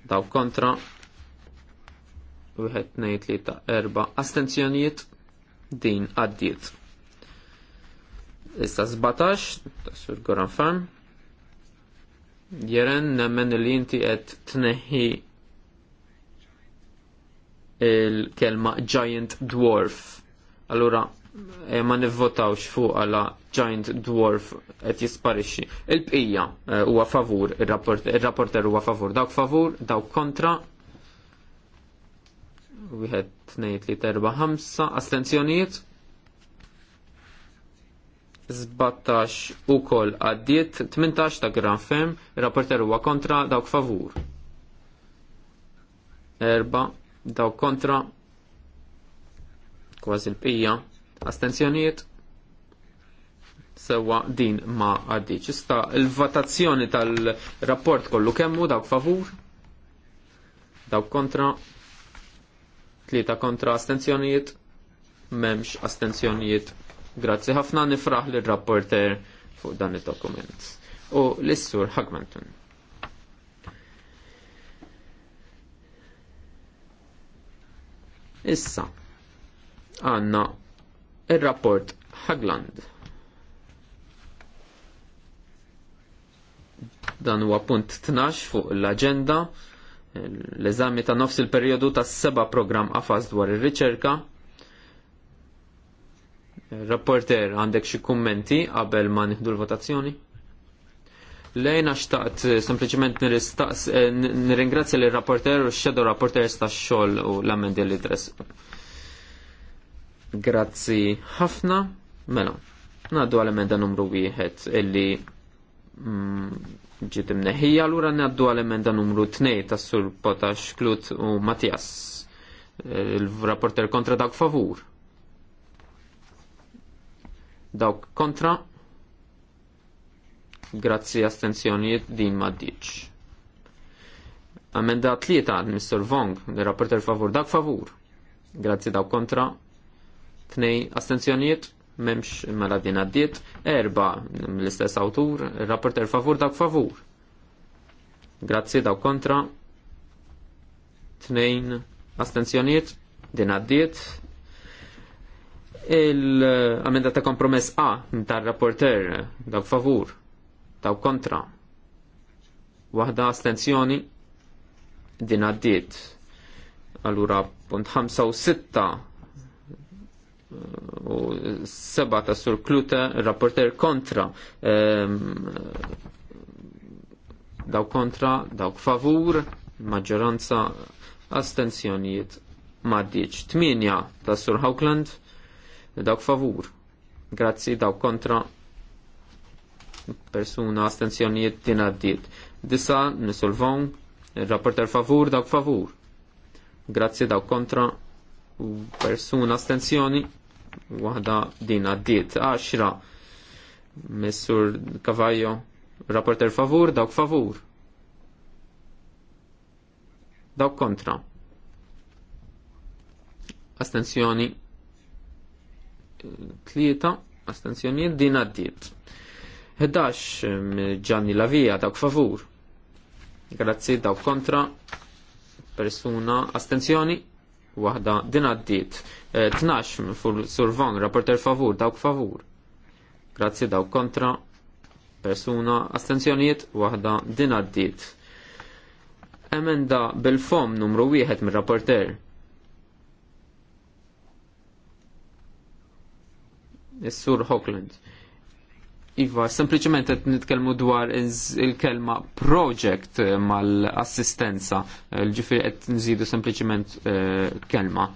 Dawk kontra, wieħed ngħid li ta' erba' astenzjonijiet din għaddiet. Issa 17 ta' Sur Goran Jeren nemmen li inti qed tneħħi il-kelma Giant Dwarf. Allura eh, ma nivvotawx fuq għala Giant Dwarf qed jisparixxi. Il-bqija eh, huwa favur, il rapporter huwa favur, dawk favur, dawk kontra, wieħed tnejn tliet erba' ħamsa astenzjonijiet. 17 ukoll għaddiet 18 ta' gran fem, rapporter huwa kontra dawk favur. Erba dawk kontra kważi l-pija astenzjonijiet sewa din ma għaddiċ. Ista il-votazzjoni tal-rapport kollu kemmu dawk favur, dawk kontra Tlieta kontra astenzjonijiet, memx astenzjonijiet. Grazzi ħafna nifraħ lir rapporter fuq dan id dokument U l-issur Hagmanton. Issa, għanna il-rapport Hagland. Dan huwa punt 12 fuq l-agenda l-eżami ta' nofs il-periodu ta' seba program għafas dwar ir-riċerka. Rapporter, għandek xi kummenti qabel ma nieħdu l-votazzjoni? Lejna xtaqt eh, sempliciment eh, nirringrazzja l rapporter u x xedo rapporters ta' xol u l-ammendi li dress. Grazzi ħafna. Mela, naddu għal-emenda numru wieħed illi Mm, ġiet imneħija lura ngħaddu għal emenda numru 2 tas-sur Potax Klut u Matjas. Eh, il-rapporter kontra dawk favur. Dawk kontra. Grazzi astenzjonijiet din maddiċ. Amenda tlieta għad Mr. Vong, il-rapporter favur, dak favur. Grazzi dawk kontra. Tnej astenzjonijiet memx mela din għaddiet, erba l istess autur, rapporter favur dak favur. Grazzi daw kontra, tnejn astenzjoniet, din għaddiet. Il-amenda ta' kompromess A tar rapporter dak favur, daw kontra. Waħda astenzjoni, din għaddiet. Allura, punt 5 u 6 u seba ta' sur Kluta rapporter kontra ehm, daw kontra, dawk favur, maġġoranza astenzjonijiet maddiċ. Tminja ta' Sur Hawkland, dawk favur. Grazzi dawk kontra persuna astenzjonijiet din għaddiet. Disa, nisulvon, Vong, rapporter favur, daw favur. Grazzi dawk kontra persuna astensjoni waħda din għaddit. 10. Messur Kavajo, rapporter favur, dawk favur. Dawk kontra. Astenzjoni. Tlieta, astenzjoni din għaddiet. 11 mm, Gianni Lavija dawk favur. Grazzi dawk kontra. Persuna astenzjoni waħda din għaddit. 12 eh, fur survan, rapporter favur, dawk favur. Grazzi dawk kontra, persuna, astenzjonijiet, waħda din għaddit. Emenda bil-fom numru 1 mir rapporter. Is-sur Hockland. Iva, sempliciment qed nitkellmu dwar il-kelma project eh, mal-assistenza, l-ġifir eh, qed nżidu sempliciment eh, kelma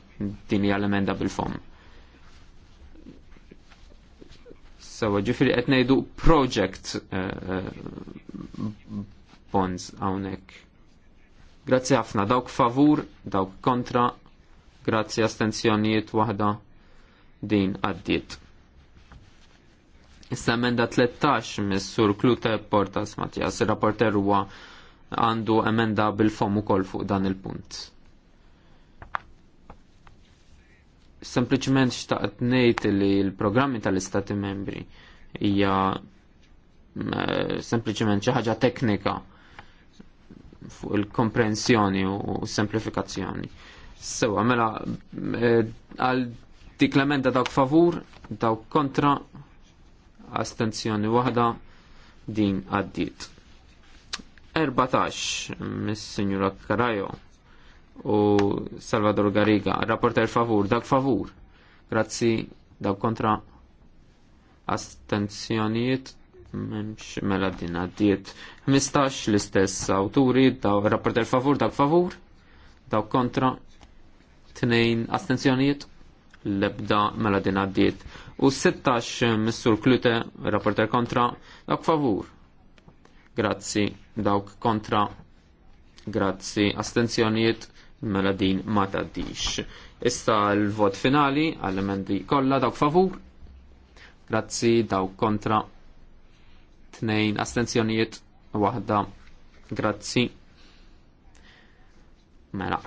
din hija emenda bil-fom. Sawa, ġifir qed ngħidu project bonds hawnhekk. Grazzi ħafna, dawk favur, dawk kontra, grazzi għastenzjonijiet waħda din għaddiet. Issa emenda 13 mis-sur Klute Portas Matjas, il-rapporter huwa għandu emenda bil-fom ukoll fuq dan il-punt. Sempliċement xtaqt ngħid li l-programmi tal-Istati membri hija sempliċement xi ħaġa teknika fuq il-komprensjoni u semplifikazzjoni. Sewa, mela, eh, għal dik l-emenda dawk favur, dawk kontra, astenzjoni waħda din għaddit. 14 mis sinjura Karajo u Salvador Gariga, rapporter favur, dak favur, grazzi dak kontra astenzjonijiet memx mela din għaddiet. 15 l-istess awturi, daw rapporter favur, dak favur, dak kontra, tnejn astenzjonijiet, l-ebda mela din għaddiet u 16 eh, Missur Klute, rapporter kontra, dak favur. Grazzi, dawk kontra, grazzi, astenzjonijiet, mela din ma taddix. Issa l-vot finali għall-emendi kollha dawk favur. Grazzi, dawk kontra. Tnejn astenzjonijiet waħda. Grazzi. Mela.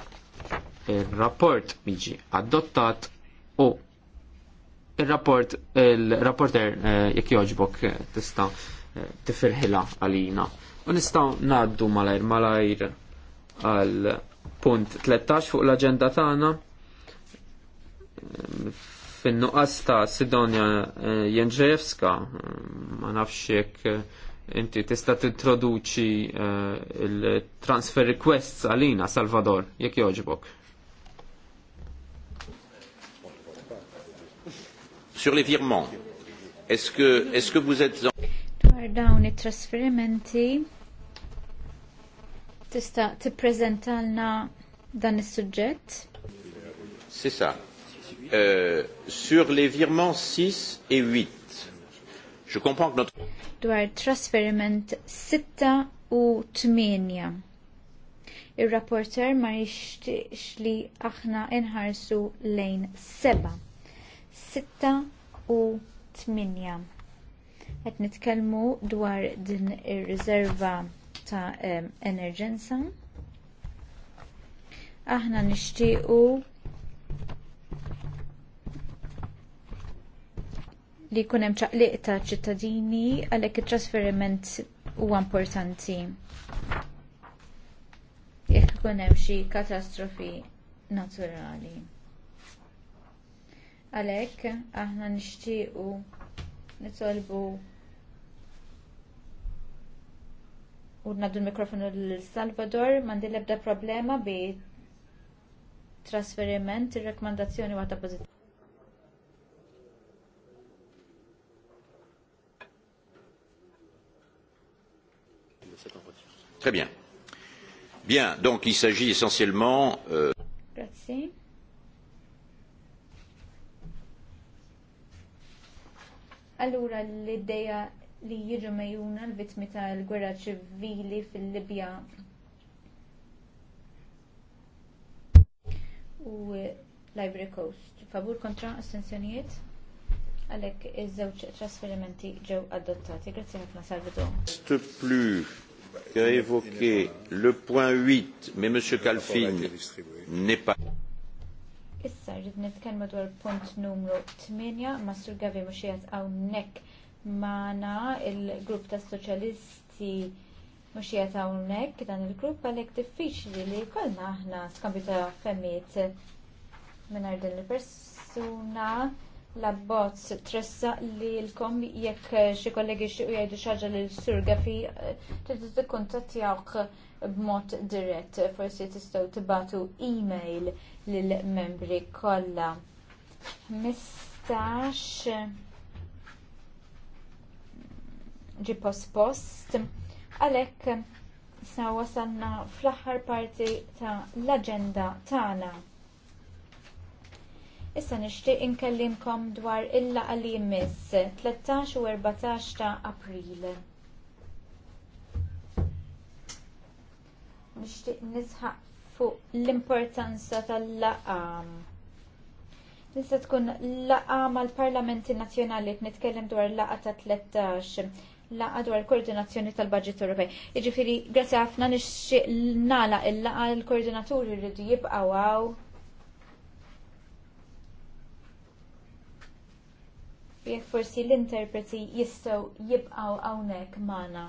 il rapport jiġi adottat u Il-rapport, il-rapporter eh, jekk joġbok eh, tista eh, tifirħila għalina. U nistaw naddu malajr malajr għal punt 13 fuq l-agenda tagħna fin-nuqqas ta' Sidonja Jendrzejewska ma nafx jekk inti tista' tintroduċi il-transfer requests għalina Salvador jekk joġbok. Sur les virements, est-ce que, est que vous êtes en... Dwar dawn it-trasferimenti, tista tippreżentalna dan is-suġġett? C'est ça. Euh, sur les virements 6 et 8, je comprends que notre... Dwar trasferiment 6 u 8. Il-rapporter ma jixtiex li aħna inħarsu lejn seba' 6 u 8. Qed nitkellmu dwar din ir-riserva ta' emerġenza. Aħna nixtiequ li jkun hemm ċaqliq ta' ċittadini għalhekk it-trasferiment huwa importanti. Jekk ikun hemm xi katastrofi naturali. Għalhekk aħna nixtiequ nitolbu u naddu l-mikrofonu l-Salvador mandi l'ebda problema bi trasferiment ir-rekomandazzjoni waħda pożittiva. Très bien. Bien, donc il s'agit essentiellement. Euh... Grazie. Allura l-ideja li jiġu mejjuna l-vittmi tal-gwerra ċivili fil-Libja u l-Ivory Coast. Favur kontra astensjonijiet? Għalek iż-żewġ trasferimenti ġew adottati. Grazie ħafna Salvador. Évoqué le point 8, mais M. Calfin n'est pas. Issa rrid nitkellmu dwar punt numru 8 ma' Sur Gavi mhux qiegħed hawnhekk magħna il-grupp tas soċjalisti mhux qiegħed hawnhekk dan il-grupp għalhekk diffiċli li kollna aħna skambju ta' femmiet mingħajr din il-persuna l-abbozz tressa li l-kom jekk xi kollegi xie jgħidu xaġa li l sur fi t-tikkontattjawk b'mod dirett, forsi tistgħu tibatu email lill-membri kollha. 15 ġi post għalhekk sa wasanna fl-aħħar parti ta' l-aġenda tagħna. Issa nixtieq inkellimkom dwar illa għal jmiss 13 u 14 ta' April. Nixtieq nisħaq fuq l-importanza tal-laqam. Nista tkun laqgħa mal-Parlamenti Nazzjonali nitkellem dwar laqa ta' 13 laqa dwar koordinazzjoni tal-Budget Ewropej. Jiġifieri grazzi ħafna nixtieq nagħlaq il-laqa l-koordinaturi rridu jibqgħu għaw. Jekk forsi l-interpreti jistgħu jibqgħu hawnhekk magħna.